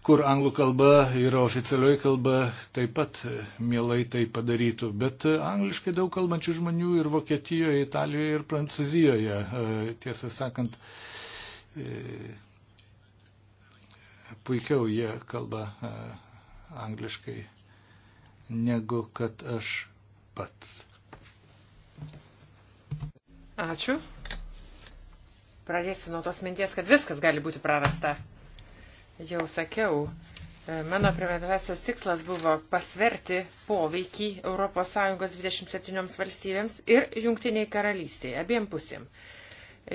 kur anglų kalba yra oficialioji kalba, taip pat e, mielai tai padarytų. Bet e, angliškai daug kalbančių žmonių ir Vokietijoje, Italijoje ir Prancūzijoje, e, tiesą sakant, puikiau jie kalba angliškai, negu kad aš pats. Ačiū. Pradėsiu nuo tos minties, kad viskas gali būti prarasta. Jau sakiau, e, Mano primetavisos tikslas buvo pasverti poveikį ES 27 valstybėms ir jungtiniai karalystiai, abiem pusėm.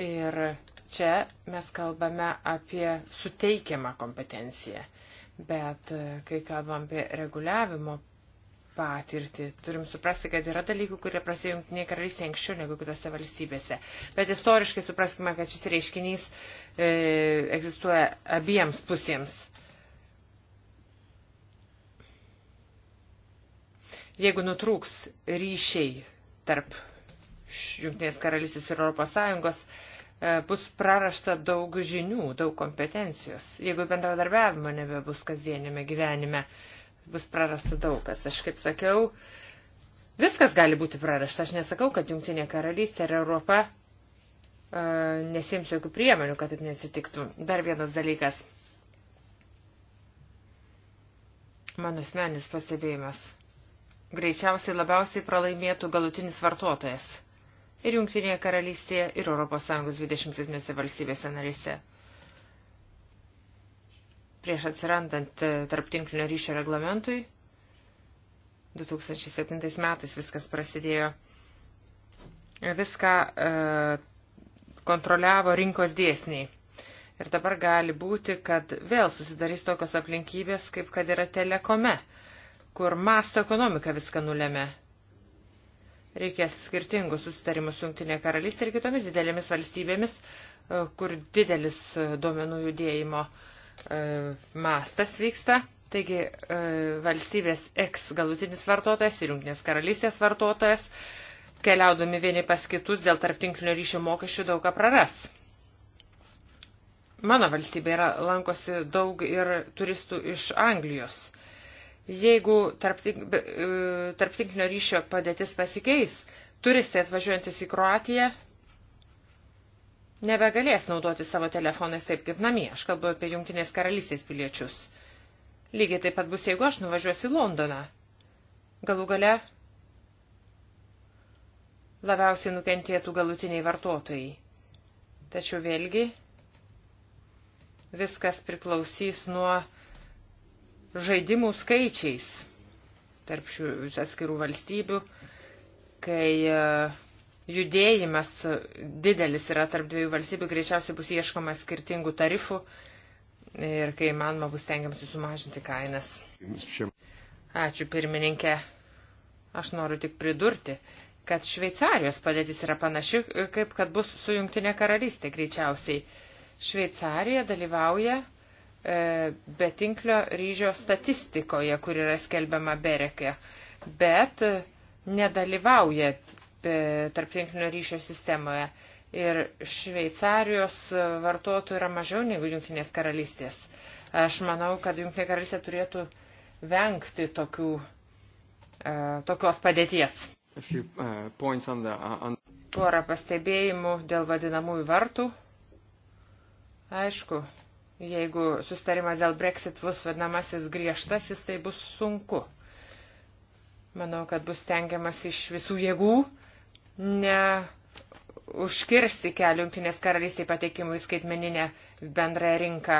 Ir čia mes kalbame apie suteikiamą kompetenciją. Bet e, kai kalbam apie reguliavimo patirtį, turim suprasti, kad yra dalykų, kurie prasidėjo Junktinėje karalystėje anksčiau negu kitose valstybėse. Bet istoriškai supraskime, kad šis reiškinys e, egzistuoja abiems pusėms. Jeigu nutrūks ryšiai tarp Junktinės karalystės ir Europos Sąjungos, e, E, bus prarasta daug žinių, daug kompetencijos. Jeigu bendradarbiavimo nebebus kasdienėme gyvenime, bus prarasta daug kas. Aš kaip sakiau, viskas gali būti prarasta. Aš nesakau, kad Junktinė karalystė ir Europa e, nesims jokių priemonių, kad taip nesitiktų. Dar vienas dalykas. Mano asmenis pastebėjimas. Greičiausiai labiausiai pralaimėtų galutinis vartotojas ir Junktinėje karalystėje ir ES 27 valstybėse narėse. Prieš atsirandant e, tarptinklinio ryšio reglamentui, 2007 metais viskas prasidėjo. Viską e, kontroliavo rinkos dėsniai. Ir dabar gali būti, kad vėl susidarys tokios aplinkybės, kaip kad yra telekome, kur masto ekonomika viską nulėmė. Reikės skirtingų susitarimų su Junktinė karalystė ir kitomis didelėmis valstybėmis, e, kur didelis e, duomenų judėjimo e, mastas vyksta. Taigi valstybės X galutinis vartotojas ir Junktinės karalystės vartotojas, keliaudami vieni pas kitus dėl tarptinklinio ryšio mokesčių daugą praras. Mano valstybė yra lankosi daug ir turistų iš Anglijos. Jeigu e, tarptinklinio tarp ryšio padėtis pasikeis, turistai atvažiuojantis į Kroatiją nebegalės naudoti savo telefonais taip kaip namie. Aš kalbu apie Junktinės karalystės piliečius. Lygiai taip pat bus, jeigu aš nuvažiuosiu į Londoną. Galų gale labiausiai nukentėtų galutiniai vartotojai. Tačiau vėlgi viskas priklausys nuo žaidimų skaičiais tarp šių atskirų valstybių, kai e, judėjimas didelis yra tarp dviejų valstybių, greičiausiai bus ieškoma skirtingų tarifų ir kai manoma bus tengiamasi sumažinti kainas. Ačiū pirmininkė. Aš noriu tik pridurti, kad Šveicarijos padėtis yra panaši, kaip kad bus su Junktinė karalystė greičiausiai. Šveicarija dalyvauja E, betinklio ryžio statistikoje, kur yra skelbiama Berekė, bet nedalyvauja tarptinklinio ryšio sistemoje. Ir Šveicarijos vartotojų yra mažiau negu Junktinės karalystės. Aš manau, kad Junktinė karalystė turėtų vengti tokių, uh, tokios padėties. Few, uh, on the, uh, on... Porą pastebėjimų dėl vadinamųjų vartų. Aišku, Jeigu sustarimas dėl Brexit bus vadinamasis griežtasis, tai bus sunku. Manau, kad bus tengiamas iš visų jėgų ne užkirsti kelių Junktinės karalystėje patekimui į skaitmeninę bendrąją rinką,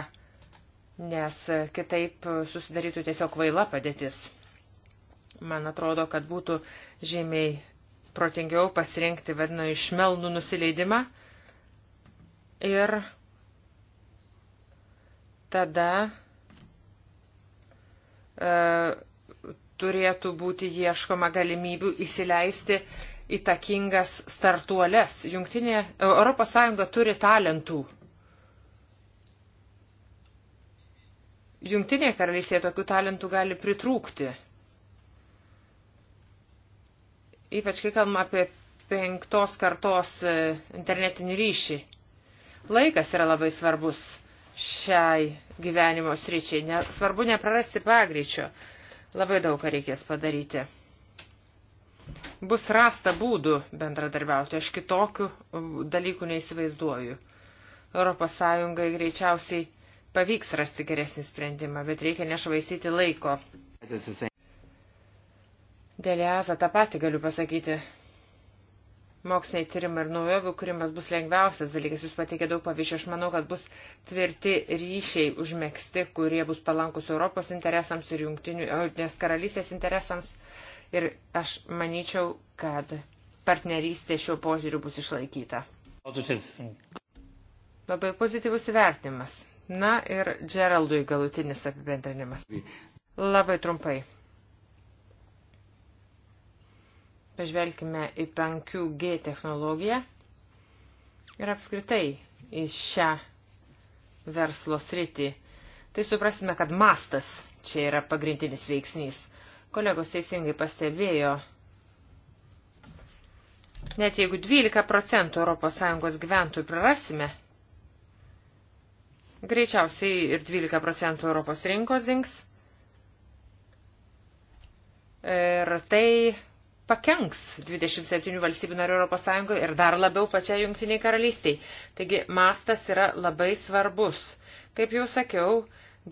nes kitaip susidarytų tiesiog kvaila padėtis. Man atrodo, kad būtų žymiai protingiau pasirinkti vadino iš melnų nusileidimą ir tada e, turėtų būti ieškoma galimybių įsileisti įtakingas startuolės. Jungtinė e, Europos Sąjunga turi talentų. Jungtinėje karalystėje tokių talentų gali pritrūkti. Ypač kai kalbam apie penktos kartos e, internetinį ryšį. Laikas yra labai svarbus šiai gyvenimo sričiai. Ne, svarbu neprarasti pagreičio. Labai daug ką reikės padaryti. Bus rasta būdų bendradarbiauti. Aš kitokių um, dalykų neįsivaizduoju. ES greičiausiai pavyks rasti geresnį sprendimą, bet reikia nešvaistyti laiko. Dėl EASA tą patį galiu pasakyti moksliniai tyrimai ir naujovių kūrimas bus lengviausias dalykas. Jūs pateikė daug pavyzdžių. Aš manau, kad bus tvirti ryšiai užmėgsti, kurie bus palankus Europos interesams ir jungtinės karalystės interesams. Ir aš manyčiau, kad partnerystė šiuo požiūriu bus išlaikyta. Labai pozityvus įvertinimas. Na ir Geraldui galutinis apibendrinimas. Labai trumpai. Pažvelkime į 5G technologiją ir apskritai į šią verslo sritį. Tai suprasime, kad mastas čia yra pagrindinis veiksnys. Kolegos teisingai pastebėjo, net jeigu 12 procentų ES gyventojų prarasime, greičiausiai ir 12 procentų Europos rinkos dinks. Ir tai pakenks 27 valstybių narių Europos Sąjungoje ir dar labiau pačiai jungtiniai karalystiai. Taigi mastas yra labai svarbus. Kaip jau sakiau,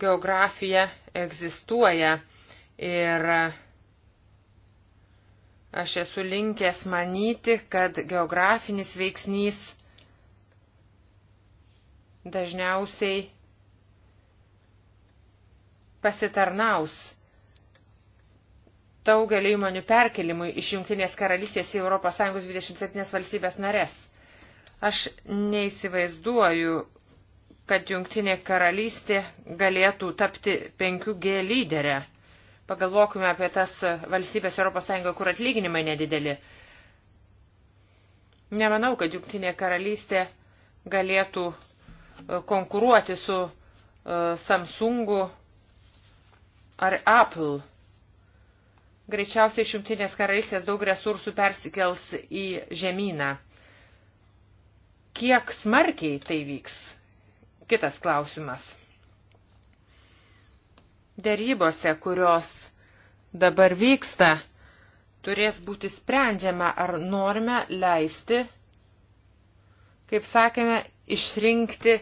geografija egzistuoja ir aš esu linkęs manyti, kad geografinis veiksnys dažniausiai pasitarnaus daugelį įmonių perkelimui iš Junktinės karalystės į ES 27 valstybės narės. Aš neįsivaizduoju, kad Junktinė karalystė galėtų tapti 5G lyderę. Pagalvokime apie tas valstybės ES, kur atlyginimai nedideli. Nemanau, kad Junktinė karalystė galėtų e, konkuruoti su e, Samsungu ar Apple Greičiausiai iš Junktinės karalystės daug resursų persikels į žemyną. Kiek smarkiai tai vyks? Kitas klausimas. Dėrybose, kurios dabar vyksta, turės būti sprendžiama, ar norime leisti, kaip sakėme, išrinkti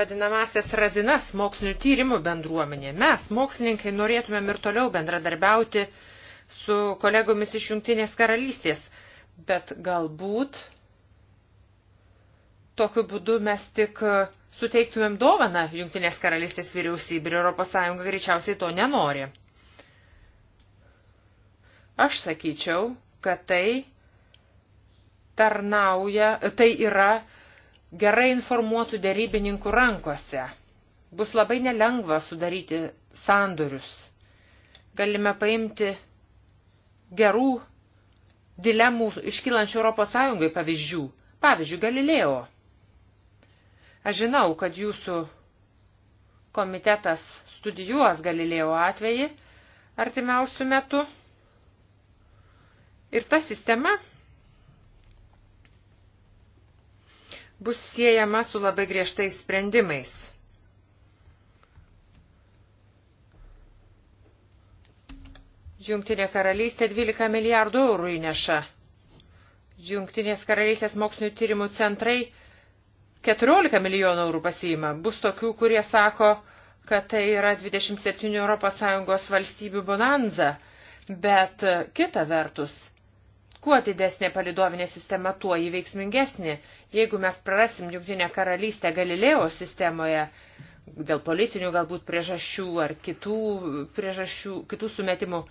vadinamasias razinas mokslinių tyrimų bendruomenė. Mes, mokslininkai, norėtumėm ir toliau bendradarbiauti su kolegomis iš Junktinės karalystės, bet galbūt tokiu būdu mes tik e, suteiktumėm dovaną Junktinės karalystės vyriausybė ir ES greičiausiai to nenori. Aš sakyčiau, kad tai tarnauja, tai yra gerai informuotų dėrybininkų rankose. Bus labai nelengva sudaryti sandorius. Galime paimti gerų dilemų iškylančių Europos Sąjungai pavyzdžių. Pavyzdžiui, Galilėjo. Aš žinau, kad jūsų komitetas studijuos Galilėjo atvejį artimiausių metų. Ir ta sistema bus siejama su labai griežtais sprendimais Junktinė karalystė 12 milijardų eurų įneša. Junktinės karalystės mokslinio tyrimų centrai 14 milijonų eurų pasiima. Bus tokių, kurie sako, kad tai yra 27 ES valstybių bonanza. Bet e, kita vertus, kuo didesnė palidovinė sistema, tuo įveiksmingesnė. Jeigu mes prarasim Junktinę karalystę Galilėjo sistemoje, dėl politinių galbūt priežasčių ar kitų priežasčių, kitų sumetimų,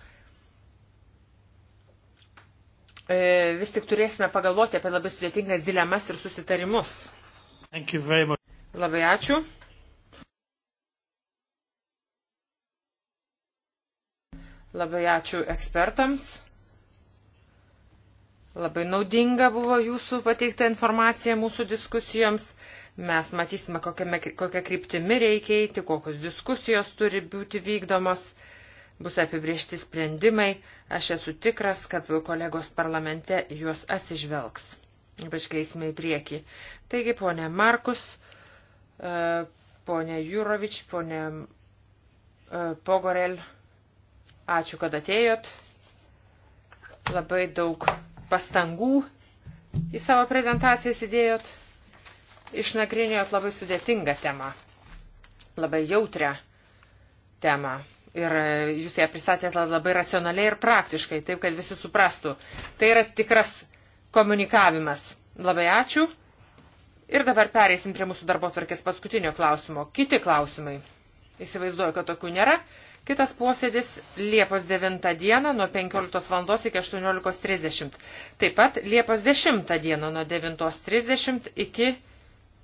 E, vis tik turėsime pagalvoti apie labai sudėtingas dilemas ir susitarimus. Labai ačiū. Labai ačiū ekspertams. Labai naudinga buvo jūsų pateikta informacija mūsų diskusijoms. Mes matysime, kokiame, kokią kryptimį reikia eiti, kokios diskusijos turi būti vykdomos bus apibriešti sprendimai, aš esu tikras, kad kolegos parlamente juos atsižvelgs. Ypač kai eisime į priekį. Taigi, ponė Markus, e, ponė Jurovič, ponė e, Pogorel, ačiū, kad atėjot. Labai daug pastangų į savo prezentacijas įdėjot. Išnagrinėjot labai sudėtingą temą, labai jautrią temą. Ir e, jūs ją pristatėte labai racionaliai ir praktiškai, taip kad visi suprastų. Tai yra tikras komunikavimas. Labai ačiū. Ir dabar pereisim prie mūsų darbo tvarkės paskutinio klausimo. Kiti klausimai. Įsivaizduoju, kad tokių nėra. Kitas posėdis Liepos 9 dieną nuo 15 val. iki 18.30. Taip pat Liepos 10 dieną nuo 9.30 iki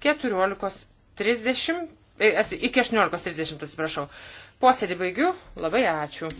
14.30. E, iki 18.30, atsiprašau. Posėdį baigiu. Labai ačiū.